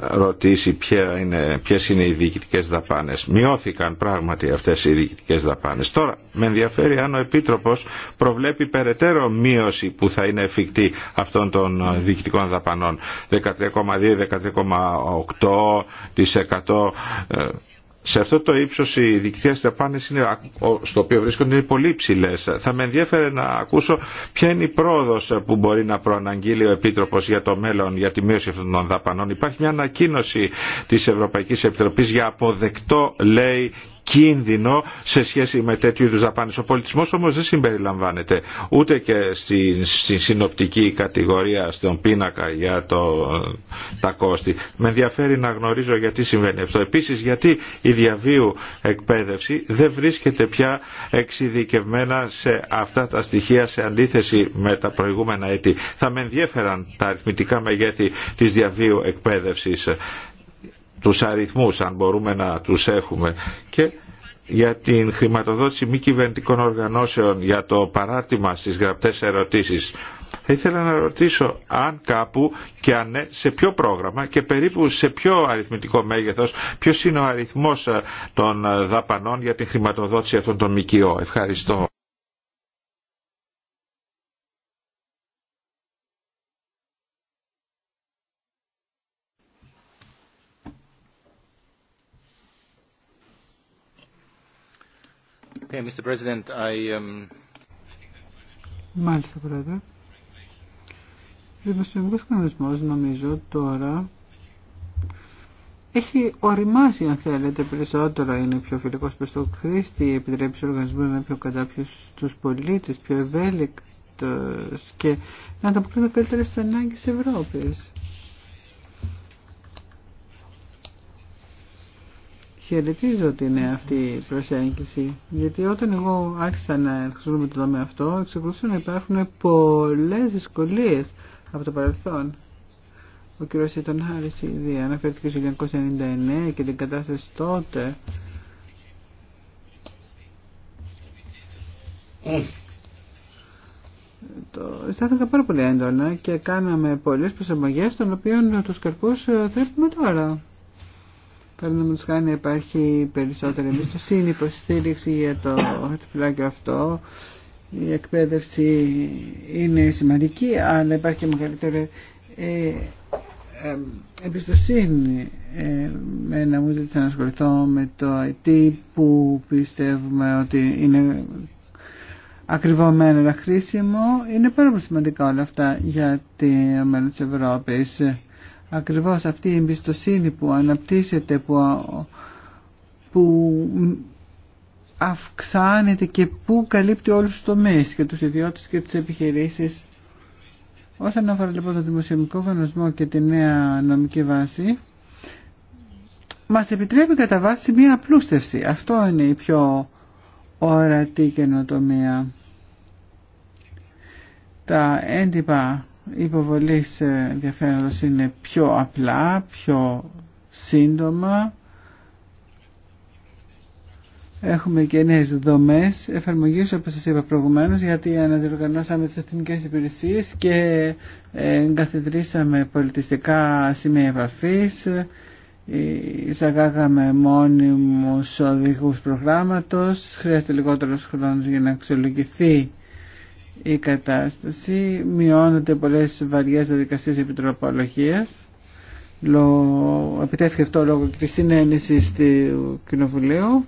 ρωτήσει ποια είναι, ποιες είναι οι διοικητικές δαπάνες. Μειώθηκαν πράγματι αυτές οι διοικητικές δαπάνες. Τώρα με ενδιαφέρει αν ο Επίτροπος προβλέπει περαιτέρω μείωση που θα είναι εφικτή αυτών των ε, διοικητικών δαπανών. 13,2-13,8% σε αυτό το ύψος οι δικτύες δαπάνες είναι, στο οποίο βρίσκονται είναι πολύ ψηλέ. Θα με ενδιαφέρε να ακούσω ποια είναι η πρόοδος που μπορεί να προαναγγείλει ο Επίτροπος για το μέλλον για τη μείωση αυτών των δαπανών. Υπάρχει μια ανακοίνωση της Ευρωπαϊκής Επιτροπής για αποδεκτό λέει κίνδυνο σε σχέση με τέτοιου είδου δαπάνε. Ο πολιτισμό όμω δεν συμπεριλαμβάνεται ούτε και στην στη συνοπτική κατηγορία, στον πίνακα για το, τα κόστη. Με ενδιαφέρει να γνωρίζω γιατί συμβαίνει αυτό. Επίση, γιατί η διαβίου εκπαίδευση δεν βρίσκεται πια εξειδικευμένα σε αυτά τα στοιχεία σε αντίθεση με τα προηγούμενα έτη. Θα με ενδιαφέραν τα αριθμητικά μεγέθη της διαβίου εκπαίδευσης τους αριθμούς αν μπορούμε να τους έχουμε και για την χρηματοδότηση μη κυβερνητικών οργανώσεων για το παράρτημα στις γραπτές ερωτήσεις. Θα ήθελα να ρωτήσω αν κάπου και αν ναι, σε ποιο πρόγραμμα και περίπου σε ποιο αριθμητικό μέγεθος, ποιος είναι ο αριθμός ε, των ε, δαπανών για τη χρηματοδότηση αυτών των ΜΚΟ. Ευχαριστώ. Um, Μάλιστα, Πρόεδρε. Δημοσιονομικός λοιπόν, κανονισμός, νομίζω, τώρα έχει οριμάσει, αν θέλετε, περισσότερο. Είναι πιο φιλικός προς το χρήστη, επιτρέπει στους οργανισμούς να είναι πιο κατάφυστος στους πολίτες, πιο ευέλικτος και να ανταποκρίνουν καλύτερα ανάγκες της Ευρώπης. χαιρετίζω την είναι αυτή η προσέγγιση. Γιατί όταν εγώ άρχισα να με το τομέα αυτό, εξακολουθούν να υπάρχουν πολλέ δυσκολίε από το παρελθόν. Ο κ. Σιτών Χάρη ήδη αναφέρθηκε στο 1999 και την κατάσταση τότε. Το αισθάνθηκα πάρα πολύ έντονα και κάναμε πολλές προσαρμογές των οποίων τους καρπούς τρέπουμε ε, τώρα κάνει να υπάρχει περισσότερη εμπιστοσύνη, υποστήριξη για το φυλάκιο αυτό. Η εκπαίδευση είναι σημαντική, αλλά υπάρχει και μεγαλύτερη ε, εμπιστοσύνη. Ε, να μου ζητήσει να ασχοληθώ με το IT που πιστεύουμε ότι είναι ακριβωμένο αλλά χρήσιμο. Είναι πάρα πολύ σημαντικά όλα αυτά για το μέλλον της Ευρώπης ακριβώς αυτή η εμπιστοσύνη που αναπτύσσεται, που, που αυξάνεται και που καλύπτει όλους τους τομείς και τους ιδιώτες και τις επιχειρήσεις. Όσον αφορά λοιπόν το δημοσιονομικό κανονισμό και τη νέα νομική βάση, μας επιτρέπει κατά βάση μία απλούστευση. Αυτό είναι η πιο ορατή καινοτομία. Τα έντυπα υποβολή ε, ενδιαφέροντος είναι πιο απλά, πιο σύντομα. Έχουμε και νέες δομές εφαρμογής όπως σας είπα προηγουμένως γιατί αναδιοργανώσαμε τις εθνικές υπηρεσίες και ε, εγκαθιδρύσαμε πολιτιστικά σημεία επαφής, ε, εισαγάγαμε μόνιμους οδηγούς προγράμματος, χρειάζεται λιγότερος χρόνος για να αξιολογηθεί η κατάσταση, μειώνονται πολλές βαριές διαδικασίες επιτροπολογίας, επιτέθηκε αυτό λόγω και συνένεση του Κοινοβουλίου,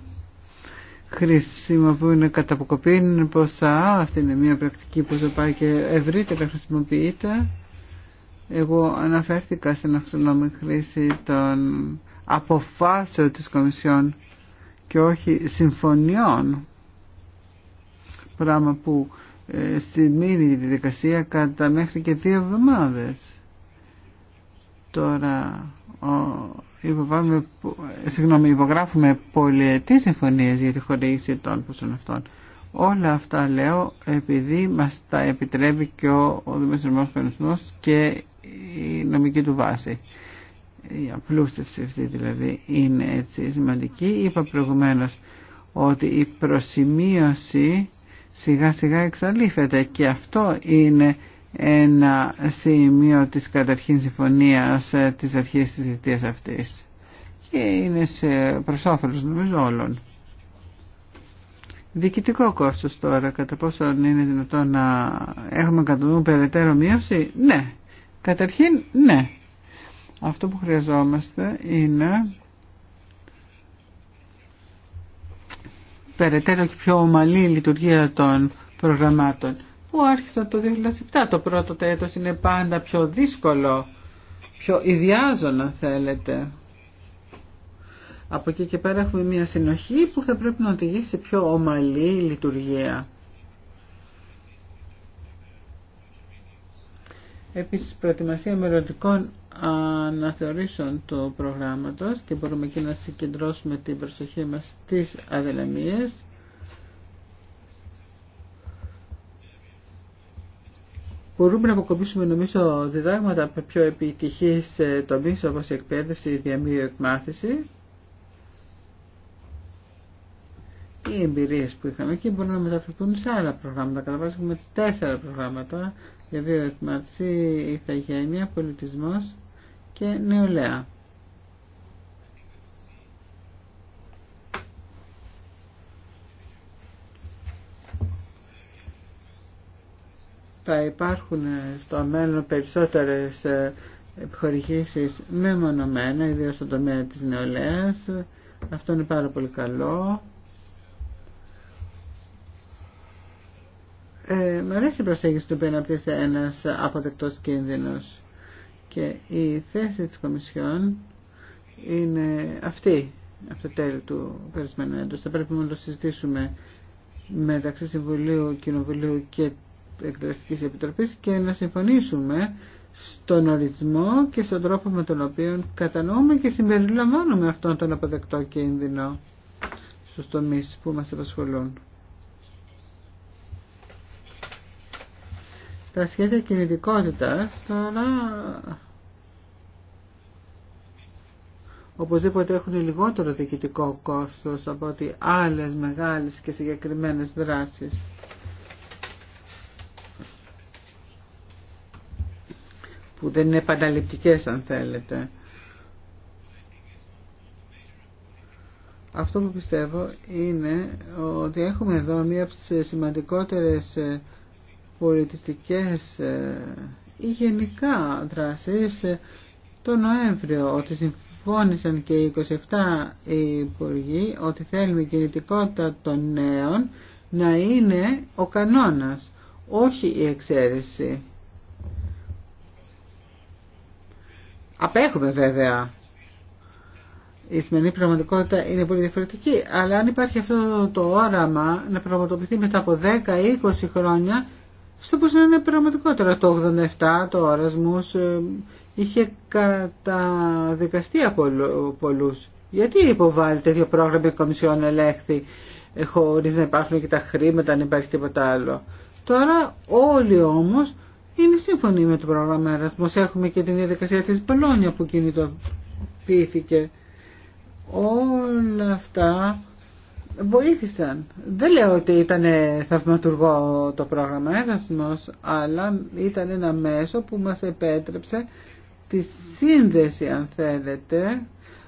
είναι κατά είναι ποσά, αυτή είναι μια πρακτική που θα πάει και ευρύτερα χρησιμοποιείται. Εγώ αναφέρθηκα στην αυξανόμενη χρήση των αποφάσεων της Κομισιόν και όχι συμφωνιών, πράγμα που στην μήνυ δικασία κατά μέχρι και δύο εβδομάδες. Τώρα συγγνώμη, υπογράφουμε πολυετή συμφωνίες για τη χορήγηση των ποσών αυτών. Όλα αυτά λέω επειδή μας τα επιτρέπει και ο, ο Δημοσιονομικός και η νομική του βάση. Η απλούστευση αυτή δηλαδή είναι έτσι σημαντική. Είπα προηγουμένως ότι η προσημείωση σιγά σιγά εξαλείφεται και αυτό είναι ένα σημείο της καταρχήν συμφωνίας ε, της αρχής της θητείας αυτής και είναι σε προς νομίζω όλων. Διοικητικό κόστος τώρα, κατά πόσο είναι δυνατόν να έχουμε κατά νου περαιτέρω μείωση, ναι. Καταρχήν, ναι. Αυτό που χρειαζόμαστε είναι περαιτέρω και πιο ομαλή λειτουργία των προγραμμάτων που άρχισαν το 2007. Το πρώτο έτος είναι πάντα πιο δύσκολο, πιο ιδιάζωνο θέλετε. Από εκεί και πέρα έχουμε μια συνοχή που θα πρέπει να οδηγήσει σε πιο ομαλή λειτουργία. Επίσης προετοιμασία μελλοντικών αναθεωρήσεων του προγράμματος και μπορούμε εκεί να συγκεντρώσουμε την προσοχή μας στις αδελαμίες. Μπορούμε να αποκομίσουμε νομίζω διδάγματα από πιο επιτυχείς ε, τομείς όπως η εκπαίδευση, η διαμήρη εκμάθηση. Οι εμπειρίες που είχαμε εκεί μπορούν να μεταφερθούν σε άλλα προγράμματα. έχουμε τέσσερα προγράμματα για βιοεκμάθηση, ηθαγένεια, πολιτισμός και νεολαία. Θα υπάρχουν στο μέλλον περισσότερες ε, επιχορηγήσεις μεμονωμένα, ιδίως στον τομέα της νεολαίας. Αυτό είναι πάρα πολύ καλό. Ε, αρέσει η προσέγγιση του να αναπτύσσεται ένας αποδεκτός κίνδυνος. Και η θέση της Κομισιόν είναι αυτή από το του περισμένου έντος. Θα πρέπει να το συζητήσουμε μεταξύ Συμβουλίου, Κοινοβουλίου και Εκτελεστικής Επιτροπής και να συμφωνήσουμε στον ορισμό και στον τρόπο με τον οποίο κατανοούμε και συμπεριλαμβάνουμε αυτόν τον αποδεκτό κίνδυνο στους τομείς που μας απασχολούν. Τα σχέδια κινητικότητας τώρα οπωσδήποτε έχουν λιγότερο διοικητικό κόστος από ότι άλλες μεγάλες και συγκεκριμένες δράσεις. που δεν είναι πανταληπτικές, αν θέλετε. Αυτό που πιστεύω είναι ότι έχουμε εδώ μία από τις σημαντικότερες ε, πολιτιστικές ε, ή γενικά δράσεις ε, το Νοέμβριο, ότι συμφώνησαν και οι 27 υπουργοί ότι θέλουμε η κινητικότητα των νέων να είναι ο κανόνας, όχι η εξαίρεση. Απέχουμε βέβαια. Η σημερινή πραγματικότητα είναι πολύ διαφορετική, αλλά αν υπάρχει αυτό το όραμα να πραγματοποιηθεί μετά από 10-20 χρόνια, στο πως είναι πραγματικότερα. Το 87 το Ορασμούς ε, είχε καταδικαστεί από πολλούς. Γιατί υποβάλλει τέτοιο πρόγραμμα η Κομισιόν ελέγχθη ε, χωρίς να υπάρχουν και τα χρήματα, αν υπάρχει τίποτα άλλο. Τώρα όλοι όμως είναι σύμφωνοι με το πρόγραμμα Ερασμός. Έχουμε και την διαδικασία της Πολώνια που κινητοποιήθηκε. Όλα αυτά βοήθησαν. Δεν λέω ότι ήταν θαυματουργό το πρόγραμμα Έρασμος, αλλά ήταν ένα μέσο που μας επέτρεψε τη σύνδεση, αν θέλετε,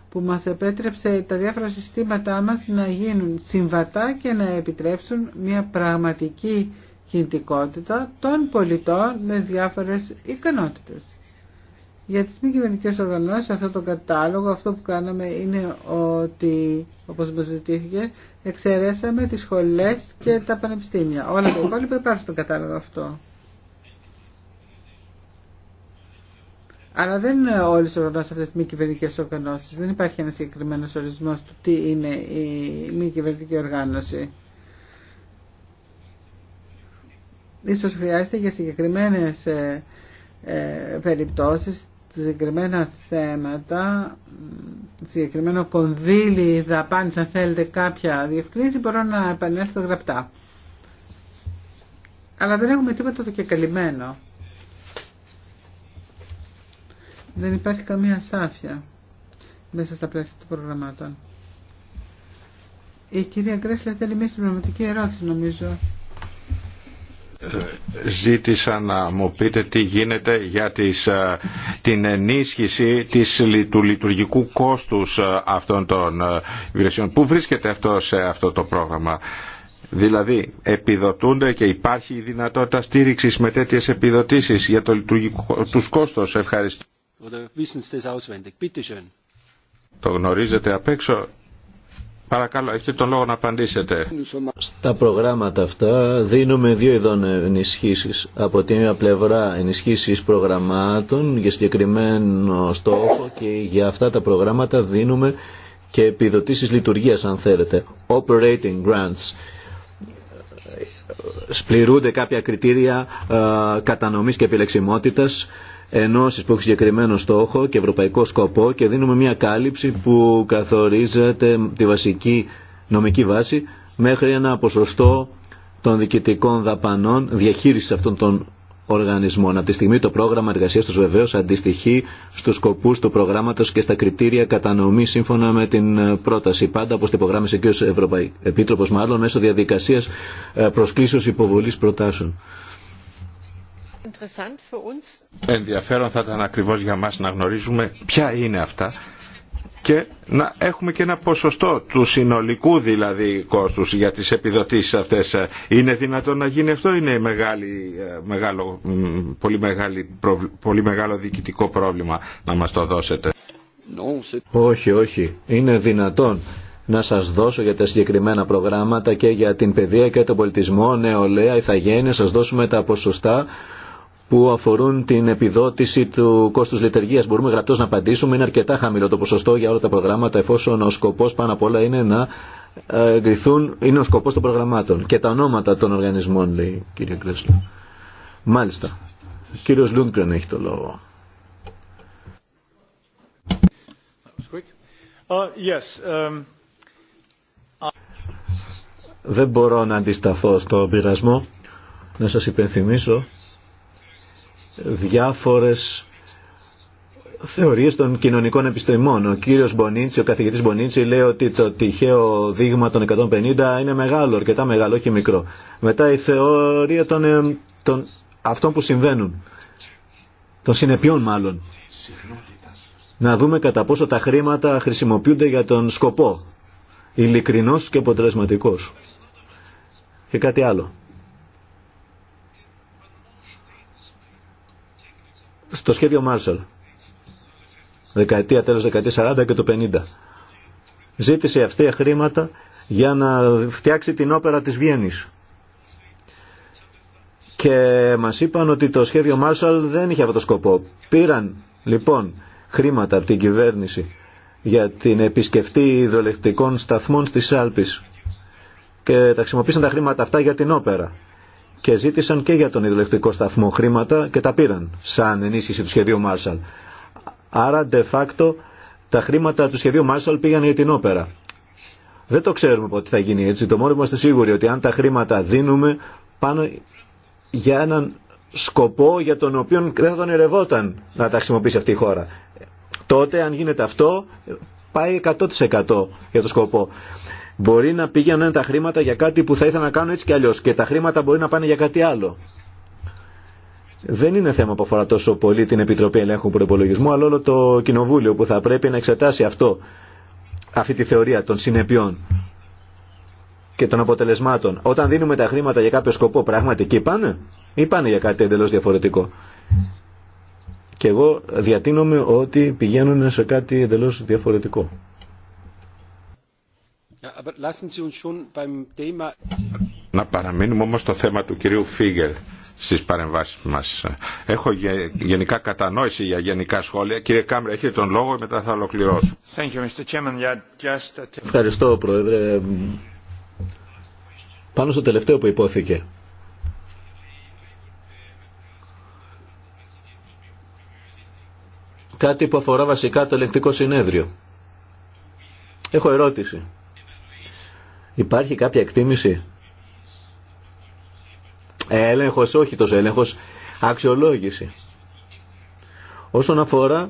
που μας επέτρεψε τα διάφορα συστήματά μας να γίνουν συμβατά και να επιτρέψουν μια πραγματική κινητικότητα των πολιτών με διάφορες ικανότητες. Για τις μη κυβερνικές οργανώσεις αυτό το κατάλογο αυτό που κάναμε είναι ότι όπως μας ζητήθηκε εξαιρέσαμε τις σχολές και τα πανεπιστήμια. Όλα τα υπόλοιπα υπάρχουν στο κατάλογο αυτό. Αλλά δεν είναι όλες οι οργανώσεις αυτές τις μη κυβερνικές οργανώσεις. Δεν υπάρχει ένα συγκεκριμένο ορισμό του τι είναι η μη κυβερνική οργάνωση. Ίσως χρειάζεται για συγκεκριμένες ε, ε περιπτώσεις συγκεκριμένα θέματα, συγκεκριμένο κονδύλι, δαπάνης, αν θέλετε κάποια διευκρίνηση, μπορώ να επανέλθω γραπτά. Αλλά δεν έχουμε τίποτα το και καλυμμένο. Δεν υπάρχει καμία σάφια μέσα στα πλαίσια των προγραμμάτων. Η κυρία Γκρέσλα θέλει μια συμπληρωματική ερώτηση νομίζω. Ζήτησα να μου πείτε τι γίνεται για ε, την ενίσχυση της, του λειτουργικού κόστους ε, αυτών των ε, υπηρεσιών. Πού βρίσκεται αυτό σε αυτό το πρόγραμμα. Δηλαδή επιδοτούνται και υπάρχει η δυνατότητα στήριξης με τέτοιες επιδοτήσεις για το λειτουργικό τους κόστος. Ευχαριστώ. Το γνωρίζετε απ' έξω. Παρακαλώ, έχετε τον λόγο να απαντήσετε. Στα προγράμματα αυτά δίνουμε δύο ειδών ενισχύσει. Από τη μία πλευρά ενισχύσει προγραμμάτων για συγκεκριμένο στόχο και για αυτά τα προγράμματα δίνουμε και επιδοτήσεις λειτουργίας αν θέλετε. Operating grants. Σπληρούνται κάποια κριτήρια ε, κατανομής και επιλεξιμότητας ενώσεις που έχουν συγκεκριμένο στόχο και ευρωπαϊκό σκοπό και δίνουμε μια κάλυψη που καθορίζεται τη βασική νομική βάση μέχρι ένα ποσοστό των διοικητικών δαπανών διαχείρισης αυτών των οργανισμών. Από τη στιγμή το πρόγραμμα εργασίας τους βεβαίως αντιστοιχεί στους σκοπούς του προγράμματος και στα κριτήρια κατανομή σύμφωνα με την ε, πρόταση. Πάντα όπως την υπογράμμισε και ο Ευρωπαϊκός Επίτροπος μάλλον μέσω διαδικασίας ε, προσκλήσεως υποβολής προτάσεων. Ενδιαφέρον θα ήταν ακριβώς για μας να γνωρίζουμε ποια είναι αυτά και να έχουμε και ένα ποσοστό του συνολικού δηλαδή κόστους για τις επιδοτήσεις αυτές. Είναι δυνατόν να γίνει αυτό ή είναι μεγάλη, ε, μεγάλο, πολύ, μεγάλη, πολύ μεγάλο διοικητικό πρόβλημα να μας το δώσετε. Όχι, όχι. Είναι δυνατόν να σας δώσω για τα συγκεκριμένα προγράμματα και για την παιδεία και τον πολιτισμό, νεολαία, ηθαγένεια, σας δώσουμε τα ποσοστά που αφορούν την επιδότηση του κόστους λειτουργίας. Μπορούμε γραπτώς να απαντήσουμε. Είναι αρκετά χαμηλό το ποσοστό για όλα τα προγράμματα εφόσον ο σκοπός πάνω απ' όλα είναι να ε, εγκριθούν, είναι ο σκοπός των προγραμμάτων και τα ονόματα των οργανισμών, λέει κύριε Κρέσλο. Μάλιστα. Ο κύριος έχει το λόγο. Uh, um, uh- Δεν μπορώ να αντισταθώ στον πειρασμό. Να σας υπενθυμίσω διάφορες θεωρίες των κοινωνικών επιστημών. Ο κύριος Μπονίτσι, ο καθηγητής Μπονίτσι λέει ότι το τυχαίο δείγμα των 150 είναι μεγάλο, αρκετά μεγάλο, όχι μικρό. Μετά η θεωρία των, ε, αυτών που συμβαίνουν, των συνεπιών μάλλον. Να δούμε κατά πόσο τα χρήματα χρησιμοποιούνται για τον σκοπό. Ειλικρινός και αποτελεσματικός. Και κάτι άλλο. στο σχέδιο Μάρσελ, Δεκαετία, τέλος δεκαετία 40 και το 50. Ζήτησε η Αυστρία χρήματα για να φτιάξει την όπερα της Βιέννης. Και μας είπαν ότι το σχέδιο Μάρσαλ δεν είχε αυτό το σκοπό. Πήραν λοιπόν χρήματα από την κυβέρνηση για την επισκεφτή ιδεολεκτικών σταθμών στις Άλπεις και τα χρησιμοποίησαν τα χρήματα αυτά για την όπερα και ζήτησαν και για τον ιδιολεκτικό σταθμό χρήματα και τα πήραν σαν ενίσχυση του σχεδίου Μάρσαλ. Άρα, de facto, τα χρήματα του σχεδίου Μάρσαλ πήγαν για την όπερα. Δεν το ξέρουμε πότε θα γίνει έτσι. Το μόνο που είμαστε σίγουροι ότι αν τα χρήματα δίνουμε πάνω για έναν σκοπό για τον οποίο δεν θα τον ερευόταν να τα χρησιμοποιήσει αυτή η χώρα. Τότε αν γίνεται αυτό πάει 100% για το σκοπό. Μπορεί να πηγαίνουν τα χρήματα για κάτι που θα ήθελα να κάνω έτσι και αλλιώς και τα χρήματα μπορεί να πάνε για κάτι άλλο. Δεν είναι θέμα που αφορά τόσο πολύ την Επιτροπή Ελέγχου Προπολογισμού, αλλά όλο το Κοινοβούλιο που θα πρέπει να εξετάσει αυτό, αυτή τη θεωρία των συνεπειών και των αποτελεσμάτων. Όταν δίνουμε τα χρήματα για κάποιο σκοπό, πράγματι εκεί πάνε ή πάνε για κάτι εντελώ διαφορετικό. Και εγώ διατείνομαι ότι πηγαίνουν σε κάτι εντελώ διαφορετικό. Να παραμείνουμε όμως στο θέμα του κυρίου Φίγκερ στις παρεμβάσεις μας. Έχω γενικά κατανόηση για γενικά σχόλια. Κύριε Κάμερα, έχετε τον λόγο και μετά θα ολοκληρώσω. Ευχαριστώ, Πρόεδρε. Πάνω στο τελευταίο που υπόθηκε. Κάτι που αφορά βασικά το ελεκτικό συνέδριο. Έχω ερώτηση. Υπάρχει κάποια εκτίμηση. Έλεγχος, όχι τόσο έλεγχος, αξιολόγηση. Όσον αφορά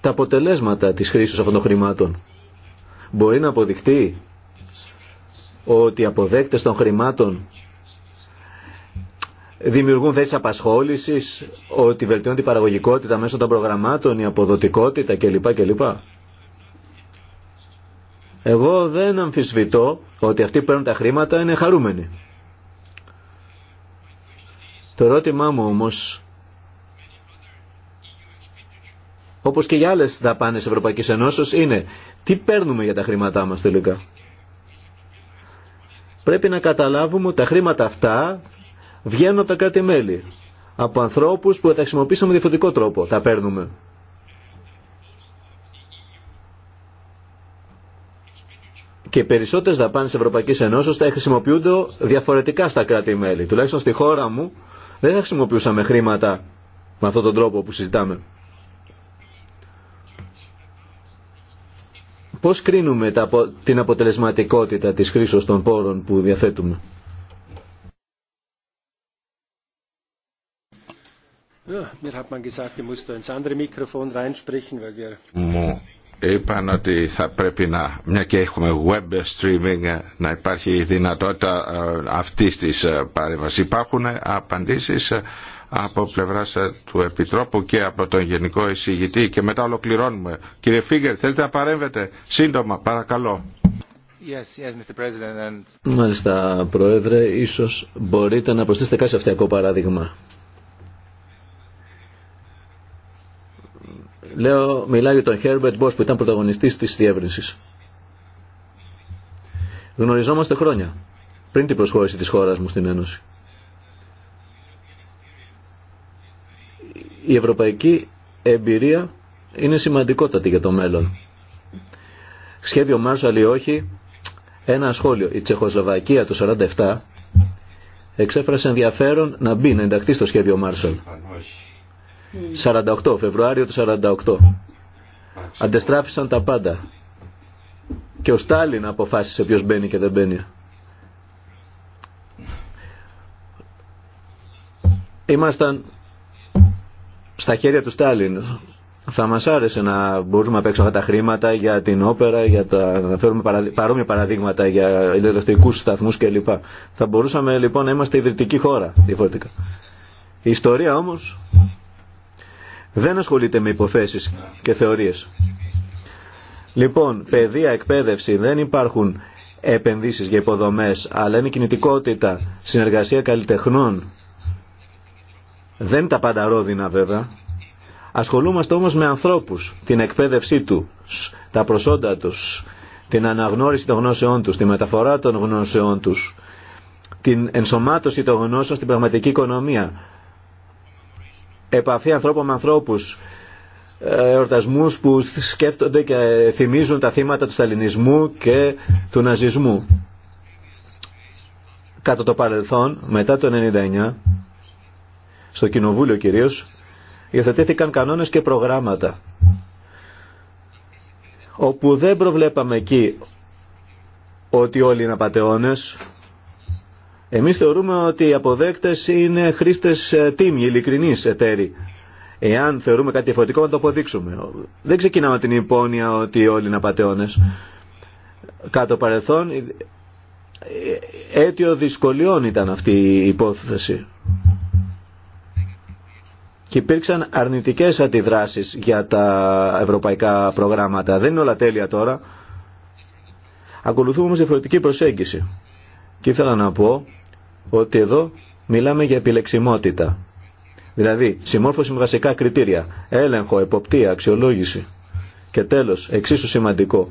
τα αποτελέσματα της χρήσης αυτών των χρημάτων. Μπορεί να αποδειχτεί ότι οι αποδέκτες των χρημάτων δημιουργούν θέσεις απασχόλησης, ότι βελτιώνουν την παραγωγικότητα μέσω των προγραμμάτων, η αποδοτικότητα κλπ. κλπ. Εγώ δεν αμφισβητώ ότι αυτοί που παίρνουν τα χρήματα είναι χαρούμενοι. Το ερώτημά μου όμως, όπως και για άλλες δαπάνες Ευρωπαϊκής Ενώσεως, είναι τι παίρνουμε για τα χρήματά μας τελικά. Πρέπει να καταλάβουμε ότι τα χρήματα αυτά βγαίνουν από τα κράτη-μέλη. Από ανθρώπους που θα τα χρησιμοποιήσαμε με διαφορετικό τρόπο. Τα παίρνουμε. και περισσότερε δαπάνε τη Ευρωπαϊκή Ενώσεω θα χρησιμοποιούνται διαφορετικά στα κράτη-μέλη. Τουλάχιστον στη χώρα μου δεν θα χρησιμοποιούσαμε χρήματα με αυτόν τον τρόπο που συζητάμε. Πώ κρίνουμε την αποτελεσματικότητα τη χρήση των πόρων που διαθέτουμε. Μου είπαν ότι θα πρέπει να, μια και έχουμε web streaming, να υπάρχει η δυνατότητα ε, αυτή της ε, παρέμβασης. Υπάρχουν απαντήσεις ε, από πλευρά του Επιτρόπου και από τον Γενικό Εισηγητή και μετά ολοκληρώνουμε. Κύριε Φίγκερ, θέλετε να παρέμβετε σύντομα, παρακαλώ. Yes, yes, Mr. President. Μάλιστα, Πρόεδρε, ίσως μπορείτε να προσθέσετε κάτι σε αυτιακό παράδειγμα. Λέω, μιλάει για τον Herbert Bosch που ήταν πρωταγωνιστής της διεύρυνσης. Γνωριζόμαστε χρόνια πριν την προσχώρηση της χώρας μου στην Ένωση. Η ευρωπαϊκή εμπειρία είναι σημαντικότατη για το μέλλον. Σχέδιο Μάρσαλ ή όχι, ένα σχόλιο. Η Τσεχοσλοβακία το 1947 εξέφρασε ενδιαφέρον να μπει, να ενταχθεί στο σχέδιο Μάρσαλ. 48, Φεβρουάριο του 48. Αντεστράφησαν τα πάντα. Και ο Στάλιν αποφάσισε ποιος μπαίνει και δεν μπαίνει. Ήμασταν στα χέρια του Στάλιν. Θα μας άρεσε να μπορούμε να παίξουμε αυτά τα χρήματα για την όπερα, για τα, να φέρουμε παρόμοια παραδείγματα για ηλεκτρικούς σταθμούς κλπ. Θα μπορούσαμε λοιπόν να είμαστε ιδρυτική χώρα διαφορετικά. Η ιστορία όμως δεν ασχολείται με υποθέσεις και θεωρίες. Λοιπόν, παιδεία, εκπαίδευση, δεν υπάρχουν επενδύσεις για υποδομές, αλλά είναι κινητικότητα, συνεργασία καλλιτεχνών. Δεν τα πάντα ρόδινα βέβαια. Ασχολούμαστε όμως με ανθρώπους, την εκπαίδευσή του, τα προσόντα τους, την αναγνώριση των γνώσεών τους, τη μεταφορά των γνώσεών τους, την ενσωμάτωση των γνώσεων στην πραγματική οικονομία επαφή ανθρώπων με ανθρώπους, ε, εορτασμούς που σκέφτονται και θυμίζουν τα θύματα του σταλινισμού και του ναζισμού. Κατά το παρελθόν, μετά το 1999, στο Κοινοβούλιο κυρίως, υιοθετήθηκαν κανόνες και προγράμματα όπου δεν προβλέπαμε εκεί ότι όλοι είναι απαταιώνες εμείς θεωρούμε ότι οι αποδέκτες είναι χρήστες τίμοι, ε, ειλικρινείς εταίροι. Εάν θεωρούμε κάτι διαφορετικό να το αποδείξουμε. Δεν ξεκινάμε την υπόνοια ότι όλοι είναι απαταιώνες. Κάτω παρελθόν ε, ε, αίτιο δυσκολιών ήταν αυτή η υπόθεση. Και υπήρξαν αρνητικές αντιδράσεις για τα ευρωπαϊκά προγράμματα. Δεν είναι όλα τέλεια τώρα. Ακολουθούμε όμως διαφορετική προσέγγιση. Και ήθελα να πω ότι εδώ μιλάμε για επιλεξιμότητα. Δηλαδή, συμμόρφωση με βασικά κριτήρια, έλεγχο, εποπτεία, αξιολόγηση. Και τέλος, εξίσου σημαντικό,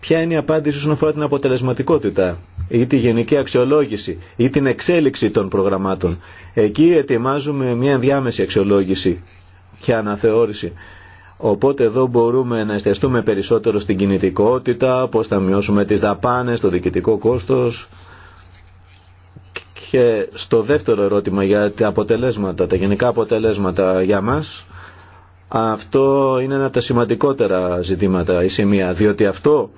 ποια είναι η απάντηση όσον αφορά την αποτελεσματικότητα ή τη γενική αξιολόγηση ή την εξέλιξη των προγραμμάτων. Εκεί ετοιμάζουμε μια διάμεση αξιολόγηση και αναθεώρηση. Οπότε εδώ μπορούμε να εστιαστούμε περισσότερο στην κινητικότητα, πώς θα μειώσουμε τις δαπάνες, το διοικητικό κόστος και στο δεύτερο ερώτημα για τα αποτελέσματα, τα γενικά αποτελέσματα για μας, αυτό είναι ένα από τα σημαντικότερα ζητήματα ή σημεία, διότι αυτό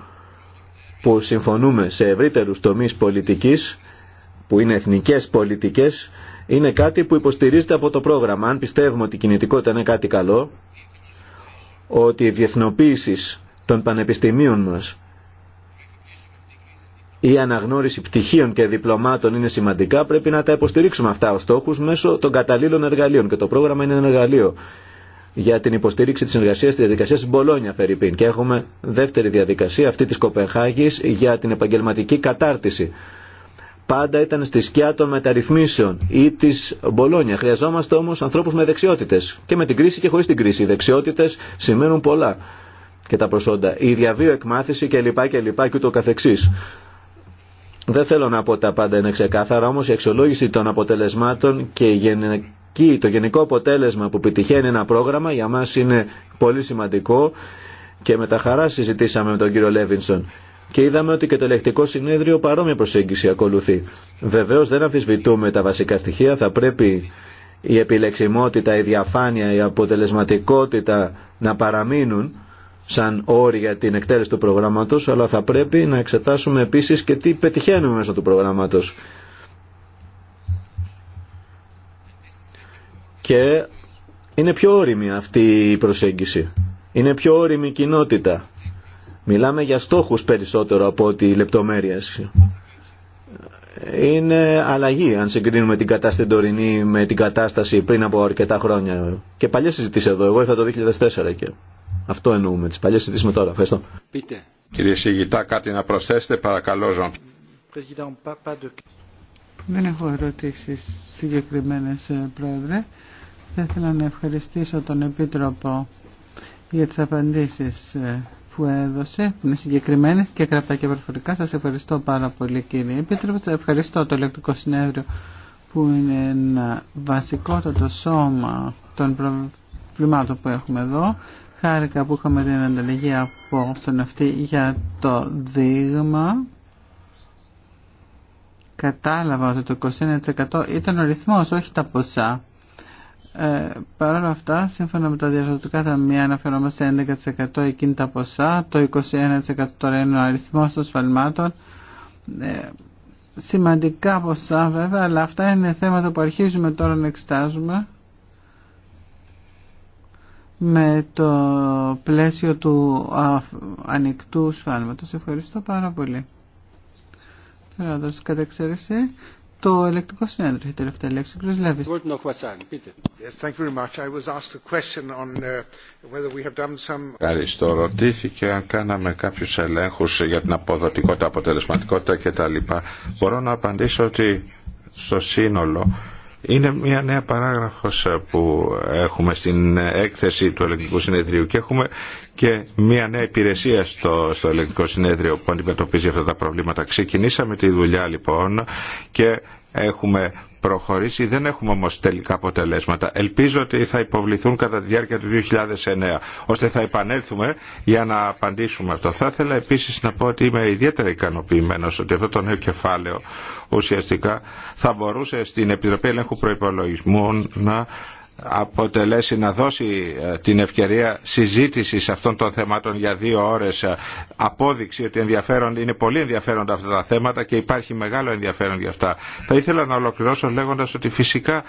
που συμφωνούμε σε ευρύτερους τομείς πολιτικής, που είναι εθνικές πολιτικές, είναι κάτι που υποστηρίζεται από το πρόγραμμα. Αν πιστεύουμε ότι η κινητικότητα είναι κάτι καλό, ότι η διεθνοποίηση των πανεπιστημίων μας η αναγνώριση πτυχίων και διπλωμάτων είναι σημαντικά, πρέπει να τα υποστηρίξουμε αυτά ως στόχους μέσω των καταλήλων εργαλείων. Και το πρόγραμμα είναι ένα εργαλείο για την υποστήριξη της συνεργασίας της διαδικασία της Μπολόνια Φερρυπίν. Και έχουμε δεύτερη διαδικασία αυτή της Κοπενχάγης για την επαγγελματική κατάρτιση. Πάντα ήταν στη σκιά των μεταρρυθμίσεων ή τη Μπολόνια. Χρειαζόμαστε όμω ανθρώπου με δεξιότητε. Και με την κρίση και χωρί την κρίση. Οι δεξιότητε σημαίνουν πολλά και τα προσόντα. Η διαβίω εκμάθηση κλπ. Και, και, και ούτω καθεξής. Δεν θέλω να πω τα πάντα είναι ξεκάθαρα, όμως η αξιολόγηση των αποτελεσμάτων και η γενική το γενικό αποτέλεσμα που επιτυχαίνει ένα πρόγραμμα για μας είναι πολύ σημαντικό και με τα χαρά συζητήσαμε με τον κύριο Λέβινσον. Και είδαμε ότι και το ελεκτικό συνέδριο παρόμοια προσέγγιση ακολουθεί. Βεβαίως δεν αμφισβητούμε τα βασικά στοιχεία, θα πρέπει η επιλεξιμότητα, η διαφάνεια, η αποτελεσματικότητα να παραμείνουν σαν όρια για την εκτέλεση του προγράμματος, αλλά θα πρέπει να εξετάσουμε επίσης και τι πετυχαίνουμε μέσω του προγράμματος. Και είναι πιο όρημη αυτή η προσέγγιση. Είναι πιο όρημη η κοινότητα. Μιλάμε για στόχους περισσότερο από ότι λεπτομέρειες. Είναι αλλαγή αν συγκρίνουμε την κατάσταση τωρινή με την κατάσταση πριν από αρκετά χρόνια. Και παλιές συζητήσεις εδώ, εγώ ήρθα το 2004 και... Αυτό εννοούμε, τις παλιέ συζητήσεις με τώρα. Ευχαριστώ. Πείτε. Κύριε Σιγητά, κάτι να προσθέσετε, παρακαλώ, Δεν έχω ερωτήσει, συγκεκριμένε ε, Πρόεδρε. Θα ήθελα να ευχαριστήσω τον Επίτροπο για τις απαντήσεις ε, που έδωσε, που είναι συγκεκριμένε και κρατά και προφορικά. Σας ευχαριστώ πάρα πολύ κύριε Επίτροπο. Σας ευχαριστώ το ηλεκτρικό συνέδριο που είναι ένα βασικότατο σώμα των προβλημάτων που έχουμε εδώ. Χάρηκα που είχαμε την ανταλλαγή από στον αυτή για το δείγμα. Κατάλαβα ότι το 21% ήταν ο ρυθμός, όχι τα ποσά. Ε, Παρ' όλα αυτά, σύμφωνα με τα διαρθρωτικά ταμεία, αναφερόμαστε 11% εκείνη τα ποσά, το 21% τώρα είναι ο αριθμός των σφαλμάτων. Ε, σημαντικά ποσά βέβαια, αλλά αυτά είναι θέματα που αρχίζουμε τώρα να εξετάζουμε με το πλαίσιο του ανοιχτού σφάλματος. Ευχαριστώ πάρα πολύ. Τώρα κατά εξαίρεση, το ελεκτικό συνέδριο. Η τελευταία λέξη, κ. Λέβης. Uh, Ευχαριστώ. Ρωτήθηκε αν κάναμε κάποιους ελέγχους για την αποδοτικότητα, αποτελεσματικότητα κτλ. Μπορώ να απαντήσω ότι στο σύνολο είναι μια νέα παράγραφος ε, που έχουμε στην έκθεση του Ελεγκτικού Συνεδρίου και έχουμε και μια νέα υπηρεσία στο, στο Ελεγκτικό Συνέδριο που αντιμετωπίζει αυτά τα προβλήματα. Ξεκινήσαμε τη δουλειά λοιπόν και έχουμε προχωρήσει. Δεν έχουμε όμως τελικά αποτελέσματα. Ελπίζω ότι θα υποβληθούν κατά τη διάρκεια του 2009, ώστε θα επανέλθουμε για να απαντήσουμε αυτό. Θα ήθελα επίσης να πω ότι είμαι ιδιαίτερα ικανοποιημένος ότι αυτό το νέο κεφάλαιο ουσιαστικά θα μπορούσε στην Επιτροπή Ελέγχου Προϋπολογισμού να αποτελέσει να δώσει ε, την ευκαιρία συζήτησης αυτών των θεμάτων για δύο ώρες ε, απόδειξη ότι ενδιαφέρον, είναι πολύ ενδιαφέροντα αυτά τα θέματα και υπάρχει μεγάλο ενδιαφέρον για αυτά. Θα ήθελα να ολοκληρώσω λέγοντας ότι φυσικά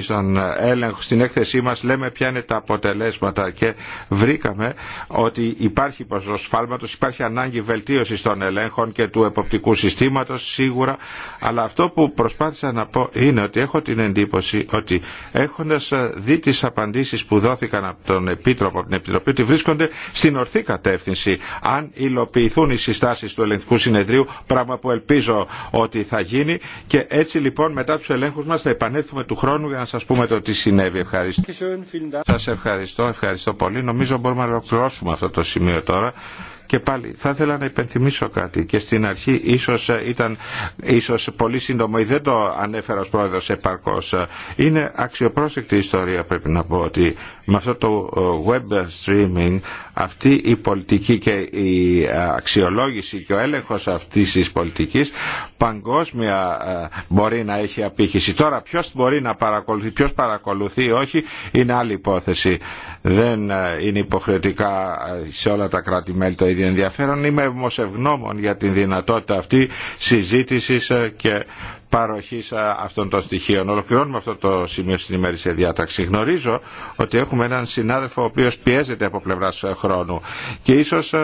στον έλεγχο, στην έκθεσή μας λέμε ποια είναι τα αποτελέσματα και βρήκαμε ότι υπάρχει ποσό σφάλματος, υπάρχει ανάγκη βελτίωσης των ελέγχων και του εποπτικού συστήματος σίγουρα αλλά αυτό που προσπάθησα να πω είναι ότι έχω την εντύπωση ότι έχοντας δει τις απαντήσεις που δόθηκαν από τον Επίτροπο, από την Επιτροπή, ότι βρίσκονται στην ορθή κατεύθυνση. Αν υλοποιηθούν οι συστάσεις του ελεγκτικού συνεδρίου, πράγμα που ελπίζω ότι θα γίνει και έτσι λοιπόν μετά τους ελέγχους μας θα επανέλθουμε του χρόνου για να σας πούμε το τι συνέβη. Ευχαριστώ. Σας ευχαριστώ, ευχαριστώ πολύ. Νομίζω μπορούμε να ολοκληρώσουμε αυτό το σημείο τώρα. Και πάλι θα ήθελα να υπενθυμίσω κάτι και στην αρχή ίσως ήταν ίσως πολύ σύντομο ή δεν το ανέφερα ως πρόεδρος επαρκώς. Είναι αξιοπρόσεκτη ιστορία πρέπει να πω ότι με αυτό το ε, web streaming αυτή η πολιτική και η αξιολόγηση και ο έλεγχος αυτής της πολιτικής παγκόσμια ε, μπορεί να έχει απήχηση. Τώρα ποιος μπορεί να παρακολουθεί, ποιος παρακολουθεί όχι είναι άλλη υπόθεση. Δεν ε, είναι υποχρεωτικά ε, σε όλα τα κράτη-μέλη το ίδιο ενδιαφέρον. Είμαι όμως ευγνώμων για την δυνατότητα αυτή συζήτησης και παροχής αυτών των στοιχείων. Ολοκληρώνουμε αυτό το σημείο στην ημερήσια διάταξη. Γνωρίζω ότι έχουμε έναν συνάδελφο ο οποίος πιέζεται από πλευράς χρόνου και ίσως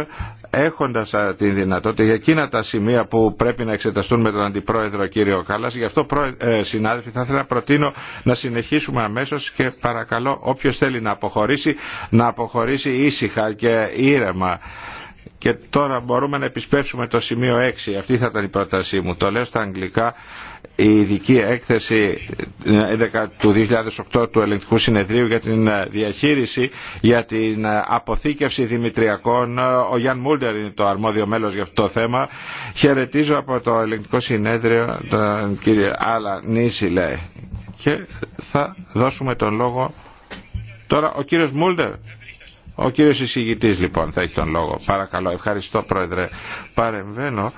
έχοντας την δυνατότητα για εκείνα τα σημεία που πρέπει να εξεταστούν με τον Αντιπρόεδρο κύριο Κάλλας, γι' αυτό ε, συνάδελφοι θα ήθελα να προτείνω να συνεχίσουμε αμέσως και παρακαλώ όποιος θέλει να αποχωρήσει, να αποχωρήσει ήσυχα και ήρεμα. Και τώρα μπορούμε να επισπεύσουμε το σημείο 6. Αυτή θα ήταν η πρότασή μου. Το λέω στα αγγλικά η ειδική έκθεση 11 ε, του 2008 του Ελεγκτικού Συνεδρίου για την ε, διαχείριση για την ε, αποθήκευση δημητριακών. Ο Γιάν Μούλτερ είναι το αρμόδιο μέλος για αυτό το θέμα. Χαιρετίζω από το Ελεγκτικό Συνέδριο τον κύριο Άλλα Νίση λέει. Και θα δώσουμε τον λόγο τώρα ο κύριος Μούλτερ. Ο κύριος εισηγητής λοιπόν θα έχει τον λόγο. Παρακαλώ. Ευχαριστώ πρόεδρε. Παρεμβαίνω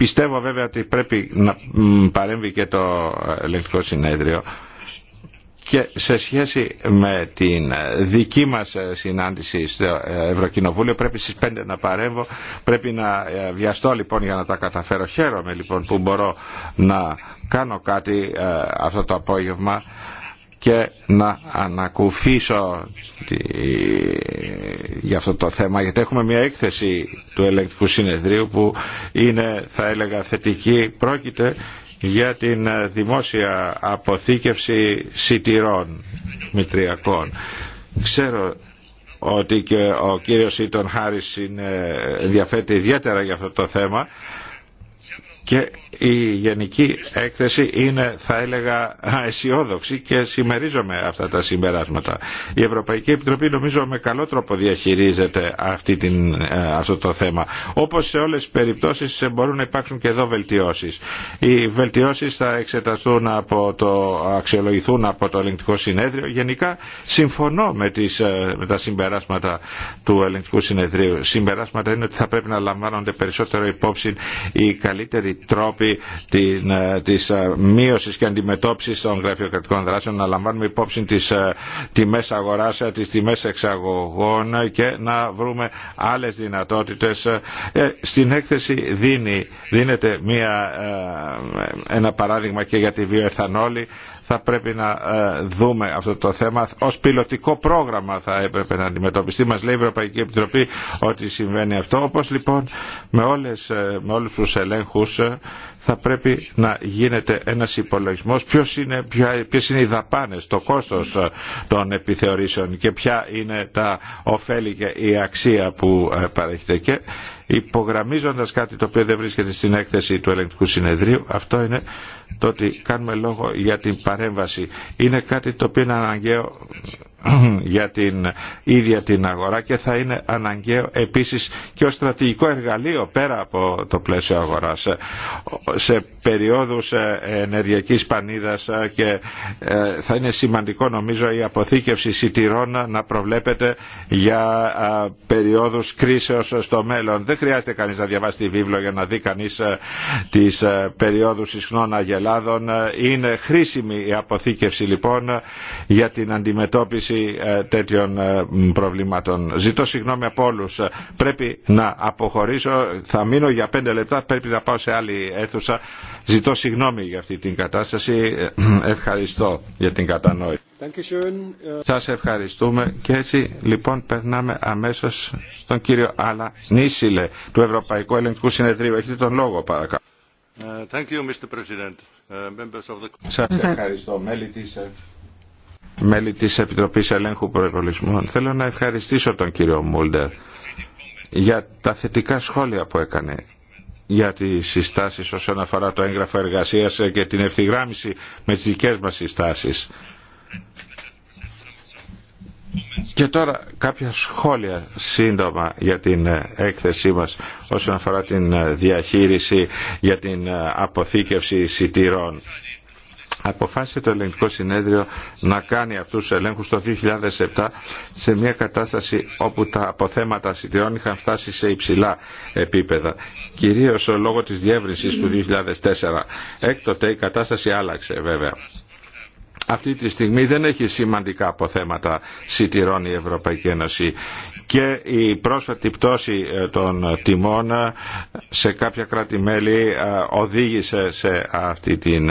Πιστεύω βέβαια ότι πρέπει να παρέμβει και το ελεκτικό συνέδριο και σε σχέση με την δική μας συνάντηση στο Ευρωκοινοβούλιο πρέπει στις 5 να παρέμβω, πρέπει να ε, βιαστώ λοιπόν για να τα καταφέρω. Χαίρομαι λοιπόν που μπορώ να κάνω κάτι ε, αυτό το απόγευμα και να ανακουφίσω τη... για αυτό το θέμα γιατί έχουμε μια έκθεση του ελεγκτικού συνεδρίου που είναι θα έλεγα θετική πρόκειται για την δημόσια αποθήκευση σιτηρών μητριακών. Ξέρω ότι και ο κύριος Ιτον Χάρης είναι, ενδιαφέρεται ιδιαίτερα για αυτό το θέμα και η γενική έκθεση είναι θα έλεγα αισιόδοξη και συμμερίζομαι αυτά τα συμπεράσματα. Η Ευρωπαϊκή Επιτροπή νομίζω με καλό τρόπο διαχειρίζεται αυτή την, ε, αυτό το θέμα. Όπως σε όλες τις περιπτώσεις μπορούν να υπάρξουν και εδώ βελτιώσεις. Οι βελτιώσεις θα εξεταστούν από το, αξιολογηθούν από το ελεγκτικό συνέδριο. Γενικά συμφωνώ με, τις, ε, με τα συμπεράσματα του ελεγκτικού συνεδρίου. Συμπεράσματα είναι ότι θα πρέπει να λαμβάνονται περισσότερο υπόψη οι καλύτεροι τρόποι ε, της ε, μείωσης και αντιμετώπισης των γραφειοκρατικών δράσεων, να λαμβάνουμε υπόψη τις ε, τιμές αγοράς, τις τιμές εξαγωγών και να βρούμε άλλες δυνατότητες. Στην έκθεση δίνει, δίνεται μια, ένα παράδειγμα και για τη βιοεθανόλη θα πρέπει να ε, δούμε αυτό το θέμα. Ως πιλωτικό πρόγραμμα θα έπρεπε να αντιμετωπιστεί. Μας λέει η Ευρωπαϊκή Επιτροπή ότι συμβαίνει αυτό. Όπως λοιπόν με, όλες, ε, με όλους τους ελέγχους ε, θα πρέπει να γίνεται ένας υπολογισμός Ποιε είναι, ποιες είναι οι δαπάνες, το κόστος των επιθεωρήσεων και ποια είναι τα ωφέλη και η αξία που παρέχεται. Και υπογραμμίζοντας κάτι το οποίο δεν βρίσκεται στην έκθεση του ελεγκτικού συνεδρίου, αυτό είναι το ότι κάνουμε λόγο για την παρέμβαση. Είναι κάτι το οποίο είναι αναγκαίο για την ίδια την αγορά και θα είναι αναγκαίο επίσης και ως στρατηγικό εργαλείο πέρα από το πλαίσιο αγοράς σε περιόδους ε, ενεργειακής πανίδας ε, και ε, θα είναι σημαντικό νομίζω η αποθήκευση σιτηρών να προβλέπεται για περιόδους κρίσεως στο μέλλον. Δεν χρειάζεται κανείς να διαβάσει τη βίβλο για να δει κανείς τις περιόδους ισχνών Ελλάδων. Ε, είναι χρήσιμη η αποθήκευση λοιπόν για την αντιμετώπιση ε, τέτοιων ε, προβλημάτων. Ζητώ συγγνώμη από όλους. Πρέπει να αποχωρήσω. Θα μείνω για πέντε λεπτά. Πρέπει να πάω σε άλλη αίθουσα. Ζητώ συγγνώμη για αυτή την κατάσταση. Ευχαριστώ για την κατανόηση. Σας ευχαριστούμε και έτσι λοιπόν περνάμε αμέσως στον κύριο Άλλα Νίσιλε του Ευρωπαϊκού Ελεγκτικού Συνεδρίου. Έχετε τον λόγο παρακαλώ. Uh, Σας ευχαριστώ, ε, μέλη της, Επιτροπής Ελέγχου Προεκολισμών. Θέλω να ευχαριστήσω τον κύριο Μούλτερ για τα θετικά σχόλια που έκανε για τις συστάσεις όσον αφορά το έγγραφο εργασίας και την ευθυγράμμιση με τις δικές μας συστάσεις. Και τώρα κάποια σχόλια σύντομα για την ε, έκθεσή μας όσον αφορά την ε, διαχείριση για την ε, αποθήκευση εισιτήρων. Αποφάσισε το ελληνικό συνέδριο να κάνει αυτούς τους ελέγχους το 2007 σε μια κατάσταση όπου τα αποθέματα σιτήρων είχαν φτάσει σε υψηλά επίπεδα, κυρίως λόγω της διεύρυνσης του 2004. Έκτοτε η κατάσταση άλλαξε βέβαια αυτή τη στιγμή δεν έχει σημαντικά αποθέματα σιτηρών η Ευρωπαϊκή Ένωση και η πρόσφατη πτώση ε, των τιμών ε, σε κάποια κράτη-μέλη ε, οδήγησε σε αυτή την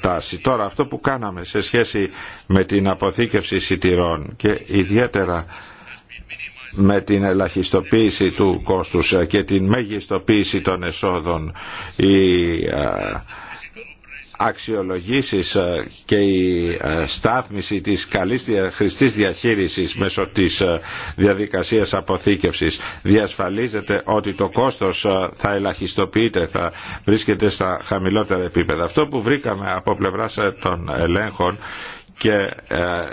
τάση. Τώρα αυτό που κάναμε σε σχέση με την αποθήκευση σιτηρών και ιδιαίτερα με την ελαχιστοποίηση του κόστους και την μέγιστοποίηση των εσόδων αξιολογήσεις ε, και η ε, στάθμιση της καλής χρηστής διαχείρισης μέσω της ε, διαδικασίας αποθήκευσης διασφαλίζεται ότι το κόστος θα ελαχιστοποιείται, θα βρίσκεται στα χαμηλότερα επίπεδα. Αυτό που βρήκαμε από πλευράς των ελέγχων και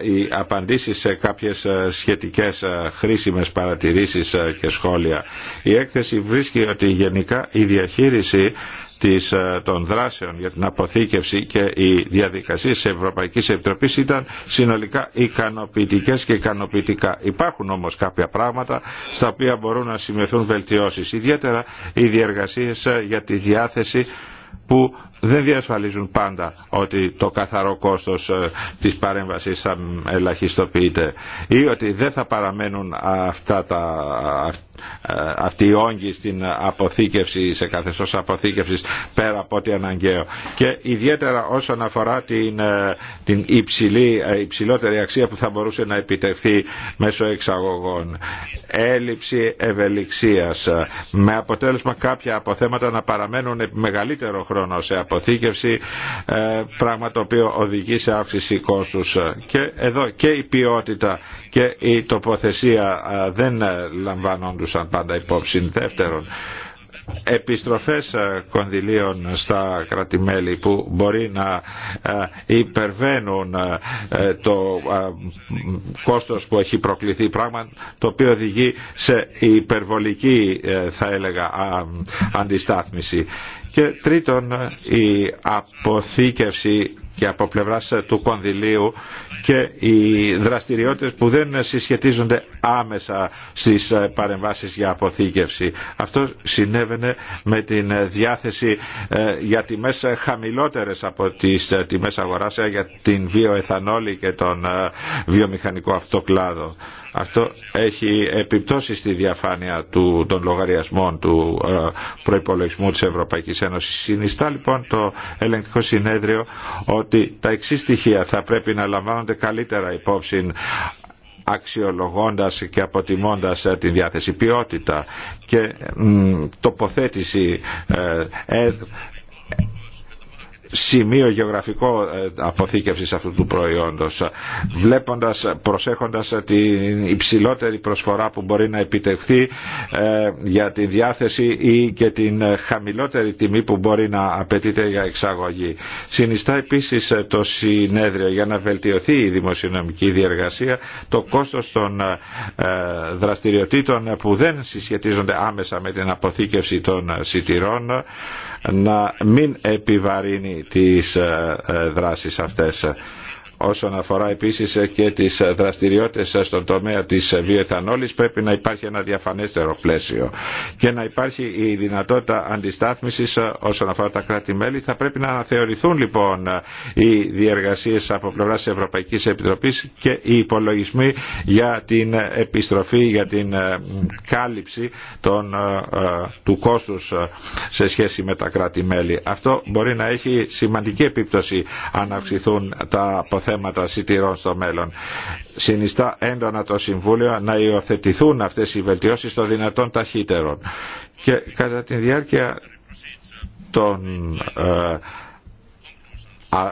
οι απαντήσεις σε κάποιες σχετικές χρήσιμες παρατηρήσεις και σχόλια. Η έκθεση βρίσκει ότι γενικά η διαχείριση ε, των δράσεων για την αποθήκευση και οι διαδικασίε της Ευρωπαϊκής Επιτροπής ήταν συνολικά ικανοποιητικές και ικανοποιητικά. Υπάρχουν όμως κάποια πράγματα στα οποία μπορούν να σημειωθούν βελτιώσεις, ιδιαίτερα οι διεργασίες ε, για τη διάθεση που δεν διασφαλίζουν πάντα ότι το καθαρό κόστος ε, της παρέμβασης θα ελαχιστοποιείται ή ότι δεν θα παραμένουν αυτά τα, ε, αυτοί οι όγκοι στην αποθήκευση, σε καθεστώς αποθήκευσης πέρα από ό,τι αναγκαίο. Και ιδιαίτερα όσον αφορά την, ε, την υψηλή, υψηλότερη αξία που θα μπορούσε να επιτευχθεί μέσω εξαγωγών. Έλλειψη ευελιξίας με αποτέλεσμα κάποια αποθέματα να παραμένουν μεγαλύτερο χρόνο σε αποθήκευση αποθήκευση ε, πράγμα το οποίο οδηγεί σε αύξηση κόστους και εδώ και η ποιότητα και η τοποθεσία ε, δεν ε, λαμβανόντουσαν πάντα υπόψη δεύτερον επιστροφές κονδυλίων στα κρατημέλη που μπορεί να υπερβαίνουν το κόστος που έχει προκληθεί πράγμα το οποίο οδηγεί σε υπερβολική θα έλεγα αντιστάθμιση και τρίτον, η αποθήκευση και από του κονδυλίου και οι δραστηριότητες που δεν συσχετίζονται άμεσα στις παρεμβάσεις για αποθήκευση. Αυτό συνέβαινε με την διάθεση ε, για τιμές χαμηλότερες από τις τιμές αγοράς ε, για την βιοεθανόλη και τον ε, βιομηχανικό αυτοκλάδο. Αυτό έχει επιπτώσει στη διαφάνεια του, των λογαριασμών του ε, προϋπολογισμού της Ευρωπαϊκής Ένωσης. Συνιστά λοιπόν το ελεγκτικό συνέδριο ότι τα εξή στοιχεία θα πρέπει να λαμβάνονται καλύτερα υπόψη αξιολογώντας και αποτιμώντας ε, την διάθεση ποιότητα και τοποθέτηση ε, σημείο γεωγραφικό ε, αποθήκευσης αυτού του προϊόντος βλέποντας, προσέχοντας ε, την υψηλότερη προσφορά που μπορεί να επιτευχθεί ε, για τη διάθεση ή και την χαμηλότερη τιμή που μπορεί να απαιτείται για εξαγωγή. Συνιστά επίσης το συνέδριο για να βελτιωθεί η δημοσιονομική διεργασία το κόστος των δραστηριοτήτων που δεν συσχετίζονται άμεσα με την αποθήκευση των σιτηρών να μην επιβαρύνει τις ε, ε, δράσεις αυτές όσον αφορά επίσης και τις δραστηριότητες στον τομέα της βιοεθανόλης πρέπει να υπάρχει ένα διαφανέστερο πλαίσιο και να υπάρχει η δυνατότητα αντιστάθμισης όσον αφορά τα κράτη-μέλη. Θα πρέπει να αναθεωρηθούν λοιπόν οι διεργασίες από πλευράς της Ευρωπαϊκής Επιτροπής και οι υπολογισμοί για την επιστροφή, για την ε, κάλυψη των, ε, του κόστους ε, σε σχέση με τα κράτη-μέλη. Αυτό μπορεί να έχει σημαντική επίπτωση αν αυξηθούν τα αποθέματα θέματα σιτηρών στο μέλλον. Συνιστά έντονα το Συμβούλιο να υιοθετηθούν αυτές οι βελτιώσεις των δυνατών ταχύτερων. Και κατά τη διάρκεια των ε,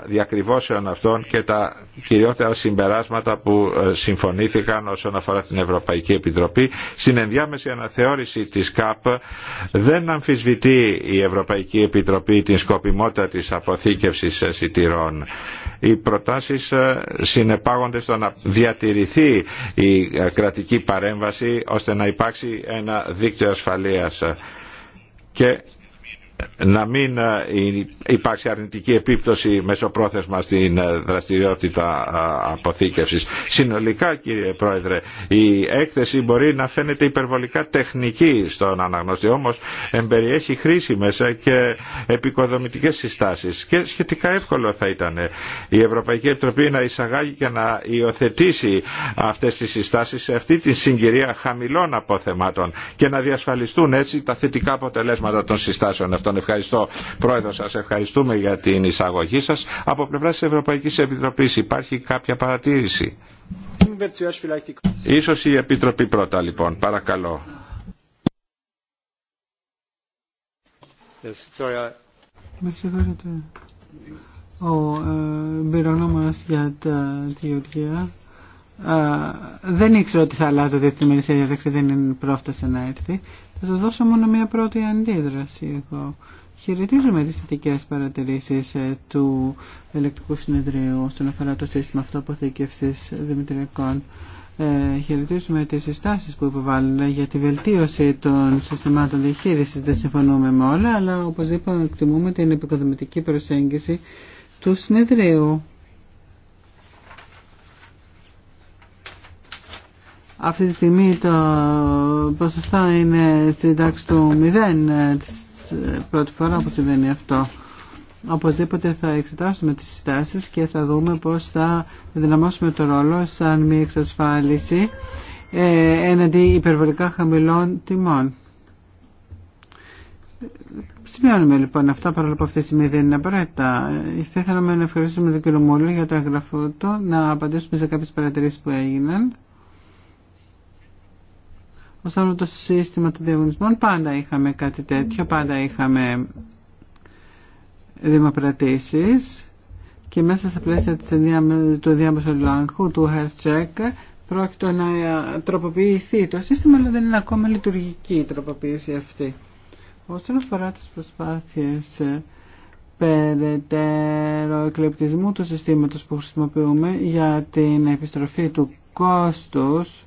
διακριβώσεων αυτών και τα κυριότερα συμπεράσματα που ε, συμφωνήθηκαν όσον αφορά την Ευρωπαϊκή Επιτροπή. Στην ενδιάμεση αναθεώρηση της ΚΑΠ δεν αμφισβητεί η Ευρωπαϊκή Επιτροπή την σκοπιμότητα της αποθήκευσης σιτηρών. Οι προτάσεις ε, συνεπάγονται στο να διατηρηθεί η ε, κρατική παρέμβαση ώστε να υπάρξει ένα δίκτυο ασφαλείας. Και να μην ε, υπάρξει αρνητική επίπτωση μεσοπρόθεσμα στην ε, δραστηριότητα ε, αποθήκευσης. Συνολικά κύριε Πρόεδρε η έκθεση μπορεί να φαίνεται υπερβολικά τεχνική στον αναγνωστή όμως εμπεριέχει χρήσιμες και επικοδομητικές συστάσεις και σχετικά εύκολο θα ήταν η Ευρωπαϊκή Επιτροπή να εισαγάγει και να υιοθετήσει αυτές τις συστάσεις σε αυτή τη συγκυρία χαμηλών αποθεμάτων και να διασφαλιστούν έτσι τα θετικά αποτελέσματα των συστάσεων τον Ευχαριστώ Πρόεδρο, σας ευχαριστούμε για την εισαγωγή σας. Από πλευρά τη Ευρωπαϊκής Επιτροπής υπάρχει κάποια παρατήρηση. Ίσως η Επιτροπή πρώτα λοιπόν, παρακαλώ. Με Ο ε, για τα Γεωργία. δεν ήξερα ότι θα αυτή τη μερισία διάταξη, δεν είναι προφτασε να έρθει. Θα σας δώσω μόνο μια πρώτη αντίδραση εγώ. Χαιρετίζουμε τις θετικέ παρατηρήσεις ε, του ηλεκτρικού συνεδρίου στον αφορά το σύστημα αυτοποθήκευσης δημητριακών. Ε, χαιρετίζουμε τις συστάσεις που υποβάλλουν για τη βελτίωση των συστημάτων διαχείρισης. Δεν συμφωνούμε με όλα, αλλά οπωσδήποτε εκτιμούμε την επικοδομητική προσέγγιση του συνεδρίου. Αυτή τη στιγμή το ποσοστά είναι στην τάξη του 0 ε, ε, πρώτη φορά που συμβαίνει αυτό. Οπωσδήποτε θα εξετάσουμε τις συστάσεις και θα δούμε πώς θα δυναμώσουμε το ρόλο σαν μια εξασφάλιση ε, έναντι υπερβολικά χαμηλών τιμών. Σημειώνουμε λοιπόν αυτά παρόλο που αυτή η στιγμή δεν είναι απαραίτητα. Θα ήθελα να ευχαριστήσουμε τον κύριο Μούλη για το έγγραφο του, να απαντήσουμε σε κάποιες παρατηρήσεις που έγιναν. Όσον με το σύστημα των διαγωνισμών πάντα είχαμε κάτι τέτοιο, πάντα είχαμε δημοπρατήσεις και μέσα στα πλαίσια του διάμεσου ελέγχου, του health check, πρόκειται να τροποποιηθεί το σύστημα, αλλά δεν είναι ακόμα λειτουργική η τροποποίηση αυτή. Όσον αφορά τις προσπάθειες ε, περαιτέρω εκλεπτισμού του συστήματος που χρησιμοποιούμε για την επιστροφή του κόστους,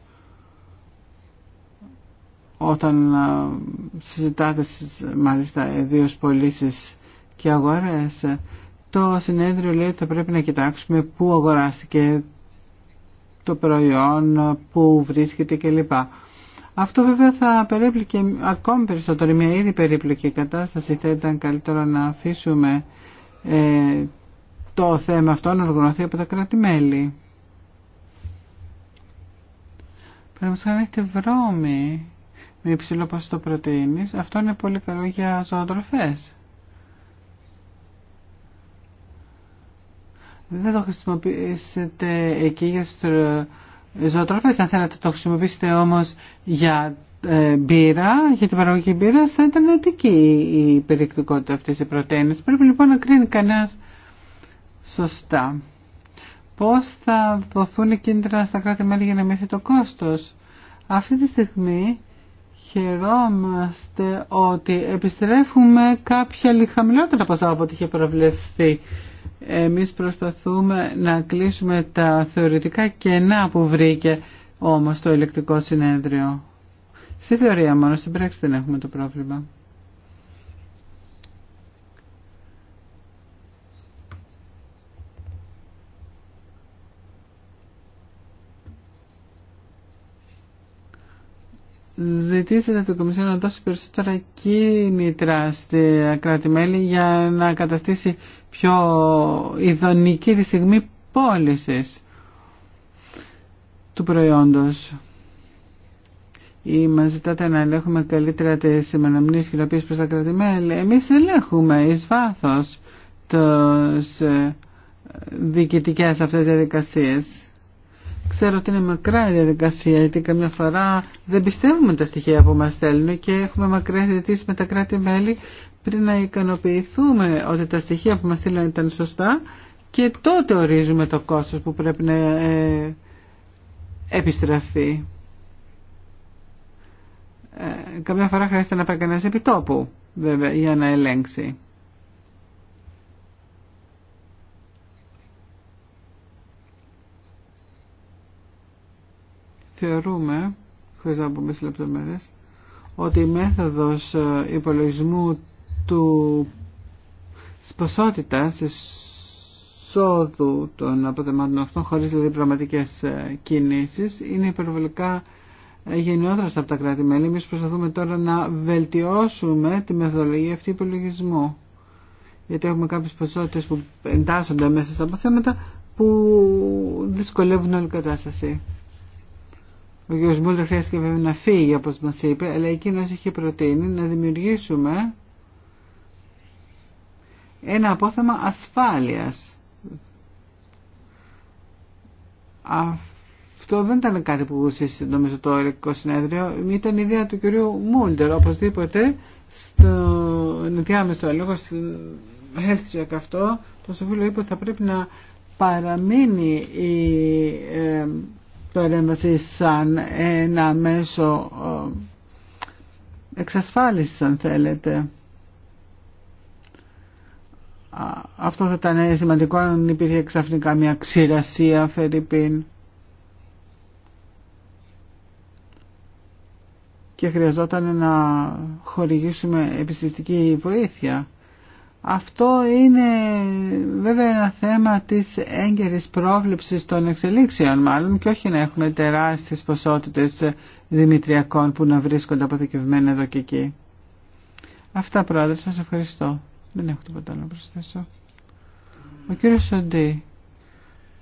όταν ε, συζητάτε μάλιστα δύο πωλήσει και αγορές ε, το συνέδριο λέει ότι θα πρέπει να κοιτάξουμε πού αγοράστηκε το προϊόν, πού βρίσκεται κλπ. Αυτό βέβαια θα περίπληκε ακόμη περισσότερο μια ήδη περίπλοκη κατάσταση. Θα ήταν καλύτερο να αφήσουμε ε, το θέμα αυτό να οργανωθεί από τα κράτη-μέλη. Πρέπει να έχετε βρώμη με υψηλό ποσοστό πρωτεΐνης, αυτό είναι πολύ καλό για ζωοτροφές. Δεν το χρησιμοποιήσετε εκεί για ε, ζωοτροφές. Αν θέλετε το χρησιμοποιήσετε όμως για ε, μπύρα, για την παραγωγή μπύρας, θα ήταν αιτική η περιεκτικότητα αυτής της πρωτεΐνης. Πρέπει λοιπόν να κρίνει κανένας σωστά. Πώς θα δοθούν κίνητρα στα κράτη-μέλη για να μειωθεί το κόστος. Αυτή τη στιγμή χαιρόμαστε ότι επιστρέφουμε κάποια χαμηλότερα ποσά από ό,τι είχε προβλεφθεί. Εμείς προσπαθούμε να κλείσουμε τα θεωρητικά κενά που βρήκε όμως το ηλεκτρικό συνέδριο. Στη θεωρία μόνο, στην πράξη δεν έχουμε το πρόβλημα. ζητήσετε από την Κομισιόν να δώσει περισσότερα κίνητρα στη κράτη-μέλη για να καταστήσει πιο ειδονική τη στιγμή πώλησης του προϊόντος ή μα ζητάτε να ελέγχουμε καλύτερα τι ημερομηνίε προς προ τα Μέλη. Εμεί ελέγχουμε ει βάθο τι ε, διοικητικέ αυτέ διαδικασίε. Ξέρω ότι είναι μακρά η διαδικασία, γιατί καμιά φορά δεν πιστεύουμε τα στοιχεία που μας στέλνουν και έχουμε μακρές ζητήσει με τα κράτη-μέλη πριν να ικανοποιηθούμε ότι τα στοιχεία που μας στείλαν ήταν σωστά και τότε ορίζουμε το κόστος που πρέπει να ε, επιστραφεί. Ε, καμιά φορά χρειάζεται να πάει κανένας επιτόπου βέβαια για να ελέγξει. Θεωρούμε, χωρίς να πούμε σε λεπτομέρειες, ότι η μέθοδος ε, υπολογισμού του της ποσότητας εισόδου των αποθεμάτων αυτών χωρίς δηλαδή πραγματικές ε, κινήσεις είναι υπερβολικά ε, γενναιόδρας από τα κράτη-μέλη. Εμείς προσπαθούμε τώρα να βελτιώσουμε τη μεθοδολογία αυτή υπολογισμού. Γιατί έχουμε κάποιες ποσότητες που εντάσσονται μέσα στα αποθέματα που δυσκολεύουν όλη την κατάσταση. Ο κ. Μούλτερ χρειάστηκε βέβαια να φύγει όπω μα είπε, αλλά εκείνο είχε προτείνει να δημιουργήσουμε ένα απόθεμα ασφάλειας. Αυτό δεν ήταν κάτι που ουσίασε νομίζω το ελληνικό συνέδριο, ήταν η ιδέα του κυρίου Μούλτερ, οπωσδήποτε στο διάμεσο έλεγχο, στην health check αυτό, το Συμβούλιο είπε ότι θα πρέπει να παραμείνει η ε, παρέμβαση σαν ένα μέσο ε, εξασφάλισης αν θέλετε. Αυτό θα ήταν σημαντικό αν υπήρχε ξαφνικά μια ξηρασία Φερρυπίν. Και χρειαζόταν να χορηγήσουμε επιστηστική βοήθεια. Αυτό είναι βέβαια ένα θέμα της έγκαιρης πρόβλεψης των εξελίξεων μάλλον και όχι να έχουμε τεράστιες ποσότητες δημητριακών που να βρίσκονται αποθηκευμένα εδώ και εκεί. Αυτά πρόεδρε, σας ευχαριστώ. Δεν έχω τίποτα άλλο να προσθέσω. Ο κύριος Σοντή.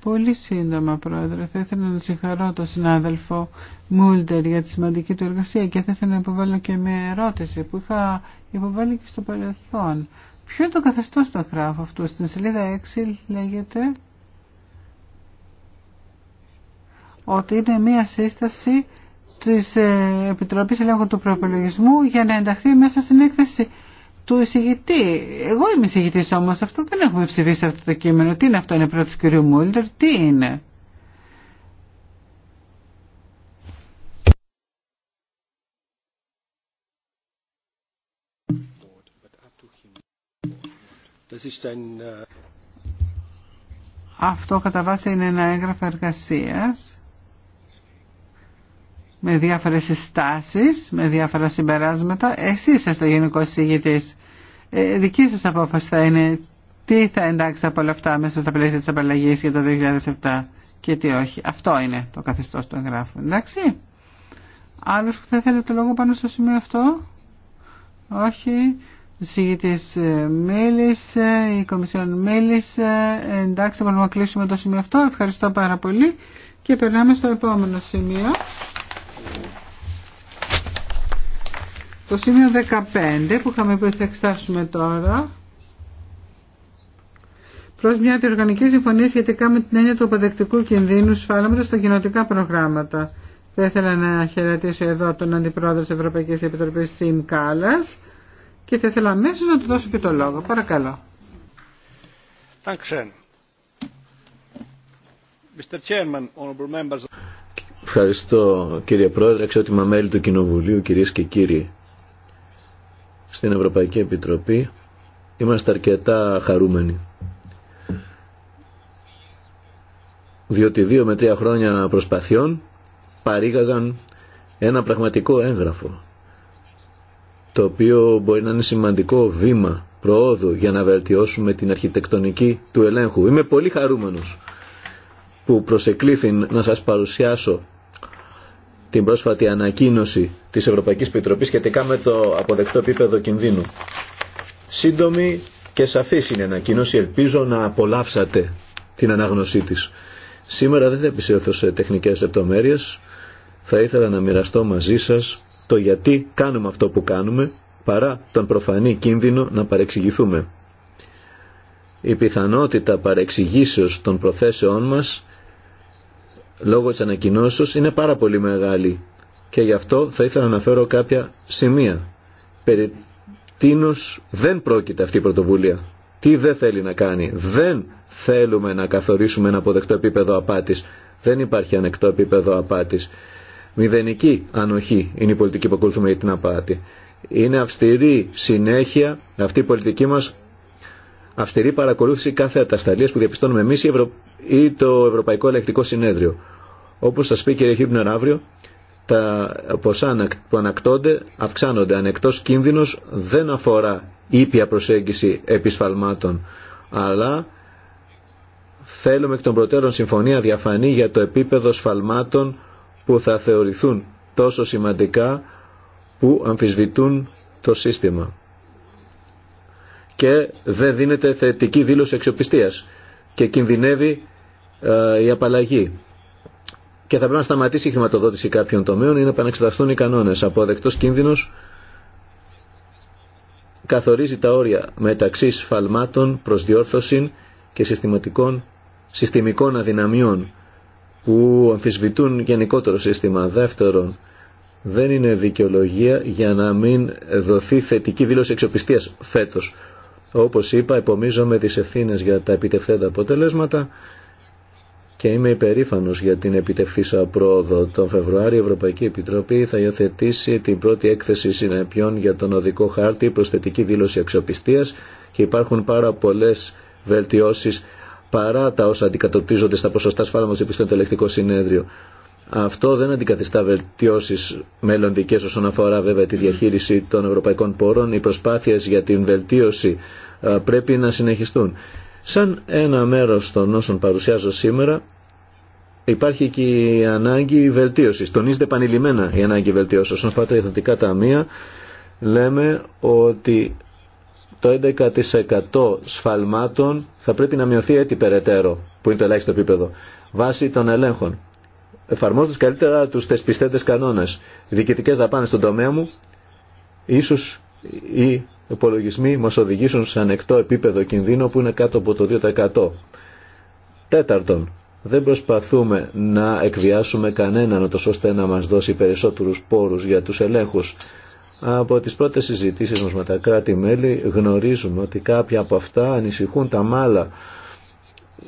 Πολύ σύντομα, Πρόεδρε, θα ήθελα να συγχαρώ τον συνάδελφο Μούλτερ για τη σημαντική του εργασία και θα ήθελα να υποβάλω και μια ερώτηση που είχα υποβάλει και στο παρελθόν. Ποιο είναι το καθεστώς του εγγράφου αυτού. Στην σελίδα 6 λέγεται ότι είναι μία σύσταση της ε, Επιτροπής Ελέγχου του Προπολογισμού για να ενταχθεί μέσα στην έκθεση του εισηγητή. Εγώ είμαι εισηγητής όμως, αυτό δεν έχουμε ψηφίσει αυτό το κείμενο. Τι είναι αυτό, είναι πρώτος κ. Μούλτερ, τι είναι. Äh, αυτό κατά βάση είναι ένα έγγραφο εργασίας με διάφορες συστάσεις, με διάφορα συμπεράσματα. Εσείς είστε το γενικό συγγητής. Ε, δική σας απόφαση θα είναι τι θα εντάξει από όλα αυτά μέσα στα πλαίσια της απαλλαγής για το 2007 και τι όχι. Αυτό είναι το καθεστώς του εγγράφου. Εντάξει. Άλλος που θα ήθελε το λόγο πάνω στο σημείο αυτό. Όχι. Ο συγητής ε, η Κομισιόν μίλησε. Εντάξει, μπορούμε να κλείσουμε το σημείο αυτό. Ευχαριστώ πάρα πολύ. Και περνάμε στο επόμενο σημείο. Το σημείο 15 που είχαμε πει θα εξετάσουμε τώρα. Προ μια διοργανική συμφωνία σχετικά με την έννοια του αποδεκτικού κινδύνου σφάλματο στα κοινοτικά προγράμματα. Θα ήθελα να χαιρετήσω εδώ τον Αντιπρόεδρο τη Ευρωπαϊκή Επιτροπή, Σιμ και θα ήθελα αμέσω να του δώσω και το λόγο. Παρακαλώ. Ευχαριστώ κύριε Πρόεδρε, εξότιμα μέλη του Κοινοβουλίου, κυρίες και κύριοι. Στην Ευρωπαϊκή Επιτροπή είμαστε αρκετά χαρούμενοι. Διότι δύο με τρία χρόνια προσπαθειών παρήγαγαν ένα πραγματικό έγγραφο το οποίο μπορεί να είναι σημαντικό βήμα προόδου για να βελτιώσουμε την αρχιτεκτονική του ελέγχου. Είμαι πολύ χαρούμενος που προσεκλήθη να σας παρουσιάσω την πρόσφατη ανακοίνωση της Ευρωπαϊκής Επιτροπής σχετικά με το αποδεκτό επίπεδο κινδύνου. Σύντομη και σαφή είναι η ανακοίνωση, ελπίζω να απολαύσατε την αναγνωσή της. Σήμερα δεν θα επισέλθω σε τεχνικές λεπτομέρειες, θα ήθελα να μοιραστώ μαζί σας το γιατί κάνουμε αυτό που κάνουμε παρά τον προφανή κίνδυνο να παρεξηγηθούμε. Η πιθανότητα παρεξηγήσεως των προθέσεών μας λόγω της ανακοινώσεως είναι πάρα πολύ μεγάλη και γι' αυτό θα ήθελα να αναφέρω κάποια σημεία. Περί τίνος δεν πρόκειται αυτή η πρωτοβουλία. Τι δεν θέλει να κάνει. Δεν θέλουμε να καθορίσουμε ένα αποδεκτό επίπεδο απάτης. Δεν υπάρχει ανεκτό επίπεδο απάτης. Μηδενική ανοχή είναι η πολιτική που ακολουθούμε για την απάτη. Είναι αυστηρή συνέχεια αυτή η πολιτική μας αυστηρή παρακολούθηση κάθε ατασταλίας που διαπιστώνουμε εμείς ή το Ευρωπαϊκό Ελεκτικό Συνέδριο. Όπως σας πει κύριε Χίμπνερ αύριο, τα ποσά που ανακτώνται αυξάνονται. Ανεκτός κίνδυνος δεν αφορά ήπια προσέγγιση επισφαλμάτων, αλλά θέλουμε εκ των προτέρων συμφωνία διαφανή για το επίπεδο σφαλμάτων που θα θεωρηθούν τόσο σημαντικά που αμφισβητούν το σύστημα. Και δεν δίνεται θετική δήλωση αξιοπιστίας και κινδυνεύει ε, η απαλλαγή. Και θα πρέπει να σταματήσει η χρηματοδότηση κάποιων τομέων ή να επαναξεταστούν οι κανόνες. Αποδεκτός κίνδυνος καθορίζει τα όρια μεταξύ σφαλμάτων προς διόρθωση και συστηματικών, συστημικών αδυναμιών που αμφισβητούν γενικότερο σύστημα. Δεύτερον, δεν είναι δικαιολογία για να μην δοθεί θετική δήλωση εξοπιστίας φέτος. Όπως είπα, υπομίζομαι τις ευθύνες για τα επιτευθέντα αποτελέσματα και είμαι υπερήφανος για την επιτευθύσα πρόοδο. Τον Φεβρουάριο η Ευρωπαϊκή Επιτροπή θα υιοθετήσει την πρώτη έκθεση συνεπιών για τον οδικό χάρτη προς θετική δήλωση εξοπιστίας και υπάρχουν πάρα πολλές βελτιώσεις παρά τα όσα αντικατοπτρίζονται στα ποσοστά σφάλματος που στο ελεκτικό συνέδριο. Αυτό δεν αντικαθιστά βελτιώσει μελλοντικέ όσον αφορά βέβαια τη διαχείριση των ευρωπαϊκών πόρων. Οι προσπάθειε για την βελτίωση πρέπει να συνεχιστούν. Σαν ένα μέρο των όσων παρουσιάζω σήμερα, υπάρχει και η ανάγκη βελτίωση. Τονίζεται επανειλημμένα η ανάγκη βελτίωση. Όσον αφορά τα ιδιωτικά ταμεία, λέμε ότι το 11% σφαλμάτων θα πρέπει να μειωθεί έτσι περαιτέρω, που είναι το ελάχιστο επίπεδο, βάσει των ελέγχων. Εφαρμόζοντα καλύτερα του θεσπιστέτε κανόνε, διοικητικέ δαπάνε στον τομέα μου, ίσω οι υπολογισμοί μα οδηγήσουν σε ανεκτό επίπεδο κινδύνου που είναι κάτω από το 2%. Τέταρτον, δεν προσπαθούμε να εκβιάσουμε κανέναν ώστε να μας δώσει περισσότερους πόρους για τους ελέγχους. Από τις πρώτες συζητήσεις μας με τα κράτη-μέλη γνωρίζουμε ότι κάποια από αυτά ανησυχούν τα μάλα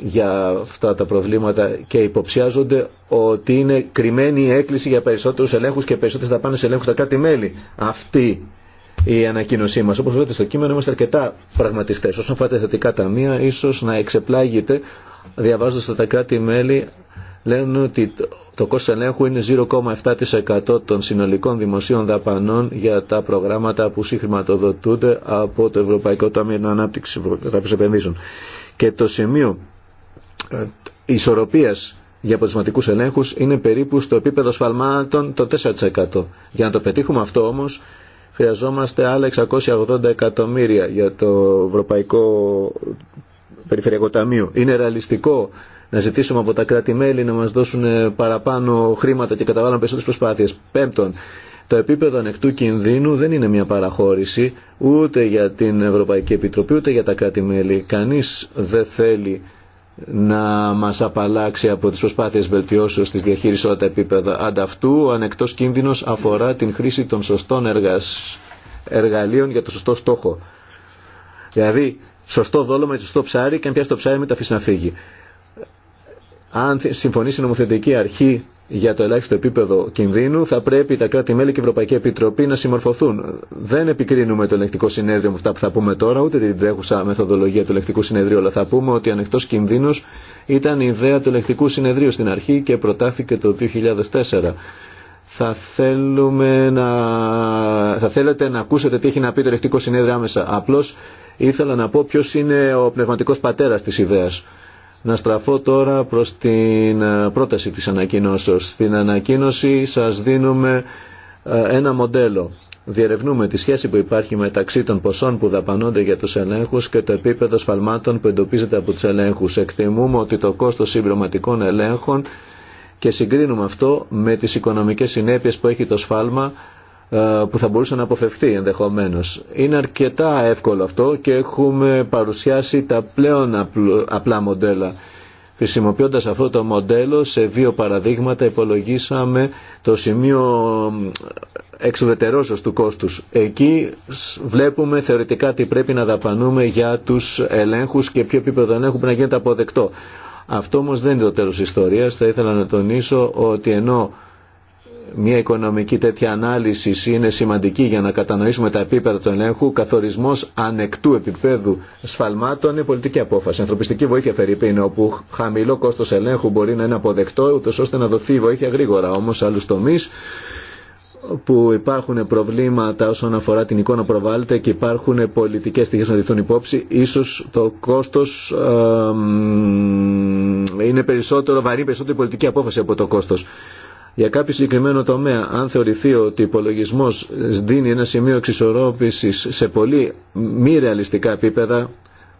για αυτά τα προβλήματα και υποψιάζονται ότι είναι κρυμμένη η έκκληση για περισσότερους ελέγχους και περισσότερες θα πάνε σε τα κράτη-μέλη. Αυτή η ανακοίνωσή μας. Όπως βλέπετε στο κείμενο είμαστε αρκετά πραγματιστές. Όσον αφορά τα θετικά ταμεία ίσως να εξεπλάγεται διαβάζοντας τα κράτη-μέλη λένε ότι το κόστος ελέγχου είναι 0,7% των συνολικών δημοσίων δαπανών για τα προγράμματα που συγχρηματοδοτούνται από το Ευρωπαϊκό Ταμείο Ανάπτυξη Επενδύσεων. Και το σημείο ε, ισορροπίας για αποτελεσματικούς ελέγχους είναι περίπου στο επίπεδο σφαλμάτων το 4%. Για να το πετύχουμε αυτό όμως χρειαζόμαστε άλλα 680 εκατομμύρια για το Ευρωπαϊκό Περιφερειακό Ταμείο. Είναι ρεαλιστικό να ζητήσουμε από τα κράτη-μέλη να μας δώσουν ε, παραπάνω χρήματα και καταβάλουν περισσότερες προσπάθειες. Πέμπτον, το επίπεδο ανεκτού κινδύνου δεν είναι μια παραχώρηση ούτε για την Ευρωπαϊκή Επιτροπή ούτε για τα κράτη-μέλη. Κανείς δεν θέλει να μας απαλλάξει από τις προσπάθειες βελτιώσεως της διαχείρισης όλα τα επίπεδα. Ανταυτού, ο ανεκτός κίνδυνος αφορά την χρήση των σωστών εργασ... εργαλείων για το σωστό στόχο. Δηλαδή, σωστό δόλωμα και σωστό ψάρι και αν πιάσει το ψάρι μην τα αφήσει φύγει αν συμφωνήσει η νομοθετική αρχή για το ελάχιστο επίπεδο κινδύνου, θα πρέπει τα κράτη-μέλη και η Ευρωπαϊκή Επιτροπή να συμμορφωθούν. Δεν επικρίνουμε το ελεκτικό συνέδριο με αυτά που θα πούμε τώρα, ούτε την τρέχουσα μεθοδολογία του ελεκτικού συνεδρίου, αλλά θα πούμε ότι ανεκτό κινδύνο ήταν η ιδέα του ελεκτικού συνεδρίου στην αρχή και προτάθηκε το 2004. Θα, θέλουμε να... θα θέλετε να ακούσετε τι έχει να πει το ελεκτικό συνέδριο άμεσα. Απλώ ήθελα να πω ποιο είναι ο πνευματικό πατέρα τη ιδέα. Να στραφώ τώρα προς την ε, πρόταση της ανακοινώσεως. Στην ανακοίνωση σας δίνουμε ε, ένα μοντέλο. Διερευνούμε τη σχέση που υπάρχει μεταξύ των ποσών που δαπανώνται για τους ελέγχους και το επίπεδο σφαλμάτων που εντοπίζεται από τους ελέγχους. Εκτιμούμε ότι το κόστος συμπληρωματικών ελέγχων και συγκρίνουμε αυτό με τις οικονομικές συνέπειες που έχει το σφάλμα ε, που θα μπορούσε να αποφευθεί ενδεχομένως. Είναι αρκετά εύκολο αυτό και έχουμε παρουσιάσει τα πλέον απλά μοντέλα. Χρησιμοποιώντας αυτό το μοντέλο σε δύο παραδείγματα υπολογίσαμε το σημείο εξουδετερώσεως του κόστους. Εκεί βλέπουμε θεωρητικά τι πρέπει να δαπανούμε για τους ελέγχους και ποιο επίπεδο ελέγχου πρέπει να γίνεται αποδεκτό. Αυτό όμως δεν είναι το τέλος της ιστορίας. Θα ήθελα να τονίσω ότι ενώ μια οικονομική τέτοια ανάλυση είναι σημαντική για να κατανοήσουμε τα επίπεδα του ελέγχου. Καθορισμό ανεκτού επίπεδου σφαλμάτων είναι πολιτική απόφαση. Ανθρωπιστική βοήθεια, φερειπίνει, είναι όπου χαμηλό κόστο ελέγχου μπορεί να είναι αποδεκτό, ούτω ώστε να δοθεί η βοήθεια γρήγορα. Όμω, άλλου τομεί που υπάρχουν προβλήματα όσον αφορά την εικόνα προβάλλεται και υπάρχουν πολιτικέ στοιχείε να ληφθούν υπόψη, ίσω το κόστο είναι περισσότερο βαρύ, περισσότερο η πολιτική απόφαση από το κόστο για κάποιο συγκεκριμένο τομέα, αν θεωρηθεί ότι ο υπολογισμό δίνει ένα σημείο εξισορρόπηση σε πολύ μη ρεαλιστικά επίπεδα,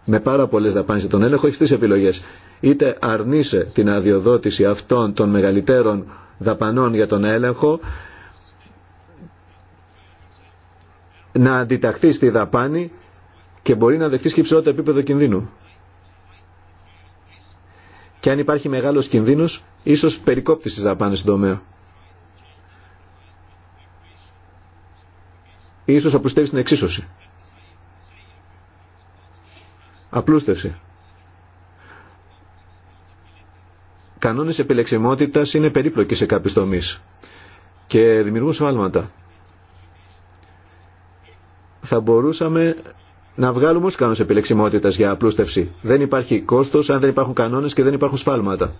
με πάρα πολλέ δαπάνε για τον έλεγχο, έχει τρει επιλογέ. Είτε αρνείσαι την αδειοδότηση αυτών των μεγαλύτερων δαπανών για τον έλεγχο, να αντιταχθεί στη δαπάνη και μπορεί να δεχτεί και επίπεδο κινδύνου και αν υπάρχει μεγάλος κινδύνος, ίσως περικόπτει στις δαπάνες στον τομέα. Ίσως απλουστεύει στην εξίσωση. Απλούστευση. Κανόνες επιλεξιμότητας είναι περίπλοκοι σε κάποιους τομεί. και δημιουργούν σφάλματα. Θα μπορούσαμε να βγάλουμε όσου κανόνε επιλεξιμότητα για απλούστευση. Δεν υπάρχει κόστο αν δεν υπάρχουν κανόνε και δεν υπάρχουν σφάλματα.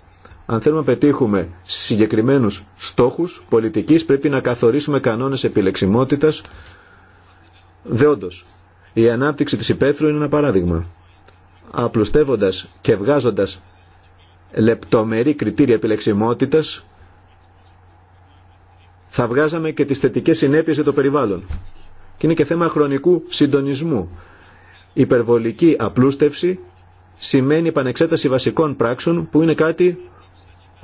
Αν θέλουμε να πετύχουμε συγκεκριμένου στόχου πολιτική, πρέπει να καθορίσουμε κανόνε επιλεξιμότητα. Δεόντω, η ανάπτυξη τη υπαίθρου είναι ένα παράδειγμα. Απλουστεύοντα και βγάζοντα λεπτομερή κριτήρια επιλεξιμότητα, θα βγάζαμε και τι θετικέ συνέπειε για το περιβάλλον. Και είναι και θέμα χρονικού συντονισμού Υπερβολική απλούστευση σημαίνει επανεξέταση βασικών πράξεων που είναι κάτι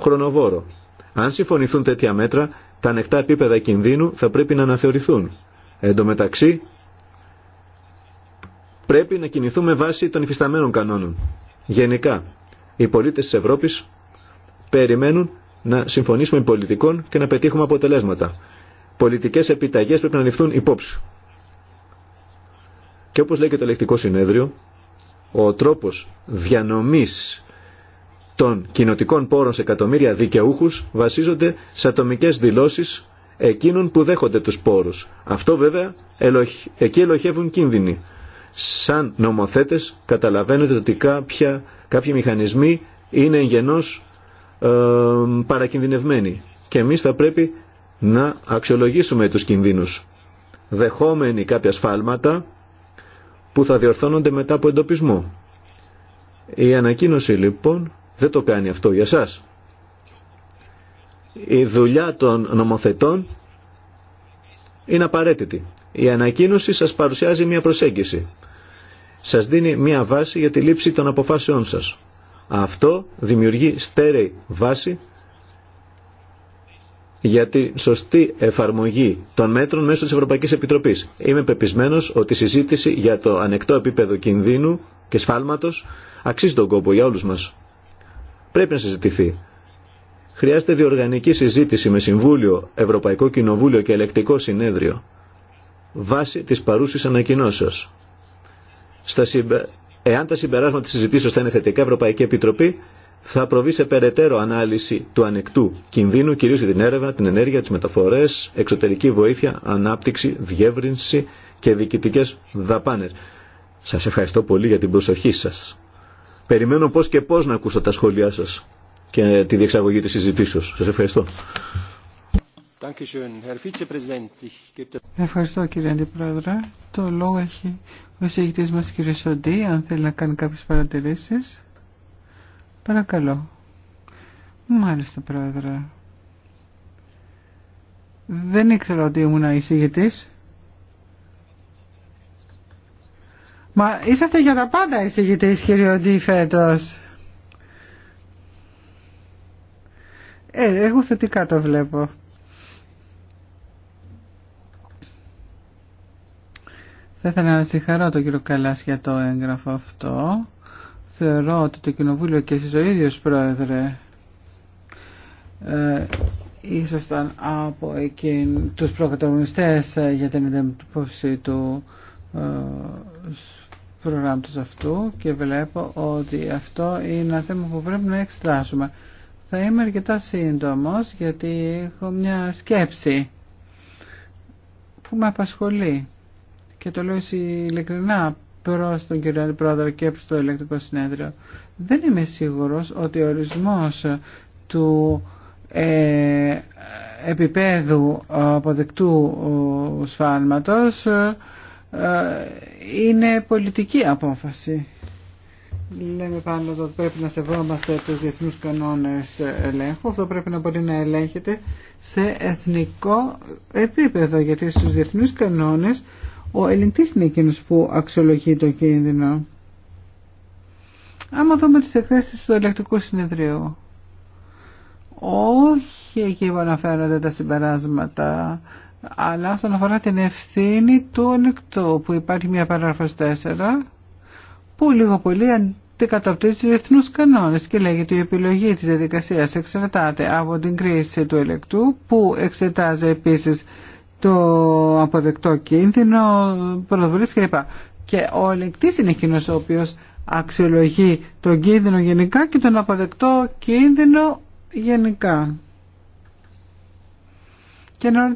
χρονοβόρο. Αν συμφωνηθούν τέτοια μέτρα, τα ανεκτά επίπεδα κινδύνου θα πρέπει να αναθεωρηθούν. Εν τω μεταξύ, πρέπει να κινηθούμε βάσει των υφισταμένων κανόνων. Γενικά, οι πολίτες της Ευρώπης περιμένουν να συμφωνήσουμε με πολιτικών και να πετύχουμε αποτελέσματα. Πολιτικές επιταγές πρέπει να ληφθούν υπόψη. Και όπως λέει και το ελεκτικό συνέδριο, ο τρόπος διανομής των κοινοτικών πόρων σε εκατομμύρια δικαιούχους βασίζονται σε ατομικές δηλώσεις εκείνων που δέχονται τους πόρους. Αυτό βέβαια εκεί ελοχεύουν κίνδυνοι. Σαν νομοθέτες καταλαβαίνετε ότι κάποια, κάποιοι μηχανισμοί είναι εγγενώς ε, παρακινδυνευμένοι και εμείς θα πρέπει να αξιολογήσουμε τους κινδύνους. Δεχόμενοι κάποια σφάλματα που θα διορθώνονται μετά από εντοπισμό. Η ανακοίνωση λοιπόν δεν το κάνει αυτό για σας. Η δουλειά των νομοθετών είναι απαραίτητη. Η ανακοίνωση σας παρουσιάζει μια προσέγγιση. Σας δίνει μια βάση για τη λήψη των αποφάσεών σας. Αυτό δημιουργεί στέρεη βάση για τη σωστή εφαρμογή των μέτρων μέσω της Ευρωπαϊκής Επιτροπής. Είμαι πεπισμένος ότι η συζήτηση για το ανεκτό επίπεδο κινδύνου και σφάλματος αξίζει τον κόπο για όλους μας. Πρέπει να συζητηθεί. Χρειάζεται διοργανική συζήτηση με Συμβούλιο, Ευρωπαϊκό Κοινοβούλιο και Ελεκτικό Συνέδριο βάσει της παρούσης ανακοινώσεως. Εάν τα συμπεράσματα της συζητήσεως θα είναι θετικά, Ευρωπαϊκή Επιτροπή θα προβεί σε περαιτέρω ανάλυση του ανεκτού κινδύνου, κυρίως για την έρευνα, την ενέργεια, τις μεταφορές, εξωτερική βοήθεια, ανάπτυξη, διεύρυνση και διοικητικές δαπάνες. Σας ευχαριστώ πολύ για την προσοχή σας. Περιμένω πώς και πώς να ακούσω τα σχόλιά σας και τη διεξαγωγή της συζητήσεως. Σας ευχαριστώ. Ευχαριστώ κύριε Αντιπρόεδρε. Το λόγο έχει ο εισηγητής μας κύριε Σοντή, αν θέλει να κάνει κάποιες παρατηρήσεις. Παρακαλώ. Μάλιστα, πρόεδρε. Δεν ήξερα ότι ήμουν εισηγητής. Μα είσαστε για τα πάντα εισηγητής, κύριε Οντή, φέτος. Ε, εγώ θετικά το βλέπω. Θα ήθελα να συγχαρώ τον κύριο Καλάς για το έγγραφο αυτό θεωρώ ότι το Κοινοβούλιο και εσείς ο ίδιος Πρόεδρε ε, ήσασταν από εκείν, τους προκαταγωνιστές ε, για την εντύπωση του ε, προγράμματος αυτού και βλέπω ότι αυτό είναι ένα θέμα που πρέπει να εξετάσουμε. Θα είμαι αρκετά σύντομος γιατί έχω μια σκέψη που με απασχολεί και το λέω ειλικρινά προς τον κύριο Αντιπρόεδρο και προς το ηλεκτρικό συνέδριο. Δεν είμαι σίγουρος ότι ο ορισμός του ε, επίπεδου αποδεκτού σφάλματος ε, είναι πολιτική απόφαση. Λέμε πάντα ότι πρέπει να σεβόμαστε τους διεθνούς κανόνες ελέγχου. Αυτό πρέπει να μπορεί να ελέγχεται σε εθνικό επίπεδο, γιατί στους διεθνούς κανόνες ο ελεγκτής είναι εκείνος που αξιολογεί το κίνδυνο. Άμα δούμε τις εκθέσεις του ελεκτικού συνεδρίου, όχι εκεί που αναφέρονται τα συμπεράσματα, αλλά όσον αφορά την ευθύνη του ελεκτού, που υπάρχει μια παράγραφος 4, που λίγο πολύ αντικατοπτρίζει τους διεθνούς κανόνες και λέγεται η επιλογή της διαδικασίας εξαρτάται από την κρίση του ελεκτού, που εξετάζει επίσης το αποδεκτό κίνδυνο, πρωτοβουλίε κλπ. Και ο ελεγκτής είναι εκείνο ο οποίος αξιολογεί τον κίνδυνο γενικά και τον αποδεκτό κίνδυνο γενικά. Και να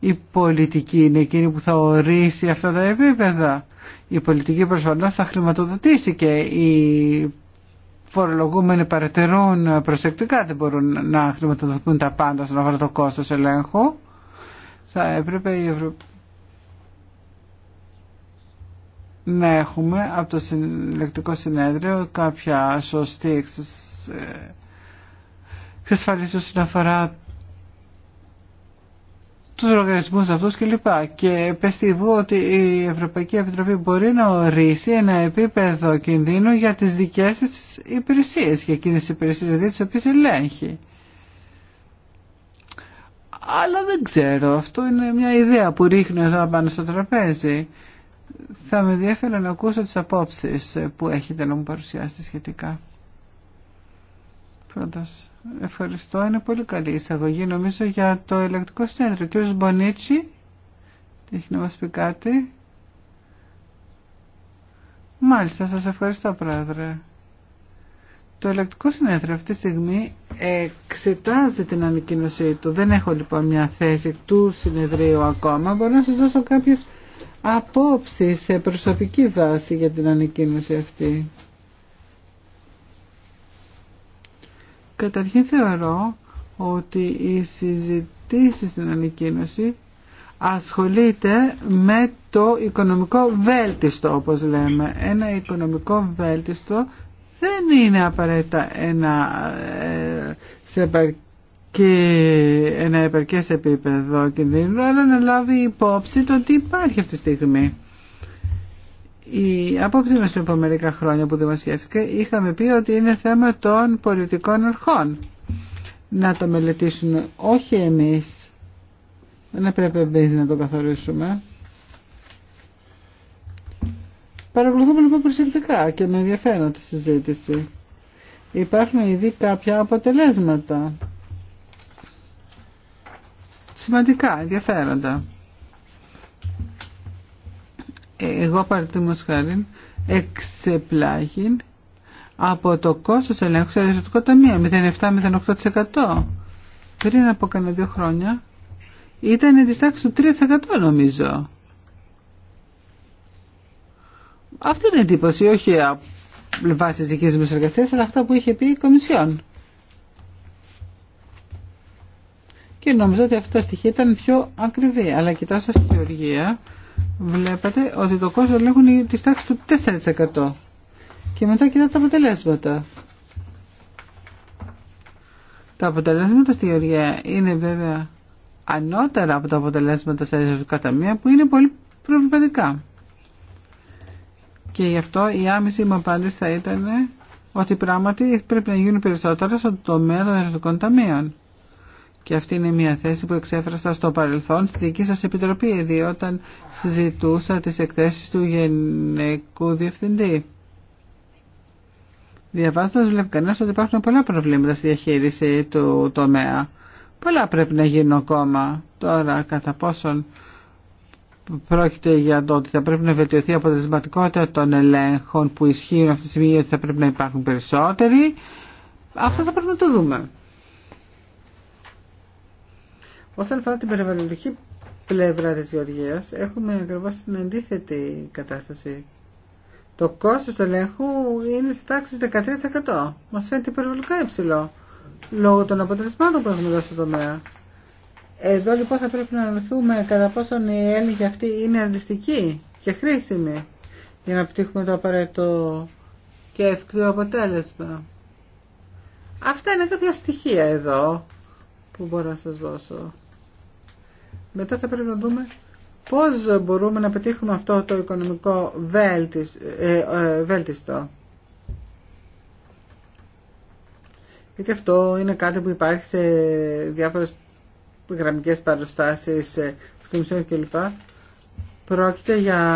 η πολιτική είναι εκείνη που θα ορίσει αυτά τα επίπεδα. Η πολιτική προσφανώς θα χρηματοδοτήσει και οι φορολογούμενοι παρατηρούν προσεκτικά, δεν μπορούν να χρηματοδοτούν τα πάντα στον αφορά το κόστος ελέγχου θα έπρεπε η να έχουμε από το συλλεκτικό συνέδριο κάποια σωστή ε, εξασφαλίσεις όσον αφορά τους οργανισμούς αυτούς κλπ. Και βου ότι η Ευρωπαϊκή Επιτροπή μπορεί να ορίσει ένα επίπεδο κινδύνου για τις δικές της υπηρεσίες, για εκείνες τις υπηρεσίες δηλαδή τις οποίες ελέγχει. Αλλά δεν ξέρω, αυτό είναι μια ιδέα που ρίχνω εδώ πάνω στο τραπέζι. Θα με ενδιαφέρει να ακούσω τις απόψεις που έχετε να μου παρουσιάσετε σχετικά. Πρώτος, ευχαριστώ. Είναι πολύ καλή εισαγωγή νομίζω για το ελεκτικό συνέδριο. Κύριος Μπονίτσι, έχει να μας πει κάτι. Μάλιστα, σας ευχαριστώ πρόεδρε. Το ελεκτικό συνέδριο αυτή τη στιγμή εξετάζει την ανακοίνωσή του. Δεν έχω λοιπόν μια θέση του συνεδρίου ακόμα. Μπορώ να σας δώσω κάποιες απόψεις σε προσωπική βάση για την ανακοίνωση αυτή. Καταρχήν θεωρώ ότι η συζητήση στην ανακοίνωση ασχολείται με το οικονομικό βέλτιστο όπως λέμε. Ένα οικονομικό βέλτιστο δεν είναι απαραίτητα ένα, ε, σε ένα επαρκές επίπεδο κινδύνου, αλλά να λάβει υπόψη το τι υπάρχει αυτή τη στιγμή. Η απόψη μας από μερικά χρόνια που δημοσιεύτηκε είχαμε πει ότι είναι θέμα των πολιτικών αρχών να το μελετήσουν όχι εμείς δεν πρέπει εμείς να το καθορίσουμε Παρακολουθούμε λοιπόν προσεκτικά και με ενδιαφέρον τη συζήτηση. Υπάρχουν ήδη κάποια αποτελέσματα. Σημαντικά, ενδιαφέροντα. Εγώ παραδείγματος χάρη εξεπλάγει από το κόστος ελέγχου σε ιδιωτικό ταμείο 0,7-0,8% πριν από κανένα δύο χρόνια ήταν της τάξης του 3% νομίζω Αυτή είναι η εντύπωση, όχι βάσει τη δική μα εργασία, αλλά αυτά που είχε πει η Κομισιόν. Και νομίζω ότι αυτά τα στοιχεία ήταν πιο ακριβή. Αλλά κοιτάζοντα τη Γεωργία, βλέπατε ότι το κόστο λέγουν τη τάξη του 4%. Και μετά κοιτάτε τα αποτελέσματα. Τα αποτελέσματα στη Γεωργία είναι βέβαια ανώτερα από τα αποτελέσματα στα κατά μία που είναι πολύ προβληματικά. Και γι' αυτό η άμεση μου απάντηση θα ήταν ότι πράγματι πρέπει να γίνουν περισσότερα στο τομέα των ερωτικών ταμείων. Και αυτή είναι μια θέση που εξέφρασα στο παρελθόν στη δική σας επιτροπή, ήδη όταν συζητούσα τις εκθέσεις του Γενικού Διευθυντή. Διαβάζοντας βλέπει κανένα ότι υπάρχουν πολλά προβλήματα στη διαχείριση του τομέα. Πολλά πρέπει να γίνουν ακόμα. Τώρα κατά πόσον πρόκειται για το ότι θα πρέπει να βελτιωθεί η αποτελεσματικότητα των ελέγχων που ισχύουν αυτή τη στιγμή ότι θα πρέπει να υπάρχουν περισσότεροι. Αυτό θα πρέπει να το δούμε. Όσον αφορά την περιβαλλοντική πλευρά της Γεωργίας, έχουμε ακριβώ την αντίθετη κατάσταση. Το κόστος του ελέγχου είναι στις τάξεις 13%. Μας φαίνεται υπερβολικά υψηλό, λόγω των αποτελεσμάτων που έχουμε δώσει στο τομέα. Εδώ λοιπόν θα πρέπει να αναλυθούμε κατά πόσο η έννοια αυτή είναι αντιστική και χρήσιμη για να πετύχουμε το απαραίτητο και εύκολο αποτέλεσμα. Αυτά είναι κάποια στοιχεία εδώ που μπορώ να σας δώσω. Μετά θα πρέπει να δούμε πώς μπορούμε να πετύχουμε αυτό το οικονομικό ε, ε, βέλτιστο. Γιατί αυτό είναι κάτι που υπάρχει σε διάφορες γραμμικές παροστάσεις ε, της Κομισιόν κλπ. Πρόκειται για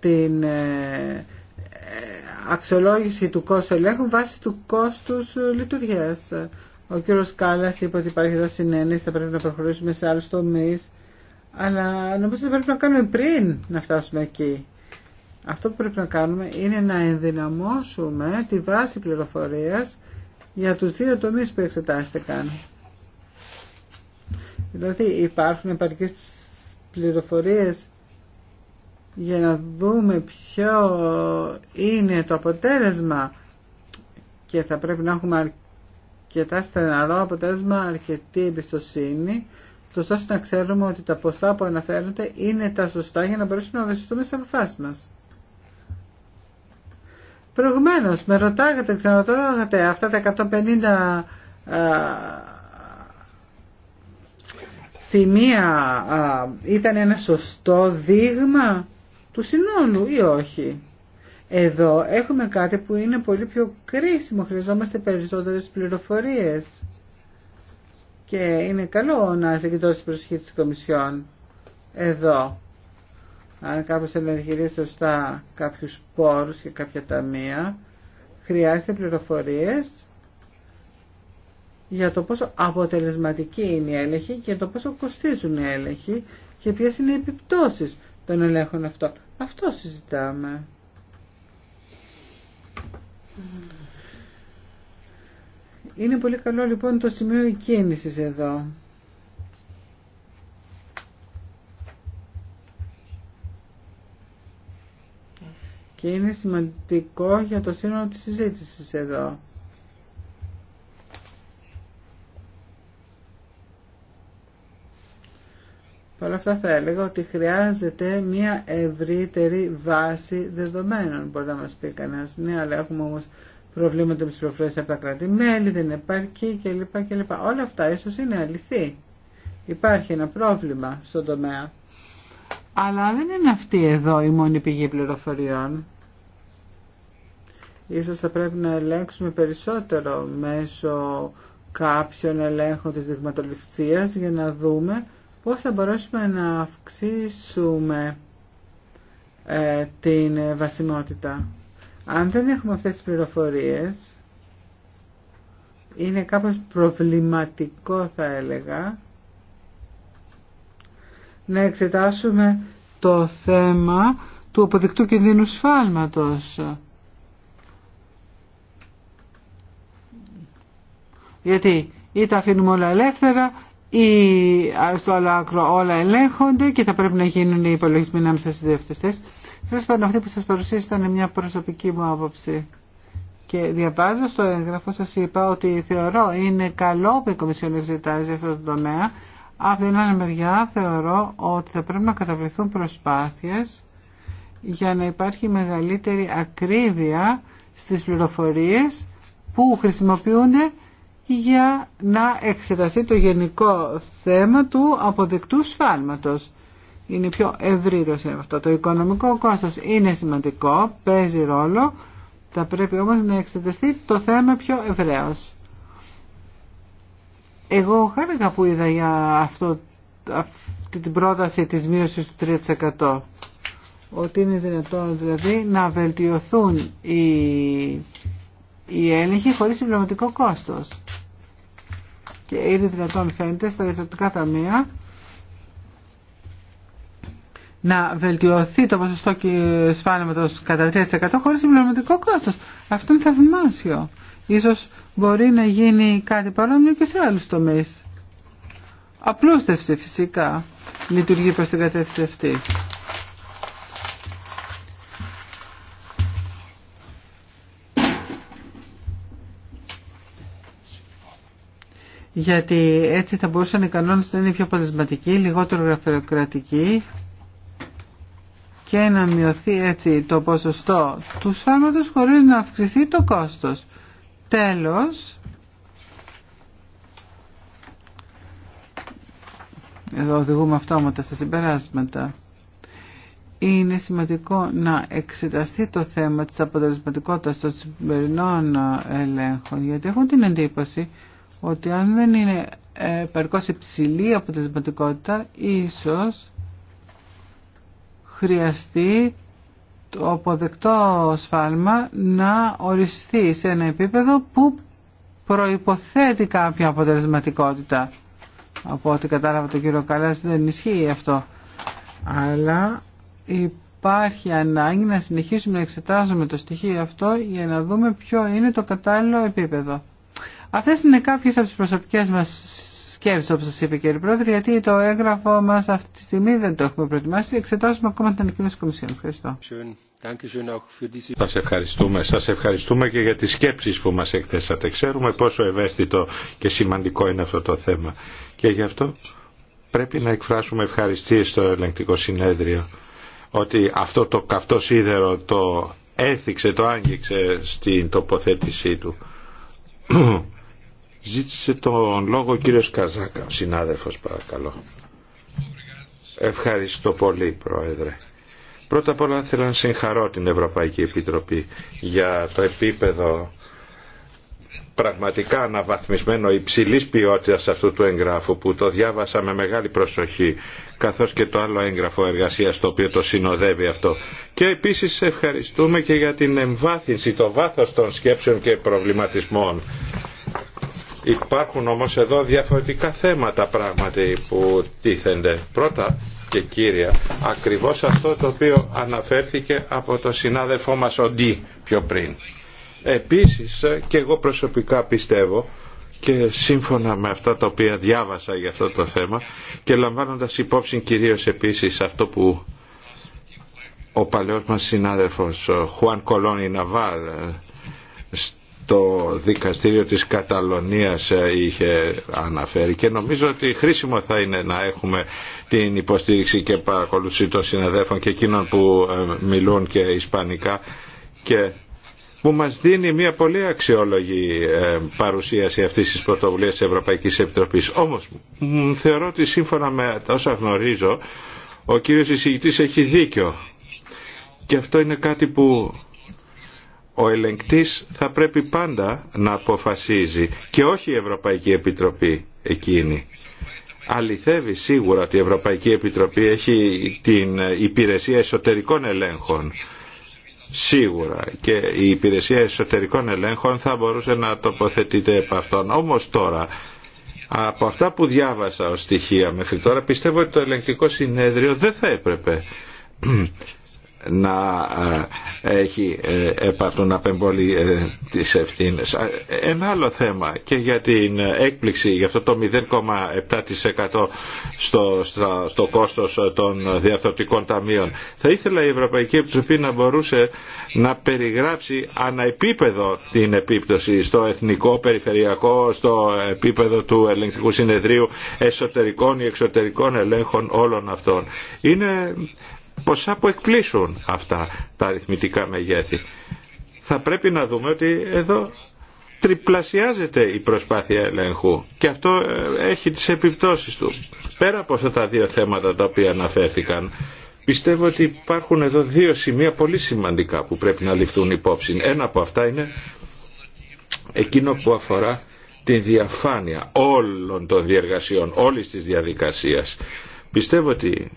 την ε, ε, αξιολόγηση του κόστου ελέγχου βάσει του κόστους λειτουργίας. Ο κύριος Κάλλας είπε ότι υπάρχει εδώ συνένεση, θα πρέπει να προχωρήσουμε σε άλλους τομείς. Αλλά νομίζω ότι πρέπει να κάνουμε πριν να φτάσουμε εκεί. Αυτό που πρέπει να κάνουμε είναι να ενδυναμώσουμε τη βάση πληροφορίας για τους δύο τομείς που εξετάστηκαν. Δηλαδή υπάρχουν επαρκείς πληροφορίες για να δούμε ποιο είναι το αποτέλεσμα και θα πρέπει να έχουμε αρκετά στεναρό αποτέλεσμα, αρκετή εμπιστοσύνη, το ώστε να ξέρουμε ότι τα ποσά που αναφέρονται είναι τα σωστά για να μπορέσουμε να βασιστούμε σε αποφάσει μα. Προηγουμένω, με ρωτάγατε, ξαναρωτάγατε, αυτά τα 150 σημεία α, ήταν ένα σωστό δείγμα του συνόλου ή όχι. Εδώ έχουμε κάτι που είναι πολύ πιο κρίσιμο, χρειαζόμαστε περισσότερες πληροφορίες. Και είναι καλό να συγκεντρώσει προσοχή της Κομισιόν εδώ. Αν κάποιος θέλει να σωστά κάποιους πόρους και κάποια ταμεία, χρειάζεται πληροφορίες για το πόσο αποτελεσματική είναι η έλεγχη και το πόσο κοστίζουν οι έλεγχοι και ποιες είναι οι επιπτώσεις των ελέγχων αυτών. Αυτό συζητάμε. Είναι πολύ καλό λοιπόν το σημείο κίνησης εδώ. Και είναι σημαντικό για το σύνολο της συζήτησης εδώ. Παρ' όλα αυτά θα έλεγα ότι χρειάζεται μια ευρύτερη βάση δεδομένων. Μπορεί να μας πει κανένα. ναι, αλλά έχουμε όμως προβλήματα με τις προφορές από τα κράτη-μέλη, δεν υπάρχει κλπ. κλπ. Όλα αυτά ίσως είναι αληθή. Υπάρχει ένα πρόβλημα στον τομέα. Αλλά δεν είναι αυτή εδώ η μόνη πηγή πληροφοριών. Ίσως θα πρέπει να ελέγξουμε περισσότερο μέσω κάποιων ελέγχων της δειγματοληψίας για να δούμε πώς θα μπορέσουμε να αυξήσουμε ε, την βασιμότητα. Αν δεν έχουμε αυτές τις πληροφορίες, είναι κάπως προβληματικό θα έλεγα να εξετάσουμε το θέμα του αποδεικτού κινδύνου σφάλματος. Γιατί ή τα αφήνουμε όλα ελεύθερα ή στο άλλο άκρο όλα ελέγχονται και θα πρέπει να γίνουν οι υπολογισμοί ανάμεσα στις διευθυντές. Τέλος πάντων αυτή που σας παρουσίασα ήταν μια προσωπική μου άποψη. Και διαβάζω στο έγγραφο σας είπα ότι θεωρώ είναι καλό που η Κομισιόν εξετάζει αυτό το τομέα. Από την άλλη μεριά θεωρώ ότι θα πρέπει να καταβληθούν προσπάθειες για να υπάρχει μεγαλύτερη ακρίβεια στις πληροφορίες που χρησιμοποιούνται για να εξεταστεί το γενικό θέμα του αποδεκτού σφάλματος. Είναι πιο ευρύ αυτό. Το οικονομικό κόστος είναι σημαντικό, παίζει ρόλο, θα πρέπει όμως να εξεταστεί το θέμα πιο ευρέως. Εγώ χάρηκα που είδα για αυτό, αυτή την πρόταση της μείωσης του 3% ότι είναι δυνατόν δηλαδή να βελτιωθούν οι, οι έλεγχοι χωρίς συμπληρωματικό κόστος και ήδη δυνατόν φαίνεται στα ιδιωτικά ταμεία να βελτιωθεί το ποσοστό σφάλματος κατά 3% χωρίς συμπληρωματικό κόστος. Αυτό είναι θαυμάσιο. Ίσως μπορεί να γίνει κάτι παρόμοιο και σε άλλους τομείς. Απλούστευση φυσικά λειτουργεί προς την κατεύθυνση αυτή. γιατί έτσι θα μπορούσαν οι κανόνες να είναι πιο αποτελεσματικοί, λιγότερο γραφειοκρατικοί και να μειωθεί έτσι το ποσοστό του σφάλματος χωρίς να αυξηθεί το κόστος. Τέλος, εδώ οδηγούμε αυτόματα στα συμπεράσματα, είναι σημαντικό να εξεταστεί το θέμα της αποτελεσματικότητας των σημερινών ελέγχων, γιατί έχουν την εντύπωση ότι αν δεν είναι ε, από υψηλή αποτελεσματικότητα ίσως χρειαστεί το αποδεκτό σφάλμα να οριστεί σε ένα επίπεδο που προϋποθέτει κάποια αποτελεσματικότητα. Από ό,τι κατάλαβα τον κύριο Καλάς δεν ισχύει αυτό. Αλλά υπάρχει ανάγκη να συνεχίσουμε να εξετάζουμε το στοιχείο αυτό για να δούμε ποιο είναι το κατάλληλο επίπεδο. Αυτέ είναι κάποιε από τι προσωπικέ μα σκέψει, όπω σα είπε κύριε Πρόεδρε γιατί το έγγραφο μα αυτή τη στιγμή δεν το έχουμε προετοιμάσει. Εξετάζουμε ακόμα την ανακοίνωση τη Κομισιόν. Ευχαριστώ. Σα ευχαριστούμε. Σα ευχαριστούμε και για τι σκέψει που μα εκθέσατε. Ξέρουμε πόσο ευαίσθητο και σημαντικό είναι αυτό το θέμα. Και γι' αυτό πρέπει να εκφράσουμε ευχαριστίες στο ελεγκτικό συνέδριο ότι αυτό το καυτό σίδερο το έθιξε, το άγγιξε στην τοποθέτησή του. Ζήτησε τον λόγο ο κύριος Καζάκα, συνάδελφος παρακαλώ. Ευχαριστώ πολύ Πρόεδρε. Πρώτα απ' όλα θέλω να συγχαρώ την Ευρωπαϊκή Επιτροπή για το επίπεδο πραγματικά αναβαθμισμένο υψηλής ποιότητας αυτού του εγγράφου που το διάβασα με μεγάλη προσοχή καθώς και το άλλο έγγραφο εργασίας το οποίο το συνοδεύει αυτό. Και επίσης ευχαριστούμε και για την εμβάθυνση, το βάθος των σκέψεων και προβληματισμών Υπάρχουν όμως εδώ διαφορετικά θέματα πράγματι που τίθενται. Πρώτα και κύρια, ακριβώς αυτό το οποίο αναφέρθηκε από το συνάδελφό μας ο Ντί πιο πριν. Επίσης και εγώ προσωπικά πιστεύω και σύμφωνα με αυτά τα οποία διάβασα για αυτό το θέμα και λαμβάνοντας υπόψη κυρίως επίσης αυτό που ο παλαιός μας συνάδελφος Χουάν Κολόνι Ναβάρ το δικαστήριο της Καταλωνίας ε, είχε αναφέρει και νομίζω ότι χρήσιμο θα είναι να έχουμε την υποστήριξη και παρακολούθηση των συναδέλφων και εκείνων που ε, μιλούν και ισπανικά και που μας δίνει μια πολύ αξιόλογη ε, παρουσίαση αυτής της πρωτοβουλίας της Ευρωπαϊκής Επιτροπής. Όμως θεωρώ ότι σύμφωνα με όσα γνωρίζω ο κύριος εισηγητής έχει δίκιο και αυτό είναι κάτι που ο ελεγκτής θα πρέπει πάντα να αποφασίζει και όχι η Ευρωπαϊκή Επιτροπή εκείνη. Αληθεύει σίγουρα ότι η Ευρωπαϊκή Επιτροπή έχει την υπηρεσία εσωτερικών ελέγχων. Σίγουρα και η υπηρεσία εσωτερικών ελέγχων θα μπορούσε να τοποθετείται επ' αυτόν. Όμως τώρα από αυτά που διάβασα ως στοιχεία μέχρι τώρα πιστεύω ότι το ελεγκτικό συνέδριο δεν θα έπρεπε να ε, έχει ε, επ' απεμβολή να πεμπολεί ε, τις ευθύνες. Ένα άλλο θέμα και για την έκπληξη, για αυτό το 0,7% στο, στο, στο κόστος των διαρθρωτικών ταμείων. Θα ήθελα η Ευρωπαϊκή Επιτροπή να μπορούσε να περιγράψει αναεπίπεδο την επίπτωση στο εθνικό, περιφερειακό, στο επίπεδο του ελεγκτικού συνεδρίου εσωτερικών ή εξωτερικών ελέγχων όλων αυτών ποσά που εκπλήσουν αυτά τα αριθμητικά μεγέθη. Θα πρέπει να δούμε ότι εδώ τριπλασιάζεται η προσπάθεια ελέγχου και αυτό ε, έχει τις επιπτώσεις του. Πέρα από αυτά τα δύο θέματα τα οποία αναφέρθηκαν, πιστεύω ότι υπάρχουν εδώ δύο σημεία πολύ σημαντικά που πρέπει να ληφθούν υπόψη. Ένα από αυτά είναι εκείνο που αφορά την διαφάνεια όλων των διεργασιών, όλης της διαδικασίας. Πιστεύω ότι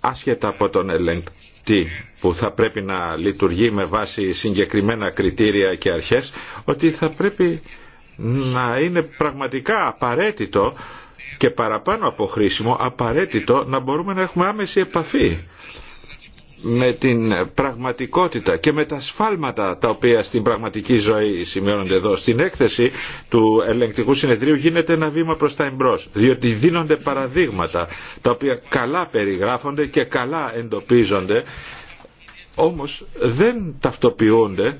άσχετα από τον ελεγκτή που θα πρέπει να λειτουργεί με βάση συγκεκριμένα κριτήρια και αρχές, ότι θα πρέπει να είναι πραγματικά απαραίτητο και παραπάνω από χρήσιμο, απαραίτητο να μπορούμε να έχουμε άμεση επαφή με την πραγματικότητα και με τα σφάλματα τα οποία στην πραγματική ζωή σημειώνονται εδώ. Στην έκθεση του ελεγκτικού συνεδρίου γίνεται ένα βήμα προς τα εμπρός, διότι δίνονται παραδείγματα τα οποία καλά περιγράφονται και καλά εντοπίζονται, όμως δεν ταυτοποιούνται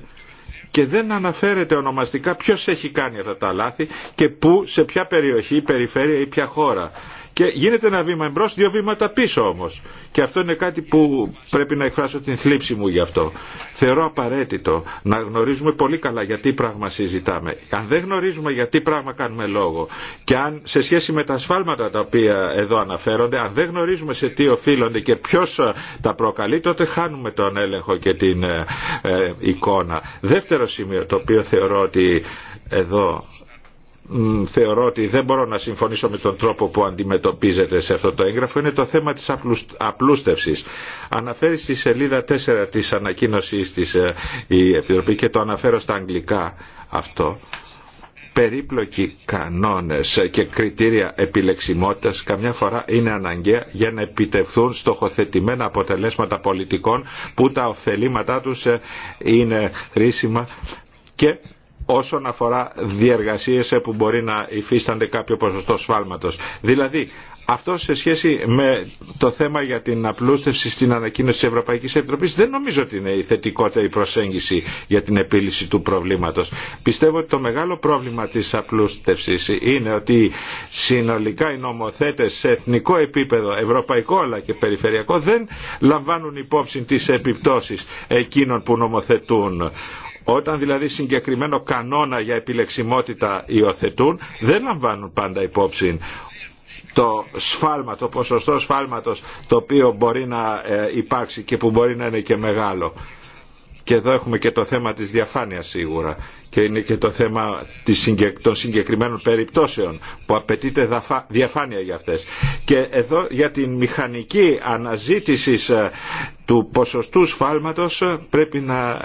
και δεν αναφέρεται ονομαστικά ποιος έχει κάνει αυτά τα λάθη και πού, σε ποια περιοχή, περιφέρεια ή ποια χώρα. Και γίνεται ένα βήμα εμπρό, δύο βήματα πίσω όμω. Και αυτό είναι κάτι που πρέπει να εκφράσω την θλίψη μου γι' αυτό. Θεωρώ απαραίτητο να γνωρίζουμε πολύ καλά γιατί πράγμα συζητάμε. Αν δεν γνωρίζουμε γιατί πράγμα κάνουμε λόγο και αν σε σχέση με τα σφάλματα τα οποία εδώ αναφέρονται, αν δεν γνωρίζουμε σε τι οφείλονται και ποιο τα προκαλεί, τότε χάνουμε τον έλεγχο και την ε, ε, εικόνα. Δεύτερο σημείο το οποίο θεωρώ ότι εδώ θεωρώ ότι δεν μπορώ να συμφωνήσω με τον τρόπο που αντιμετωπίζεται σε αυτό το έγγραφο είναι το θέμα της απλούστευσης. Αναφέρει στη σελίδα 4 της ανακοίνωσης της ε, η Επιτροπή και το αναφέρω στα αγγλικά αυτό περίπλοκοι κανόνες και κριτήρια επιλεξιμότητας καμιά φορά είναι αναγκαία για να επιτευχθούν στοχοθετημένα αποτελέσματα πολιτικών που τα ωφελήματά τους ε, είναι χρήσιμα και όσον αφορά διεργασίες που μπορεί να υφίστανται κάποιο ποσοστό σφάλματος. Δηλαδή, αυτό σε σχέση με το θέμα για την απλούστευση στην ανακοίνωση της Ευρωπαϊκής Επιτροπής δεν νομίζω ότι είναι η θετικότερη προσέγγιση για την επίλυση του προβλήματος. Πιστεύω ότι το μεγάλο πρόβλημα της απλούστευσης είναι ότι συνολικά οι νομοθέτες σε εθνικό επίπεδο, ευρωπαϊκό αλλά και περιφερειακό δεν λαμβάνουν υπόψη τις επιπτώσεις εκείνων που νομοθετούν. Όταν δηλαδή συγκεκριμένο κανόνα για επιλεξιμότητα υιοθετούν, δεν λαμβάνουν πάντα υπόψη το σφάλμα, το ποσοστό σφάλματος το οποίο μπορεί να ε, υπάρξει και που μπορεί να είναι και μεγάλο. Και εδώ έχουμε και το θέμα της διαφάνειας σίγουρα και είναι και το θέμα των συγκεκριμένων περιπτώσεων που απαιτείται διαφάνεια για αυτές. Και εδώ για την μηχανική αναζήτηση ε, του ποσοστού σφάλματος ε, πρέπει να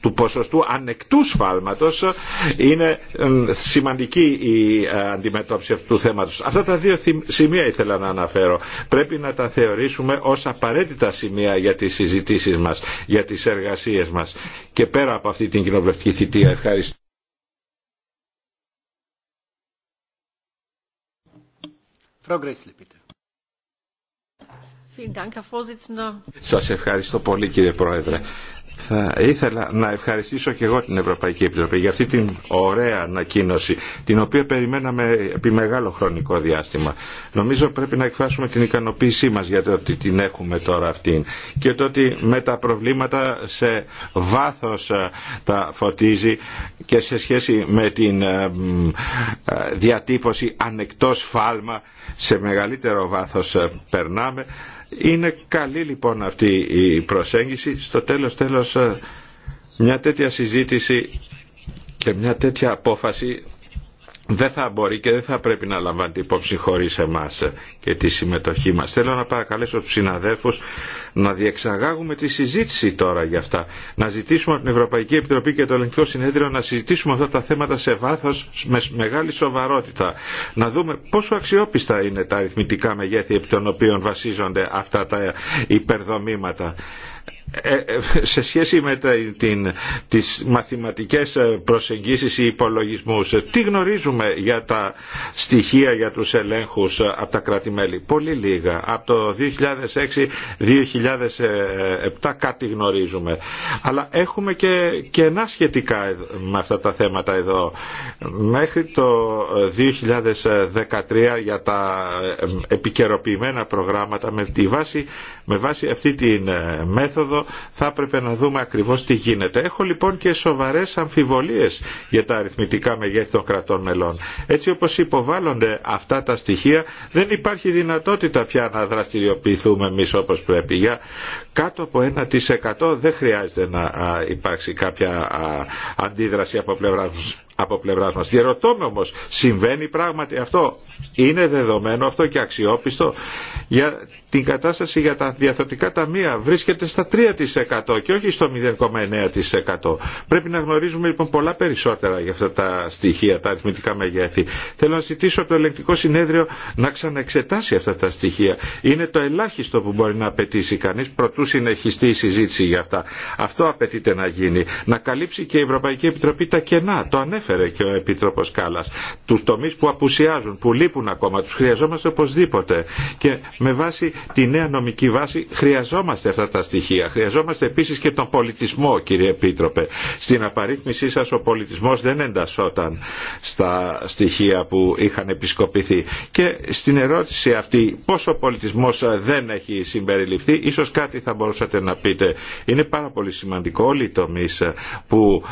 του ποσοστού ανεκτού σφάλματος ε, είναι σημαντική η αντιμετώπιση αυτού του θέματος. Αυτά τα δύο σημεία ήθελα να αναφέρω. Πρέπει να τα θεωρήσουμε ως απαραίτητα σημεία για τις συζητήσεις μας, για τις εργασίες μας και πέρα από αυτή την κοινοβουλευτική θητεία. Ευχαριστώ. Σας ευχαριστώ πολύ κύριε Πρόεδρε. Θα ήθελα να ευχαριστήσω και εγώ την Ευρωπαϊκή Επιτροπή για αυτή την ωραία ανακοίνωση, την οποία περιμέναμε επί μεγάλο χρονικό διάστημα. Νομίζω πρέπει να εκφράσουμε την ικανοποίησή μας για το ότι την έχουμε τώρα αυτήν και το ότι με τα προβλήματα σε βάθος ε, τα φωτίζει και σε σχέση με την ε, ε, διατύπωση ανεκτός φάλμα σε μεγαλύτερο βάθος περνάμε είναι καλή λοιπόν αυτή η προσέγγιση. Στο τέλος τέλος ε, μια τέτοια συζήτηση και μια τέτοια απόφαση δεν θα μπορεί και δεν θα πρέπει να λαμβάνει υπόψη χωρί εμά και τη συμμετοχή μα. Θέλω να παρακαλέσω του συναδέλφου να διεξαγάγουμε τη συζήτηση τώρα για αυτά. Να ζητήσουμε από την Ευρωπαϊκή Επιτροπή και το Ελληνικό Συνέδριο να συζητήσουμε αυτά τα θέματα σε βάθο με μεγάλη σοβαρότητα. Να δούμε πόσο αξιόπιστα είναι τα αριθμητικά μεγέθη επί των οποίων βασίζονται αυτά τα υπερδομήματα. Ε, ε, σε σχέση με τα, την, τις μαθηματικές ε, προσεγγίσεις ή υπολογισμούς, τι γνωρίζουμε για τα στοιχεία για τους ελέγχους από τα κράτη-μέλη. Πολύ λίγα. Από το 2006-2007 κάτι γνωρίζουμε. Αλλά έχουμε και κενά σχετικά με αυτά τα θέματα εδώ. Μέχρι το 2013 για τα επικαιροποιημένα προγράμματα με τη βάση με βάση αυτή τη ε, μέθοδο θα έπρεπε να δούμε ακριβώς τι γίνεται. Έχω λοιπόν και σοβαρές αμφιβολίες για τα αριθμητικά μεγέθη των κρατών μελών. Έτσι όπως υποβάλλονται αυτά τα στοιχεία δεν υπάρχει δυνατότητα πια να δραστηριοποιηθούμε εμείς όπως πρέπει. Για κάτω από 1% δεν χρειάζεται να υπάρξει κάποια αντίδραση από πλευρά από πλευρά μα. Διερωτώ όμω, συμβαίνει πράγματι αυτό. Είναι δεδομένο αυτό και αξιόπιστο. Για την κατάσταση για τα διαθοτικά ταμεία βρίσκεται στα 3% και όχι στο 0,9%. Πρέπει να γνωρίζουμε λοιπόν πολλά περισσότερα για αυτά τα στοιχεία, τα αριθμητικά μεγέθη. Θέλω να ζητήσω το ελεγκτικό συνέδριο να ξαναεξετάσει αυτά τα στοιχεία. Είναι το ελάχιστο που μπορεί να απαιτήσει κανεί προτού συνεχιστεί η συζήτηση για αυτά. Αυτό απαιτείται να γίνει. Να καλύψει και η Ευρωπαϊκή Επιτροπή τα κενά. Το ανέφερε και ο επίτροπο Κάλλας. Τους τομείς που απουσιάζουν, που λείπουν ακόμα, τους χρειαζόμαστε οπωσδήποτε. Και με βάση τη νέα νομική βάση χρειαζόμαστε αυτά τα στοιχεία. Χρειαζόμαστε επίσης και τον πολιτισμό, κύριε Επίτροπε. Στην απαρίθμησή σας ο πολιτισμός δεν εντασσόταν στα στοιχεία που είχαν επισκοπηθεί. Και στην ερώτηση αυτή πόσο ο πολιτισμός δεν έχει συμπεριληφθεί, ίσω κάτι θα μπορούσατε να πείτε. Είναι πάρα πολύ σημαντικό όλοι οι τομείς που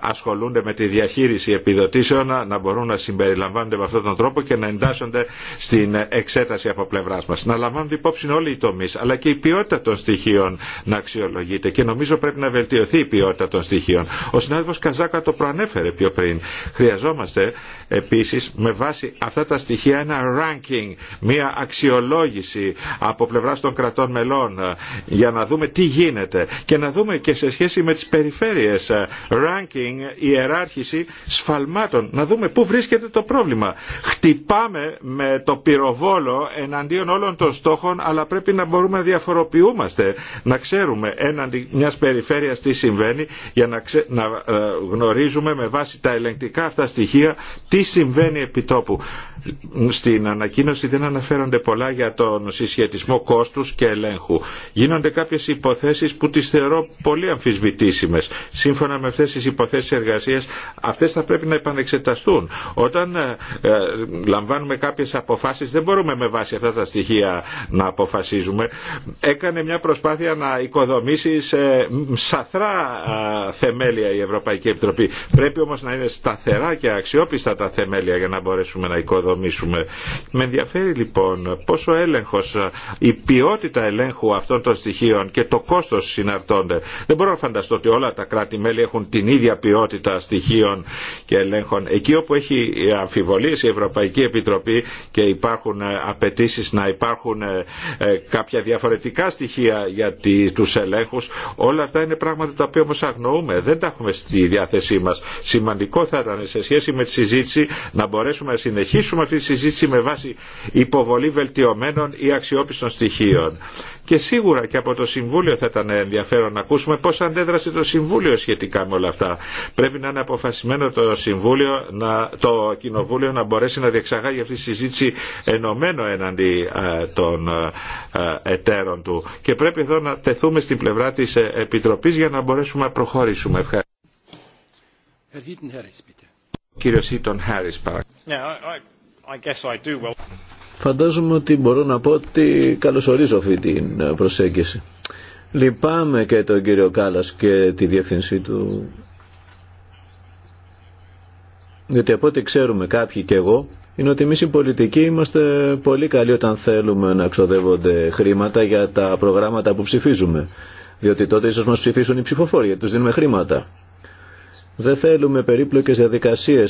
ασχολούνται με τη διαχείριση οι επιδοτήσεων να μπορούν να συμπεριλαμβάνονται με αυτόν τον τρόπο και να εντάσσονται στην εξέταση από πλευρά μα. Να λαμβάνονται υπόψη όλοι οι τομεί, αλλά και η ποιότητα των στοιχείων να αξιολογείται. Και νομίζω πρέπει να βελτιωθεί η ποιότητα των στοιχείων. Ο συνάδελφο Καζάκα το προανέφερε πιο πριν. Χρειαζόμαστε επίση με βάση αυτά τα στοιχεία ένα ranking, μια αξιολόγηση από πλευρά των κρατών μελών για να δούμε τι γίνεται και να δούμε και σε σχέση με τις περιφέρειες ranking, ιεράρχηση σφαλμάτων. Να δούμε πού βρίσκεται το πρόβλημα. Χτυπάμε με το πυροβόλο εναντίον όλων των στόχων, αλλά πρέπει να μπορούμε να διαφοροποιούμαστε, να ξέρουμε έναντι μιας περιφέρειας τι συμβαίνει, για να, να ε, γνωρίζουμε με βάση τα ελεγκτικά αυτά στοιχεία τι συμβαίνει επί τόπου. Στην ανακοίνωση δεν αναφέρονται πολλά για τον συσχετισμό κόστους και ελέγχου. Γίνονται κάποιες υποθέσεις που τις θεωρώ πολύ αμφισβητήσιμες. Σύμφωνα με αυτές τις υποθέσεις εργασίας, αυτές πρέπει να επανεξεταστούν. Όταν ε, ε, λαμβάνουμε κάποιες αποφάσεις δεν μπορούμε με βάση αυτά τα στοιχεία να αποφασίζουμε. Έκανε μια προσπάθεια να οικοδομήσει σε σαθρά θεμέλια η Ευρωπαϊκή Επιτροπή. Πρέπει όμως να είναι σταθερά και αξιόπιστα τα θεμέλια για να μπορέσουμε να οικοδομήσουμε. Με ενδιαφέρει λοιπόν πόσο έλεγχος, η ποιότητα ελέγχου αυτών των στοιχείων και το κόστος συναρτώνται. Δεν μπορώ να φανταστώ ότι όλα τα κράτη-μέλη έχουν την ίδια ποιότητα στοιχείων και ελέγχων. Εκεί όπου έχει αμφιβολίες η Ευρωπαϊκή Επιτροπή και υπάρχουν ε, απαιτήσει να υπάρχουν ε, ε, κάποια διαφορετικά στοιχεία για τους ελέγχους, όλα αυτά είναι πράγματα τα οποία όμως αγνοούμε. Δεν τα έχουμε στη διάθεσή μας. Σημαντικό θα ήταν σε σχέση με τη συζήτηση να μπορέσουμε να συνεχίσουμε αυτή τη συζήτηση με βάση υποβολή βελτιωμένων ή αξιόπιστων στοιχείων. Και σίγουρα και από το Συμβούλιο θα ήταν ενδιαφέρον να ακούσουμε πώς αντέδρασε το Συμβούλιο σχετικά με όλα αυτά. Πρέπει να είναι αποφασισμένο το το, συμβούλιο, να, το Κοινοβούλιο να μπορέσει να διεξαγάγει αυτή τη συζήτηση ενωμένο εναντί ε, των ε, εταίρων του. Και πρέπει εδώ να τεθούμε στην πλευρά της ε, Επιτροπής για να μπορέσουμε να προχωρήσουμε. Ευχαριστώ. Κύριος Ήτον παρακαλώ. Φαντάζομαι ότι μπορώ να πω ότι καλωσορίζω αυτή την προσέγγιση. Λυπάμαι και τον κύριο Κάλλας και τη διεύθυνσή του διότι από ό,τι ξέρουμε κάποιοι και εγώ, είναι ότι εμεί οι πολιτικοί είμαστε πολύ καλοί όταν θέλουμε να ξοδεύονται χρήματα για τα προγράμματα που ψηφίζουμε. Διότι τότε ίσω μα ψηφίσουν οι ψηφοφόροι, γιατί του δίνουμε χρήματα. Δεν θέλουμε περίπλοκε διαδικασίε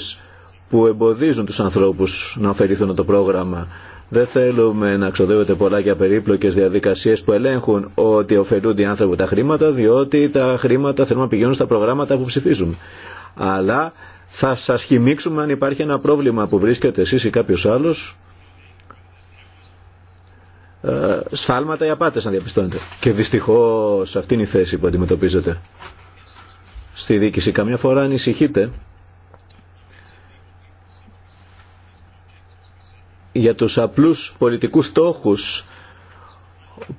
που εμποδίζουν του ανθρώπου να αφαιρηθούν το πρόγραμμα. Δεν θέλουμε να ξοδεύονται πολλά για περίπλοκε διαδικασίε που ελέγχουν ότι ωφελούνται οι άνθρωποι τα χρήματα, διότι τα χρήματα θέλουμε να πηγαίνουν στα προγράμματα που ψηφίζουμε. Αλλά θα σας χυμίξουμε αν υπάρχει ένα πρόβλημα που βρίσκετε εσείς ή κάποιος άλλος. Ε, σφάλματα ή απάτες να διαπιστώνετε. Και δυστυχώς αυτή είναι η καποιος αλλος σφαλματα η απατες να διαπιστωνετε και δυστυχως αυτη ειναι η θεση που αντιμετωπίζετε. Στη δίκηση καμιά φορά ανησυχείτε για τους απλούς πολιτικούς στόχους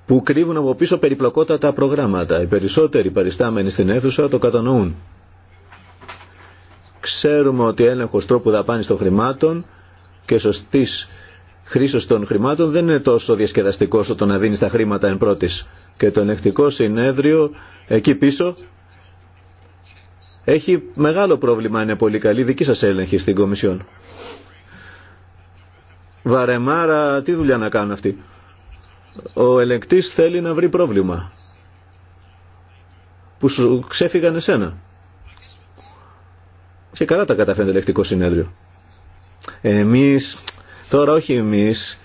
που κρύβουν από πίσω περιπλοκότατα προγράμματα. Οι περισσότεροι παριστάμενοι στην αίθουσα το κατανοούν. Ξέρουμε ότι έλεγχος τρόπου δαπάνης των χρημάτων και σωστής χρήσης των χρημάτων δεν είναι τόσο διασκεδαστικό όσο το να δίνεις τα χρήματα εν πρώτης. Και το ελεκτικό συνέδριο εκεί πίσω έχει μεγάλο πρόβλημα, είναι πολύ καλή δική σας έλεγχη στην Κομισιόν. Βαρεμάρα, τι δουλειά να κάνουν αυτοί. Ο ελεγκτής θέλει να βρει πρόβλημα. Που σου ξέφυγαν εσένα. Και καλά τα καταφέρνει το συνέδριο. Εμείς, τώρα όχι εμείς,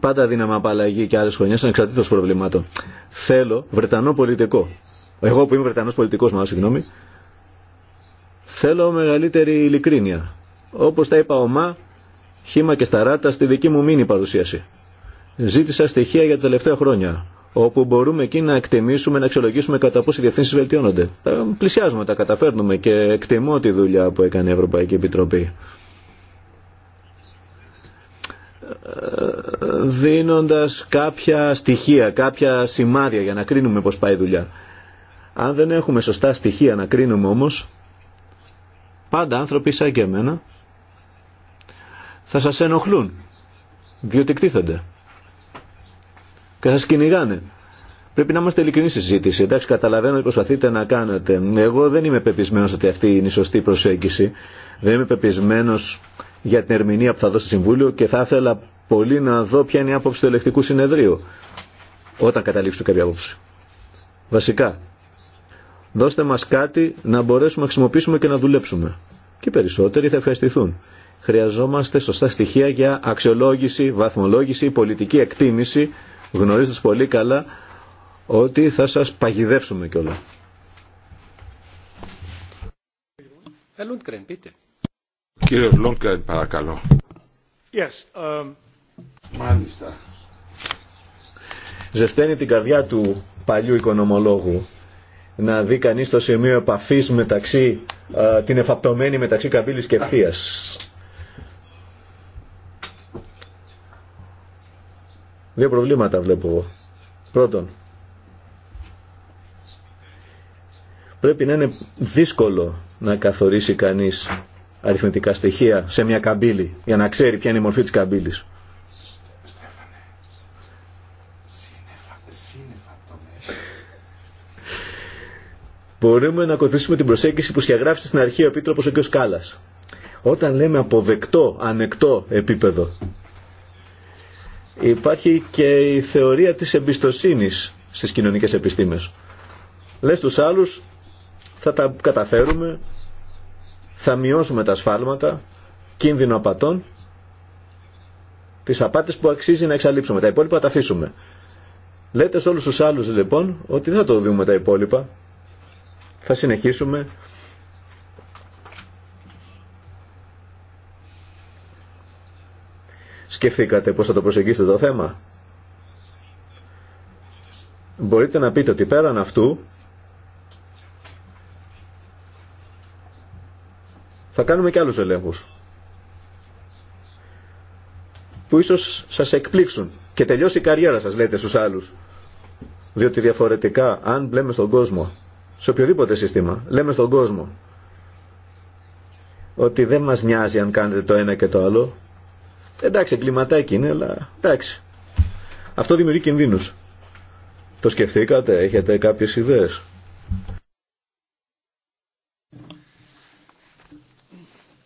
πάντα δύναμα απαλλαγή και άλλες χρονιές ανεξαρτήτως προβλημάτων. Θέλω Βρετανό πολιτικό. Εγώ που είμαι Βρετανός πολιτικός μάλλον, συγγνώμη. Θέλω μεγαλύτερη ειλικρίνεια. Όπως τα είπα ομά, χήμα και σταράτα στη δική μου μήνυ παρουσίαση. Ζήτησα στοιχεία για τα τελευταία χρόνια όπου μπορούμε εκεί να εκτιμήσουμε, να αξιολογήσουμε κατά πόσο οι διευθύνσει βελτιώνονται. πλησιάζουμε, τα καταφέρνουμε και εκτιμώ τη δουλειά που έκανε η Ευρωπαϊκή Επιτροπή. Δίνοντας κάποια στοιχεία, κάποια σημάδια για να κρίνουμε πώς πάει η δουλειά. Αν δεν έχουμε σωστά στοιχεία να κρίνουμε όμως, πάντα άνθρωποι σαν και εμένα θα σας ενοχλούν, διότι εκτίθενται και σα κυνηγάνε. Πρέπει να είμαστε ειλικρινεί στη συζήτηση. Εντάξει, καταλαβαίνω ότι προσπαθείτε να κάνετε. Εγώ δεν είμαι πεπισμένο ότι αυτή είναι η σωστή προσέγγιση. Δεν είμαι πεπισμένο για την ερμηνεία που θα δώσει Συμβούλιο και θα ήθελα πολύ να δω ποια είναι η άποψη του ελεκτικού συνεδρίου όταν καταλήξω κάποια άποψη. Βασικά, δώστε μας κάτι να μπορέσουμε να χρησιμοποιήσουμε και να δουλέψουμε. Και περισσότεροι θα ευχαριστηθούν. Χρειαζόμαστε σωστά στοιχεία για αξιολόγηση, βαθμολόγηση, πολιτική εκτίμηση Γνωρίζετε πολύ καλά ότι θα σας παγιδεύσουμε κιόλα. Ε, Κύριε παρακαλώ. Yes, um, Μάλιστα. Ζεσταίνει την καρδιά του παλιού οικονομολόγου να δει κανεί το σημείο επαφή μεταξύ, ε, την εφαπτωμένη μεταξύ καμπύλη και ευθεία. Δύο προβλήματα βλέπω εγώ. Πρώτον, πρέπει να είναι δύσκολο να καθορίσει κανείς αριθμητικά στοιχεία σε μια καμπύλη για να ξέρει ποια είναι η μορφή της καμπύλης. Μπορούμε να ακολουθήσουμε την προσέγγιση που σχεγράφησε στην αρχή ο Επίτροπος ο κ. Κάλλας. Όταν λέμε αποδεκτό, ανεκτό επίπεδο, Υπάρχει και η θεωρία της εμπιστοσύνης στις κοινωνικές επιστήμες. Λες τους άλλους, θα τα καταφέρουμε, θα μειώσουμε τα σφάλματα, κίνδυνο απατών, τις απάτες που αξίζει να εξαλείψουμε. Τα υπόλοιπα τα αφήσουμε. Λέτε σε όλους τους άλλους λοιπόν ότι δεν θα το δούμε τα υπόλοιπα. Θα συνεχίσουμε Σκεφτήκατε πώς θα το προσεγγίσετε το θέμα. Μπορείτε να πείτε ότι πέραν αυτού θα κάνουμε και άλλους ελέγχους που ίσως σας εκπλήξουν και τελειώσει η καριέρα σας λέτε στους άλλους διότι διαφορετικά αν βλέμε στον κόσμο σε οποιοδήποτε σύστημα λέμε στον κόσμο ότι δεν μας νοιάζει αν κάνετε το ένα και το άλλο Εντάξει, εγκληματάκι είναι, αλλά εντάξει. Αυτό δημιουργεί κινδύνους. Το σκεφτήκατε, έχετε κάποιες ιδέες.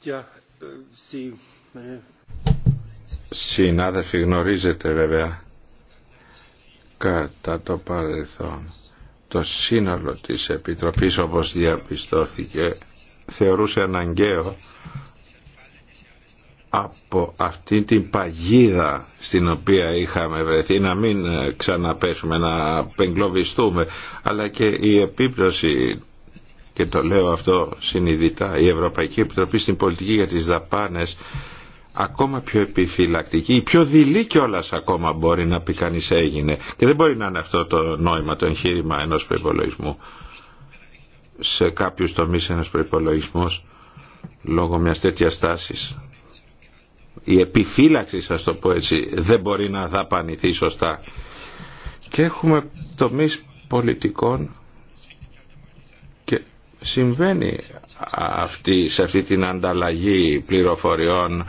Uh, uh, Συνάδελφοι, γνωρίζετε βέβαια κατά το παρελθόν το σύνολο της Επιτροπής όπως διαπιστώθηκε θεωρούσε αναγκαίο από αυτή την παγίδα στην οποία είχαμε βρεθεί να μην ε, ξαναπέσουμε, να πεγκλωβιστούμε αλλά και η επίπτωση και το λέω αυτό συνειδητά η Ευρωπαϊκή Επιτροπή στην πολιτική για τις δαπάνες ακόμα πιο επιφυλακτική, η πιο δειλή κιόλα ακόμα μπορεί να πει κανείς έγινε και δεν μπορεί να είναι αυτό το νόημα, το εγχείρημα ενός προπολογισμού σε κάποιους τομείς ένας προϋπολογισμός λόγω μιας τέτοιας τάσης η επιφύλαξη σας το πω έτσι δεν μπορεί να δαπανηθεί σωστά και έχουμε τομείς πολιτικών και συμβαίνει αυτή, σε αυτή την ανταλλαγή πληροφοριών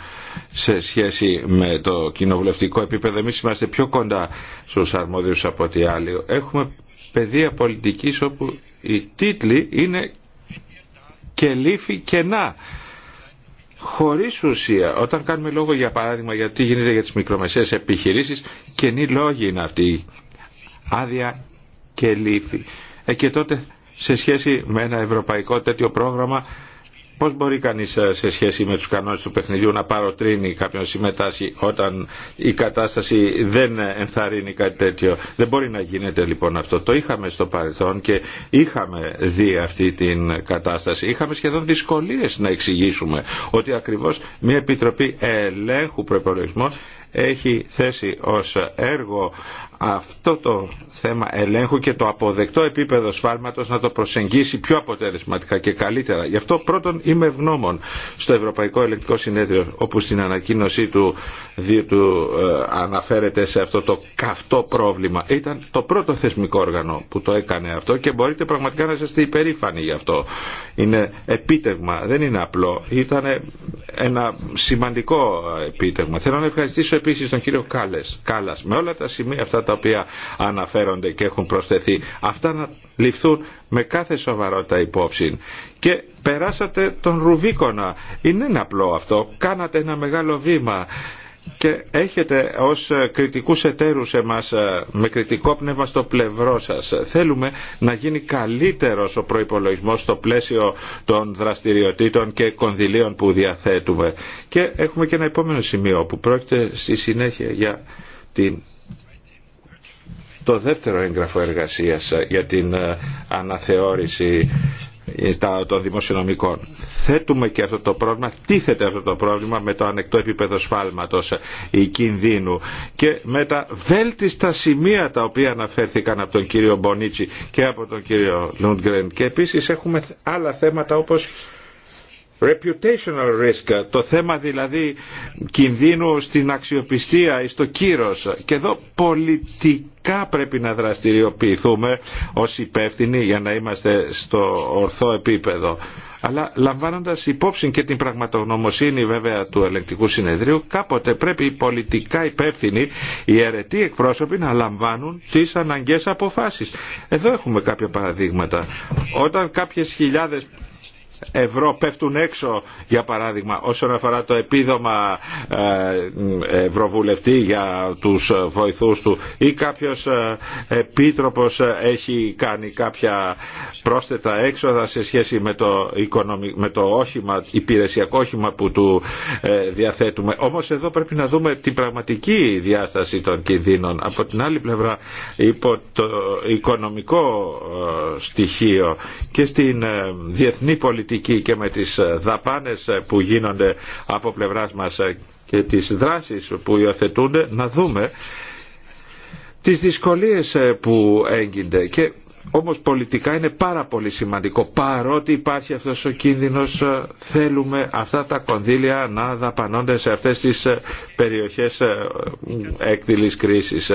σε σχέση με το κοινοβουλευτικό επίπεδο εμείς είμαστε πιο κοντά στους αρμόδιους από ό,τι άλλοι έχουμε πεδία πολιτικής όπου οι τίτλοι είναι και και κενά χωρίς ουσία. Όταν κάνουμε λόγο για παράδειγμα για τι γίνεται για τις μικρομεσαίες επιχειρήσεις, καινή λόγοι είναι αυτοί. Άδεια και λύθη. Ε, και τότε σε σχέση με ένα ευρωπαϊκό τέτοιο πρόγραμμα Πώ μπορεί κανεί ε, σε σχέση με του κανόνε του παιχνιδιού να παροτρύνει κάποιον συμμετάσχει όταν η κατάσταση δεν ε, ενθαρρύνει κάτι τέτοιο. Δεν μπορεί να γίνεται λοιπόν αυτό. Το είχαμε στο παρελθόν και είχαμε δει αυτή την κατάσταση. Είχαμε σχεδόν δυσκολίε να εξηγήσουμε ότι ακριβώ μια επιτροπή ελέγχου προπολογισμών έχει θέσει ως έργο αυτό το θέμα ελέγχου και το αποδεκτό επίπεδο σφάλματος να το προσεγγίσει πιο αποτελεσματικά και καλύτερα. Γι' αυτό πρώτον είμαι ευγνώμων στο Ευρωπαϊκό Ελεκτικό Συνέδριο όπου στην ανακοίνωσή του, του ε, αναφέρεται σε αυτό το καυτό πρόβλημα. Ήταν το πρώτο θεσμικό όργανο που το έκανε αυτό και μπορείτε πραγματικά να είστε υπερήφανοι γι' αυτό. Είναι επίτευγμα, δεν είναι απλό. Ήταν ένα σημαντικό επίτευγμα. Θέλω να ευχαριστήσω επίσης τον κύριο Κάλες, με όλα τα σημεία αυτά τα τα οποία αναφέρονται και έχουν προσθεθεί. Αυτά να ληφθούν με κάθε σοβαρότητα υπόψη. Και περάσατε τον Ρουβίκονα. Είναι απλό αυτό. Κάνατε ένα μεγάλο βήμα και έχετε ως κριτικούς εταίρους εμάς ε, με κριτικό πνεύμα στο πλευρό σας. Θέλουμε να γίνει καλύτερος ο προϋπολογισμός στο πλαίσιο των δραστηριοτήτων και κονδυλίων που διαθέτουμε. Και έχουμε και ένα επόμενο σημείο που πρόκειται στη συνέχεια για την το δεύτερο έγγραφο εργασίας ε, για την ε, αναθεώρηση ε, των δημοσιονομικών. Θέτουμε και αυτό το πρόβλημα, τίθεται αυτό το πρόβλημα με το ανεκτό επίπεδο σφάλματος ή κινδύνου και με τα βέλτιστα σημεία τα οποία αναφέρθηκαν από τον κύριο Μπονίτσι και από τον κύριο Λούντγκρεν και επίσης έχουμε άλλα θέματα όπως reputational risk, το θέμα δηλαδή κινδύνου στην αξιοπιστία, ή στο κύρος. Και εδώ πολιτικά πρέπει να δραστηριοποιηθούμε ως υπεύθυνοι για να είμαστε στο ορθό επίπεδο. Αλλά λαμβάνοντας υπόψη και την πραγματογνωμοσύνη βέβαια του ελεκτικού συνεδρίου, κάποτε πρέπει οι πολιτικά υπεύθυνοι, οι αιρετοί εκπρόσωποι να λαμβάνουν τις αναγκαίες αποφάσεις. Εδώ έχουμε κάποια παραδείγματα. Όταν κάποιες χιλιάδες ευρώ πέφτουν έξω για παράδειγμα όσον αφορά το επίδομα ε, ευρωβουλευτή για τους βοηθούς του ή κάποιος ε, επίτροπος ε, έχει κάνει κάποια πρόσθετα έξοδα σε σχέση με το, οικονομι... με το όχημα, υπηρεσιακό όχημα που του διαθέτουμε. Όμως εδώ πρέπει να δούμε την πραγματική διάσταση των κινδύνων. Από την άλλη πλευρά υπό το οικονομικό στοιχείο και στην διεθνή πολιτική και με τις ε, δαπάνες ε, που γίνονται από πλευράς μας ε, και τις δράσεις που υιοθετούνται να δούμε τις δυσκολίες που έγκυνται και όμως πολιτικά είναι πάρα πολύ σημαντικό παρότι υπάρχει αυτός ο κίνδυνος θέλουμε αυτά τα κονδύλια να δαπανώνται σε αυτές τις περιοχές έκδηλης κρίσης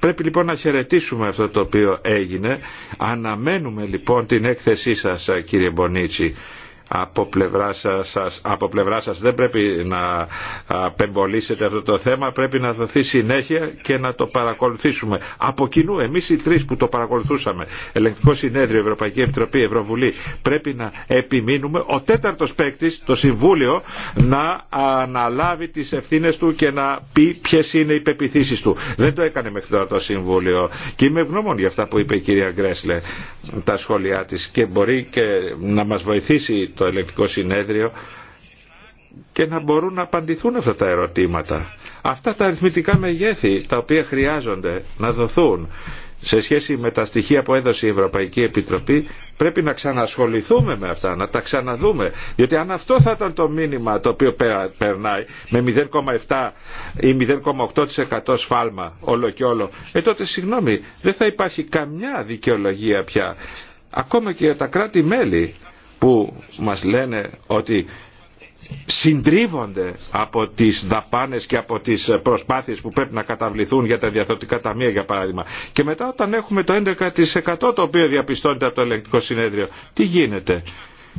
Πρέπει λοιπόν να χαιρετήσουμε αυτό το οποίο έγινε. Αναμένουμε λοιπόν την έκθεσή σας κύριε Μπονίτσι από πλευρά σας, από δεν πρέπει να πεμπολίσετε αυτό το θέμα, πρέπει να δοθεί συνέχεια και να το παρακολουθήσουμε. Από κοινού, εμείς οι τρεις που το παρακολουθούσαμε, Ελεγκτικό Συνέδριο, Ευρωπαϊκή Επιτροπή, Ευρωβουλή, πρέπει να επιμείνουμε ο τέταρτος παίκτη, το Συμβούλιο, να αναλάβει τις ευθύνες του και να πει ποιε είναι οι πεπιθήσεις του. Δεν το έκανε μέχρι τώρα το Συμβούλιο και είμαι ευγνώμων για αυτά που είπε η κυρία Γκρέσλε, τα σχόλιά της και μπορεί και να μας βοηθήσει το ελεκτικό συνέδριο και να μπορούν να απαντηθούν αυτά τα ερωτήματα. Αυτά τα αριθμητικά μεγέθη τα οποία χρειάζονται να δοθούν σε σχέση με τα στοιχεία που έδωσε η Ευρωπαϊκή Επιτροπή πρέπει να ξανασχοληθούμε με αυτά, να τα ξαναδούμε. Διότι αν αυτό θα ήταν το μήνυμα το οποίο περνάει με 0,7 ή 0,8% σφάλμα όλο και όλο, ε τότε συγγνώμη δεν θα υπάρχει καμιά δικαιολογία πια ακόμα και για τα κράτη-μέλη που μας λένε ότι συντρίβονται από τις δαπάνες και από τις προσπάθειες που πρέπει να καταβληθούν για τα διαθωτικά ταμεία για παράδειγμα. Και μετά όταν έχουμε το 11% το οποίο διαπιστώνεται από το ελεγκτικό συνέδριο, τι γίνεται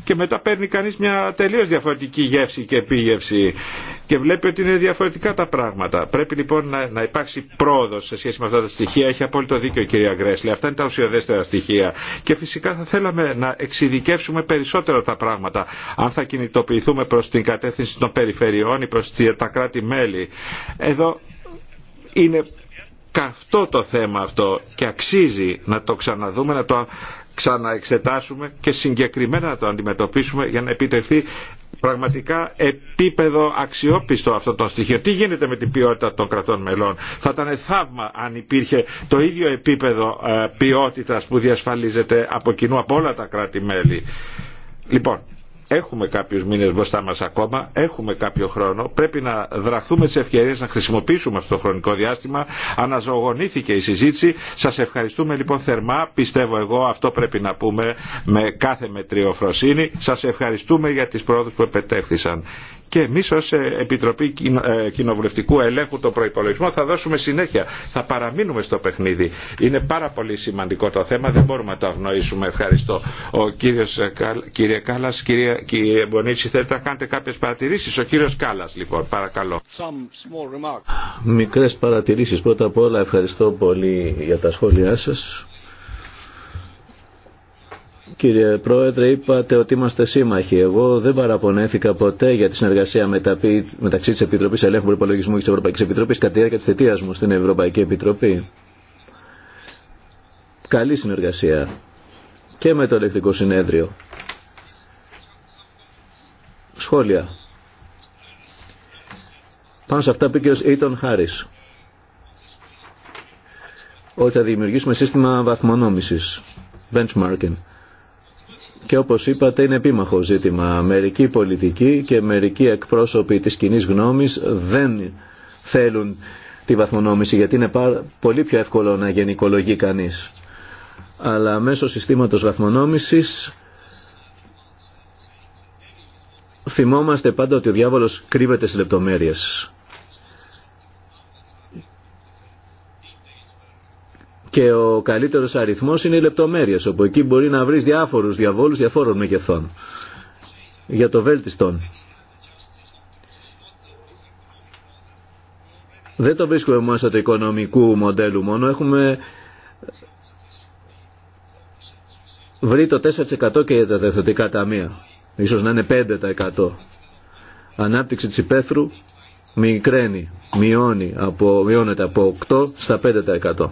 και μετά παίρνει κανείς μια τελείως διαφορετική γεύση και επίγευση και βλέπει ότι είναι διαφορετικά τα πράγματα. Πρέπει λοιπόν να, να υπάρξει πρόοδος σε σχέση με αυτά τα στοιχεία. Έχει απόλυτο δίκιο η κυρία Γκρέσλε. Αυτά είναι τα ουσιοδέστερα στοιχεία. Και φυσικά θα θέλαμε να εξειδικεύσουμε περισσότερο τα πράγματα. Αν θα κινητοποιηθούμε προς την κατεύθυνση των περιφερειών ή προ τα κράτη-μέλη. Εδώ είναι καυτό το θέμα αυτό και αξίζει να το ξαναδούμε, να το ξαναεξετάσουμε και συγκεκριμένα να το αντιμετωπίσουμε για να επιτευχθεί πραγματικά επίπεδο αξιόπιστο αυτό το στοιχείο. Τι γίνεται με την ποιότητα των κρατών μελών. Θα ήταν θαύμα αν υπήρχε το ίδιο επίπεδο ε, ποιότητας που διασφαλίζεται από κοινού από όλα τα κράτη-μέλη. Λοιπόν, Έχουμε κάποιους μήνες μπροστά μας ακόμα, έχουμε κάποιο χρόνο, πρέπει να δραχθούμε τις ευκαιρίες να χρησιμοποιήσουμε αυτό το χρονικό διάστημα. Αναζωογονήθηκε η συζήτηση. Σας ευχαριστούμε λοιπόν θερμά, πιστεύω εγώ, αυτό πρέπει να πούμε με κάθε μετριοφροσύνη. Σας ευχαριστούμε για τις πρόοδους που επετέχθησαν. Και εμεί ω ε, Επιτροπή ε, Κοινοβουλευτικού Ελέγχου το προπολογισμό, θα δώσουμε συνέχεια. Θα παραμείνουμε στο παιχνίδι. Είναι πάρα πολύ σημαντικό το θέμα, δεν μπορούμε να το αγνοήσουμε. Ευχαριστώ. Ο κύριος, ε, κύριε Κάλλα, κύριε, κύριε Μπονίτσι, θέλετε να κάνετε κάποιε παρατηρήσει. Ο κύριο Κάλλα, λοιπόν, παρακαλώ. Μικρέ παρατηρήσει. Πρώτα απ' όλα ευχαριστώ πολύ για τα σχόλιά σα. Κύριε Πρόεδρε, είπατε ότι είμαστε σύμμαχοι. Εγώ δεν παραπονέθηκα ποτέ για τη συνεργασία μεταξύ τη Επιτροπή Ελέγχου Προπολογισμού και τη Ευρωπαϊκή Επιτροπή κατά τη διάρκεια τη θητεία μου στην Ευρωπαϊκή Επιτροπή. Καλή συνεργασία και με το ελεκτικό συνέδριο. Σχόλια. Πάνω σε αυτά πήγε ο Ήτον Χάρης. Ότι θα δημιουργήσουμε σύστημα βαθμονόμησης. Benchmarking και όπως είπατε είναι επίμαχο ζήτημα. Μερικοί πολιτικοί και μερικοί εκπρόσωποι της κοινή γνώμης δεν θέλουν τη βαθμονόμηση γιατί είναι πολύ πιο εύκολο να γενικολογεί κανείς. Αλλά μέσω συστήματος βαθμονόμησης θυμόμαστε πάντα ότι ο διάβολος κρύβεται στις λεπτομέρειες. και ο καλύτερος αριθμός είναι οι λεπτομέρειες, όπου εκεί μπορεί να βρεις διάφορους διαβόλους διαφόρων μεγεθών για το βέλτιστον. Δεν το βρίσκουμε μέσα του οικονομικού μοντέλου μόνο, έχουμε βρει το 4% και τα διαθετικά ταμεία, ίσως να είναι 5%. Ανάπτυξη της υπαίθρου μικραίνει, από, μειώνεται από 8% στα 5%.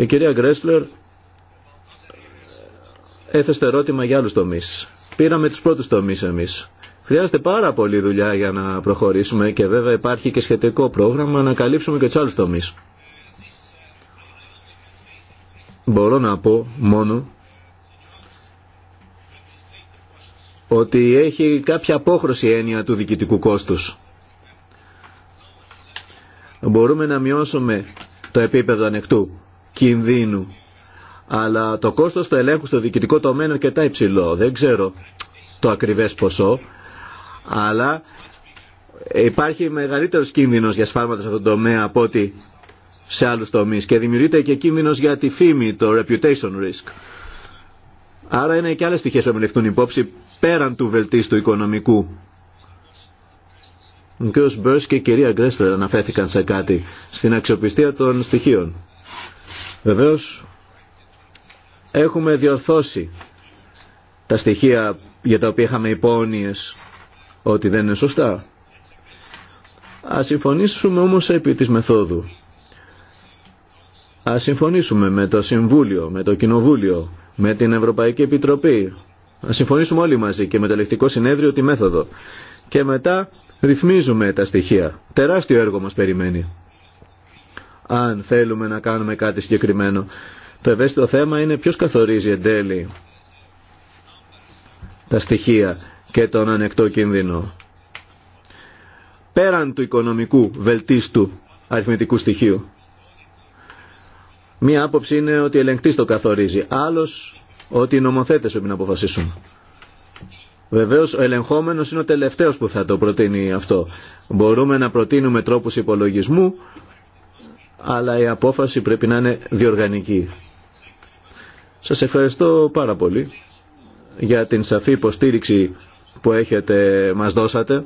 Η ε, κυρία Γκρέσλερ έθεσε το ερώτημα για άλλους τομείς. Πήραμε τους πρώτους τομείς εμείς. Χρειάζεται πάρα πολύ δουλειά για να προχωρήσουμε και βέβαια υπάρχει και σχετικό πρόγραμμα να καλύψουμε και τους άλλους τομείς. Μπορώ να πω μόνο ότι έχει κάποια απόχρωση έννοια του διοικητικού κόστους. Μπορούμε να μειώσουμε το επίπεδο ανεκτού κινδύνου. Αλλά το κόστος του ελέγχου στο διοικητικό τομέα είναι αρκετά υψηλό. Δεν ξέρω το ακριβές ποσό, αλλά υπάρχει μεγαλύτερος κίνδυνος για σφάλματα σε αυτόν τον τομέα από ότι σε άλλους τομείς και δημιουργείται και κίνδυνος για τη φήμη, το reputation risk. Άρα είναι και άλλες στοιχείες που ληφθούν υπόψη πέραν του βελτίστου οικονομικού. Ο κ. Μπέρς και η κυρία Γκρέσλερ αναφέθηκαν σε κάτι στην αξιοπιστία των στοιχείων. Βεβαίως έχουμε διορθώσει τα στοιχεία για τα οποία είχαμε υπόνοιες ότι δεν είναι σωστά. Ας συμφωνήσουμε όμως επί της μεθόδου. Α συμφωνήσουμε με το Συμβούλιο, με το Κοινοβούλιο, με την Ευρωπαϊκή Επιτροπή. Ας συμφωνήσουμε όλοι μαζί και με το Ελεκτικό Συνέδριο τη μέθοδο. Και μετά ρυθμίζουμε τα στοιχεία. Τεράστιο έργο μας περιμένει αν θέλουμε να κάνουμε κάτι συγκεκριμένο. Το ευαίσθητο θέμα είναι ποιος καθορίζει εν τέλει τα στοιχεία και τον ανεκτό κίνδυνο. Πέραν του οικονομικού βελτίστου αριθμητικού στοιχείου. Μία άποψη είναι ότι ελεγκτής το καθορίζει. Άλλος ότι οι νομοθέτες πρέπει να αποφασίσουν. Βεβαίω, ο ελεγχόμενο είναι ο τελευταίο που θα το προτείνει αυτό. Μπορούμε να προτείνουμε τρόπου υπολογισμού αλλά η απόφαση πρέπει να είναι διοργανική. Σας ευχαριστώ πάρα πολύ για την σαφή υποστήριξη που έχετε, μας δώσατε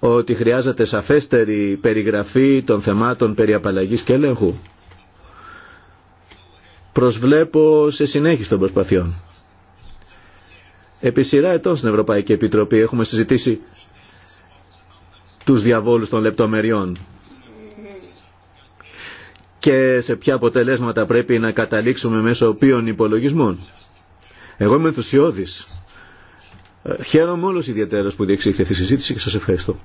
ότι χρειάζεται σαφέστερη περιγραφή των θεμάτων περί απαλλαγής και έλεγχου. Προσβλέπω σε συνέχιση των προσπαθειών. Επί σειρά ετών στην Ευρωπαϊκή Επιτροπή έχουμε συζητήσει τους διαβόλους των λεπτομεριών και σε ποια αποτελέσματα πρέπει να καταλήξουμε μέσω οποίων υπολογισμών. Εγώ είμαι ενθουσιώδης. Ε, χαίρομαι όλους ιδιαίτερα που διεξήχθη αυτή η συζήτηση και σας ευχαριστώ.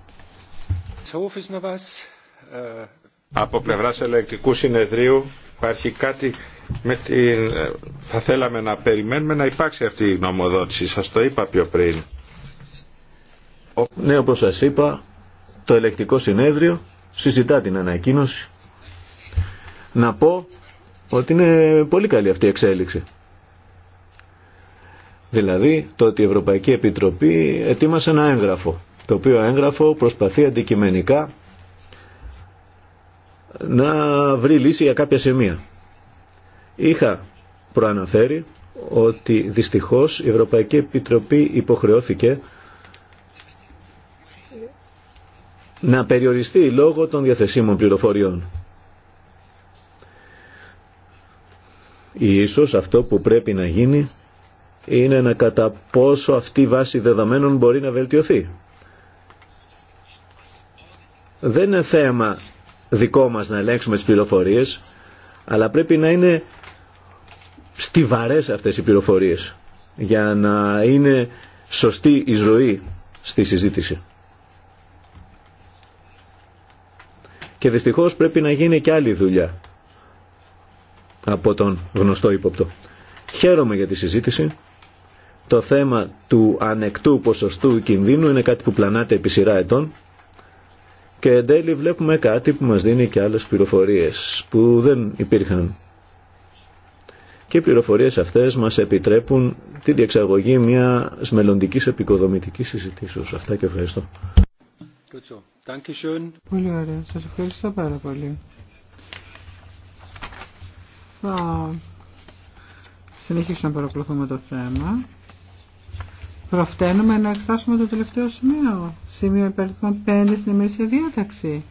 Από πλευρά ελεκτικού συνεδρίου υπάρχει κάτι με την... Ε, θα θέλαμε να περιμένουμε να υπάρξει αυτή η γνωμοδότηση. Σας το είπα πιο πριν. Ναι, όπως σας είπα, το ελεκτικό συνέδριο συζητά την ανακοίνωση να πω ότι είναι πολύ καλή αυτή η εξέλιξη. Δηλαδή το ότι η Ευρωπαϊκή Επιτροπή ετοίμασε ένα έγγραφο, το οποίο έγγραφο προσπαθεί αντικειμενικά να βρει λύση για κάποια σημεία. Είχα προαναφέρει ότι δυστυχώς η Ευρωπαϊκή Επιτροπή υποχρεώθηκε να περιοριστεί λόγω των διαθεσίμων πληροφοριών. Ίσως αυτό που πρέπει να γίνει είναι να κατά πόσο αυτή η βάση δεδομένων μπορεί να βελτιωθεί. Δεν είναι θέμα δικό μας να ελέγξουμε τις πληροφορίες, αλλά πρέπει να είναι στιβαρές αυτές οι πληροφορίες για να είναι σωστή η ζωή στη συζήτηση. Και δυστυχώς πρέπει να γίνει και άλλη δουλειά από τον γνωστό ύποπτο. Χαίρομαι για τη συζήτηση. Το θέμα του ανεκτού ποσοστού κινδύνου είναι κάτι που πλανάται επί σειρά ετών και εν τέλει βλέπουμε κάτι που μας δίνει και άλλες πληροφορίες που δεν υπήρχαν. Και οι πληροφορίες αυτές μας επιτρέπουν τη διεξαγωγή μια μελλοντική επικοδομητικής συζητήσεως. Αυτά και ευχαριστώ. Πολύ ευχαριστώ πάρα πολύ. Θα συνεχίσουμε να παρακολουθούμε το θέμα. Προφταίνουμε να εξετάσουμε το τελευταίο σημείο. Σημείο πέντε 5 στην ημερήσια διάταξη.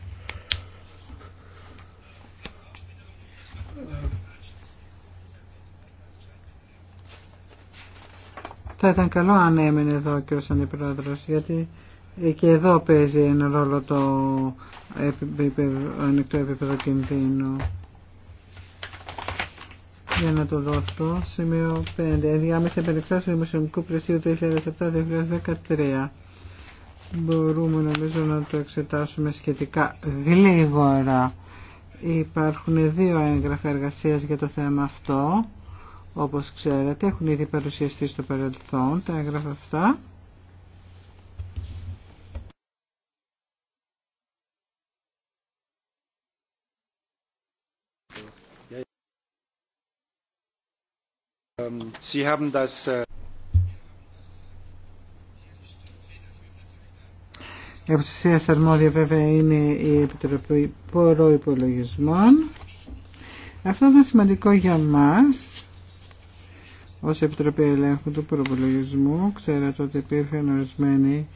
Θα ήταν καλό αν έμεινε εδώ ο κ. Αντιπρόεδρος, γιατί και εδώ παίζει ένα ρόλο το ανοιχτό επίπεδο κινδύνου για να το δω αυτό. Σημείο 5. Ενδιάμεση επελεξάρση του δημοσιονομικού πλαισίου 2007-2013. Μπορούμε νομίζω να το εξετάσουμε σχετικά γλίγορα. Υπάρχουν δύο έγγραφα εργασία για το θέμα αυτό. Όπως ξέρετε έχουν ήδη παρουσιαστεί στο παρελθόν τα έγγραφα αυτά. Ähm, Sie haben das... Äh, η αρμόδια βέβαια είναι η Επιτροπή Προϋπολογισμών. Αυτό είναι σημαντικό για μας ως Επιτροπή Ελέγχου του Ξέρετε ότι υπήρχαν ορισμένοι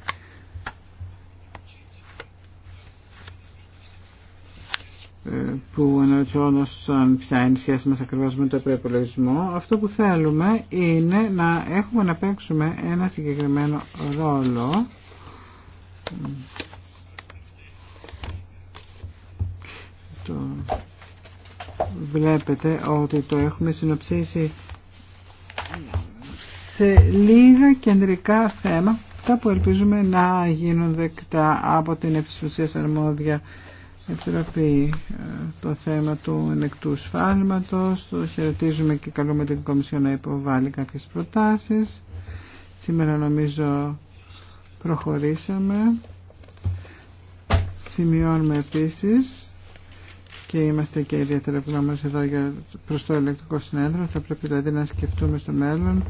που αναρωτιόντουσαν ποια είναι η σχέση μας ακριβώς με το προπολογισμό, αυτό που θέλουμε είναι να έχουμε να παίξουμε ένα συγκεκριμένο ρόλο το βλέπετε ότι το έχουμε συνοψίσει σε λίγα κεντρικά θέματα που ελπίζουμε να γίνουν δεκτά από την επισουσία αρμόδια Επιτροπή ε, το θέμα του ενεκτού σφάλματος. Το χαιρετίζουμε και καλούμε την Κομισιό να υποβάλει κάποιες προτάσεις. Σήμερα νομίζω προχωρήσαμε. Σημειώνουμε επίσης και είμαστε και ιδιαίτερα είμαστε εδώ για, προς το ηλεκτρικό συνέδριο. Θα πρέπει δηλαδή να σκεφτούμε στο μέλλον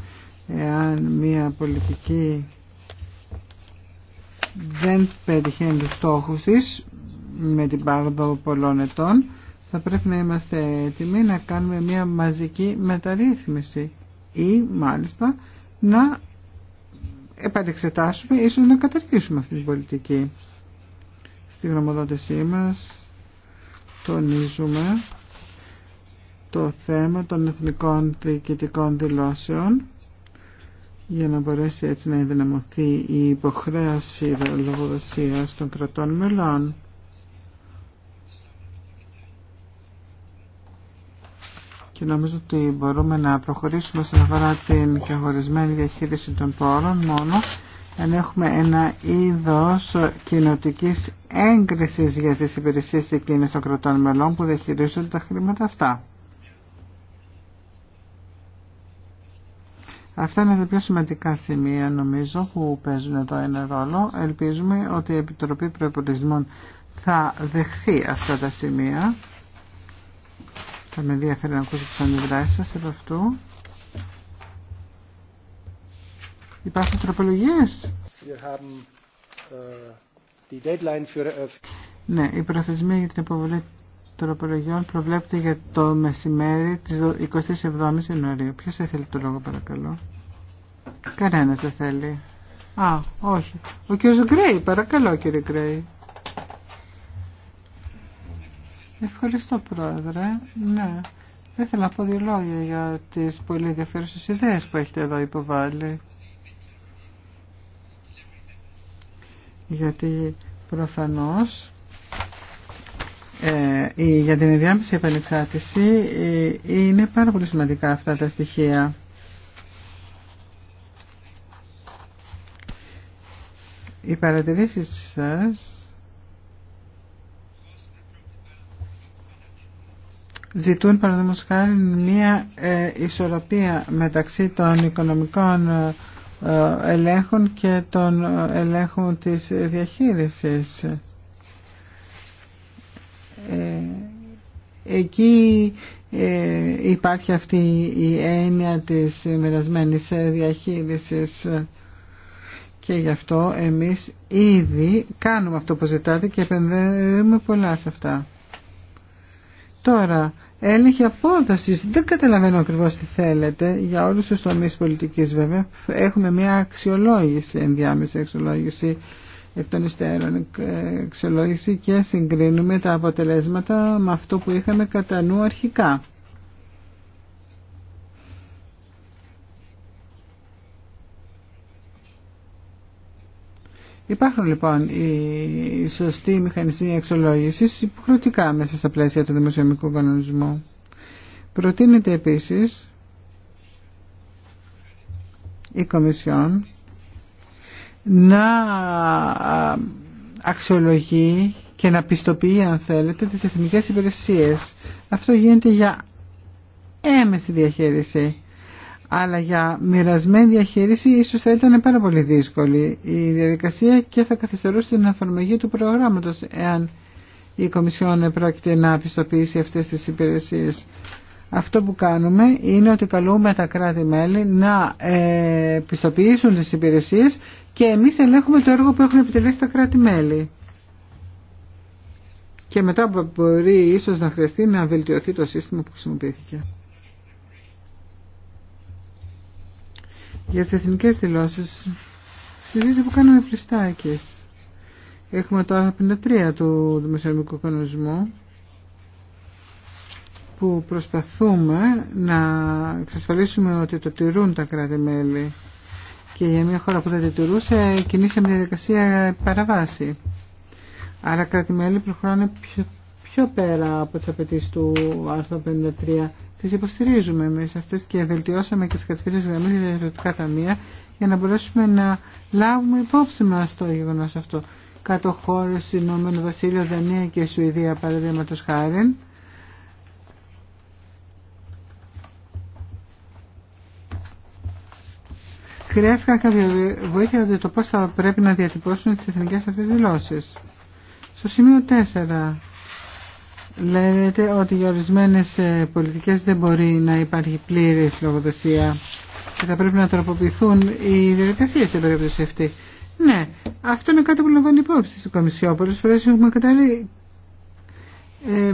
εάν μια πολιτική δεν πετυχαίνει του στόχου της, με την πάροδο πολλών ετών θα πρέπει να είμαστε έτοιμοι να κάνουμε μια μαζική μεταρρύθμιση ή μάλιστα να επανεξετάσουμε ίσως να καταργήσουμε αυτή την πολιτική. Στη γνωμοδότησή μας τονίζουμε το θέμα των εθνικών διοικητικών δηλώσεων για να μπορέσει έτσι να ενδυναμωθεί η υποχρέωση λογοδοσίας των κρατών μελών. και νομίζω ότι μπορούμε να προχωρήσουμε σε αφορά την καθορισμένη διαχείριση των πόρων μόνο αν έχουμε ένα είδος κοινοτική έγκρισης για τις υπηρεσίες εκείνες των κρατών μελών που διαχειρίζονται τα χρήματα αυτά. Αυτά είναι τα πιο σημαντικά σημεία νομίζω που παίζουν εδώ ένα ρόλο. Ελπίζουμε ότι η Επιτροπή Προπολισμών θα δεχθεί αυτά τα σημεία. Θα με ενδιαφέρει να ακούσω τις αντιδράσεις σας από αυτού. Υπάρχουν τροπολογίες. Äh, ναι, η προθεσμία για την υποβολή τροπολογιών προβλέπεται για το μεσημέρι της 27ης Ιανουαρίου. Ποιος θα θέλει το λόγο παρακαλώ. Κανένας δεν θέλει. Α, όχι. Ο κύριος Γκρέι, παρακαλώ κύριε Γκρέι. Ευχαριστώ πρόεδρε. Ναι. δεν ήθελα να πω δύο λόγια για τις πολύ ενδιαφέρουσες ιδέες που έχετε εδώ υποβάλει. Γιατί προφανώς ε, για την ενδιάμεση επανεξάρτηση ε, είναι πάρα πολύ σημαντικά αυτά τα στοιχεία. Οι παρατηρήσεις σας ζητούν παραδείγματος χάρη μια ε, ισορροπία μεταξύ των οικονομικών ε, ε, ελέγχων και των ελέγχων της διαχείρισης. εκεί υπάρχει αυτή η έννοια της μοιρασμένης διαχείρισης και γι' αυτό εμείς ήδη κάνουμε αυτό που ζητάτε και επενδύουμε πολλά σε αυτά. Τώρα, έλεγχη απόδοση, Δεν καταλαβαίνω ακριβώς τι θέλετε. Για όλους τους τομεί πολιτική, βέβαια έχουμε μια αξιολόγηση, ενδιάμεση αξιολόγηση εκ των υστέρων αξιολόγηση και συγκρίνουμε τα αποτελέσματα με αυτό που είχαμε κατά νου αρχικά. Υπάρχουν λοιπόν οι σωστοί μηχανισμοί αξιολόγησης υποχρεωτικά μέσα στα πλαίσια του δημοσιονομικού κανονισμού. Προτείνεται επίσης η Κομισιόν να αξιολογεί και να πιστοποιεί αν θέλετε τις εθνικές υπηρεσίες. Αυτό γίνεται για έμεση διαχείριση αλλά για μοιρασμένη διαχείριση ίσως θα ήταν πάρα πολύ δύσκολη η διαδικασία και θα καθυστερούσε την εφαρμογή του προγράμματος εάν η Κομισιόν πρόκειται να πιστοποιήσει αυτές τις υπηρεσίες. Αυτό που κάνουμε είναι ότι καλούμε τα κράτη-μέλη να ε, πιστοποιήσουν τις υπηρεσίες και εμείς ελέγχουμε το έργο που έχουν επιτελέσει τα κράτη-μέλη. Και μετά μπορεί ίσως να χρειαστεί να βελτιωθεί το σύστημα που χρησιμοποιήθηκε. για τι εθνικέ δηλώσει, συζήτηση που κάνουμε έχουμε το άρθρο 53 του δημοσιονομικού κανονισμού που προσπαθούμε να εξασφαλίσουμε ότι το τηρούν τα κράτη-μέλη και για μια χώρα που δεν το τηρούσε κινήσαμε διαδικασία παραβάση. Άρα κράτη-μέλη προχωράνε πιο, πιο πέρα από τις απαιτήσει του άρθρου 53 Τις υποστηρίζουμε εμείς αυτές και βελτιώσαμε και τις κατευθύνες γραμμές για τα ερωτικά ταμεία για να μπορέσουμε να λάβουμε υπόψη μας το γεγονός αυτό. Κάτω χώρε, Ηνωμένο Βασίλειο, Δανία και Σουηδία παραδείγματος Χάριν. χρειάστηκαν κάποια βοήθεια για το πώς θα πρέπει να διατυπώσουν τις εθνικές αυτές δηλώσεις. Στο σημείο 4 λέτε ότι για ορισμένε ε, πολιτικές δεν μπορεί να υπάρχει πλήρη λογοδοσία και θα πρέπει να τροποποιηθούν οι διαδικασίες στην περίπτωση αυτή. Ναι, αυτό είναι κάτι που λαμβάνει υπόψη στην Κομισιό. Πολλές φορέ έχουμε καταλή... ε,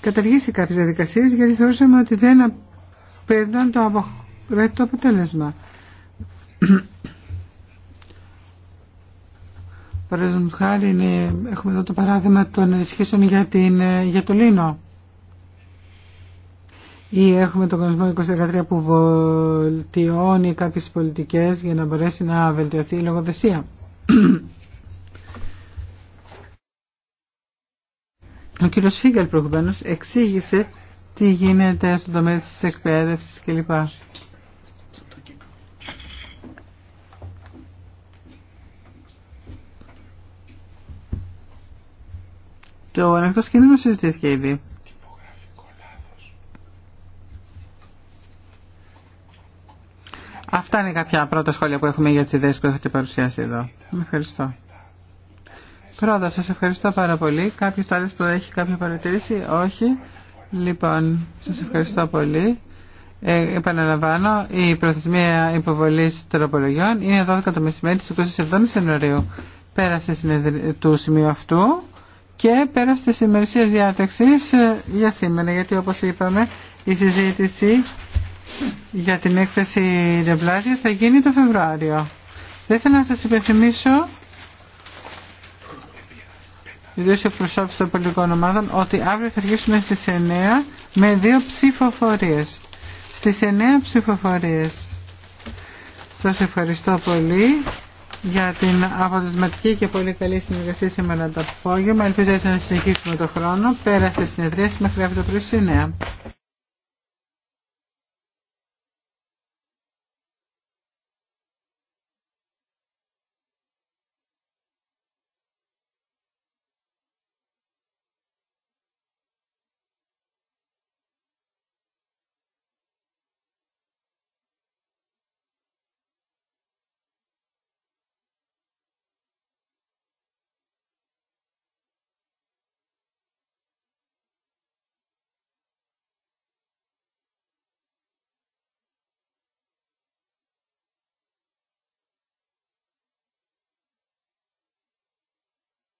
καταργήσει κάποιε διαδικασίε γιατί θεωρούσαμε ότι δεν απέδαν το αποτέλεσμα. Παραδείγματο χάρη είναι, έχουμε εδώ το παράδειγμα των ενισχύσεων για, ε, για το Λίνο. Ή έχουμε τον κανονισμό 2013 που βολτιώνει κάποιες πολιτικές για να μπορέσει να βελτιωθεί η λογοδεσία. Ο κύριο Φίγκαλ προηγουμένως εξήγησε τι γίνεται στον τομέα της εκπαίδευσης κλπ. Το ανεκτός κίνδυνο συζητήθηκε ήδη. Αυτά είναι κάποια πρώτα σχόλια που έχουμε για τις ιδέες που έχετε παρουσιάσει εδώ. Ευχαριστώ. Πρώτα, σας ευχαριστώ πάρα πολύ. Κάποιος άλλο που έχει κάποια παρατήρηση, όχι. Λοιπόν, σας ευχαριστώ πολύ. Ε, επαναλαμβάνω, η προθεσμία υποβολής τροπολογιών είναι 12 το μεσημέρι της 27 Ιανουαρίου. Πέρασε του σημείου αυτού και πέρα στις ημερησίες διάταξης ε, για σήμερα, γιατί όπως είπαμε η συζήτηση για την έκθεση Δεμπλάτια θα γίνει το Φεβρουάριο. Δεν θέλω να σας υπενθυμίσω, ιδίω ο προσώπης των πολιτικών ομάδων, ότι αύριο θα αρχίσουμε στις 9 με δύο ψηφοφορίες. Στις 9 ψηφοφορίες. Σας ευχαριστώ πολύ για την αποτελεσματική και πολύ καλή συνεργασία σήμερα το απόγευμα. Ελπίζω να συνεχίσουμε το χρόνο πέρασε συνεδρίαση μέχρι αύτο το πρωί 9.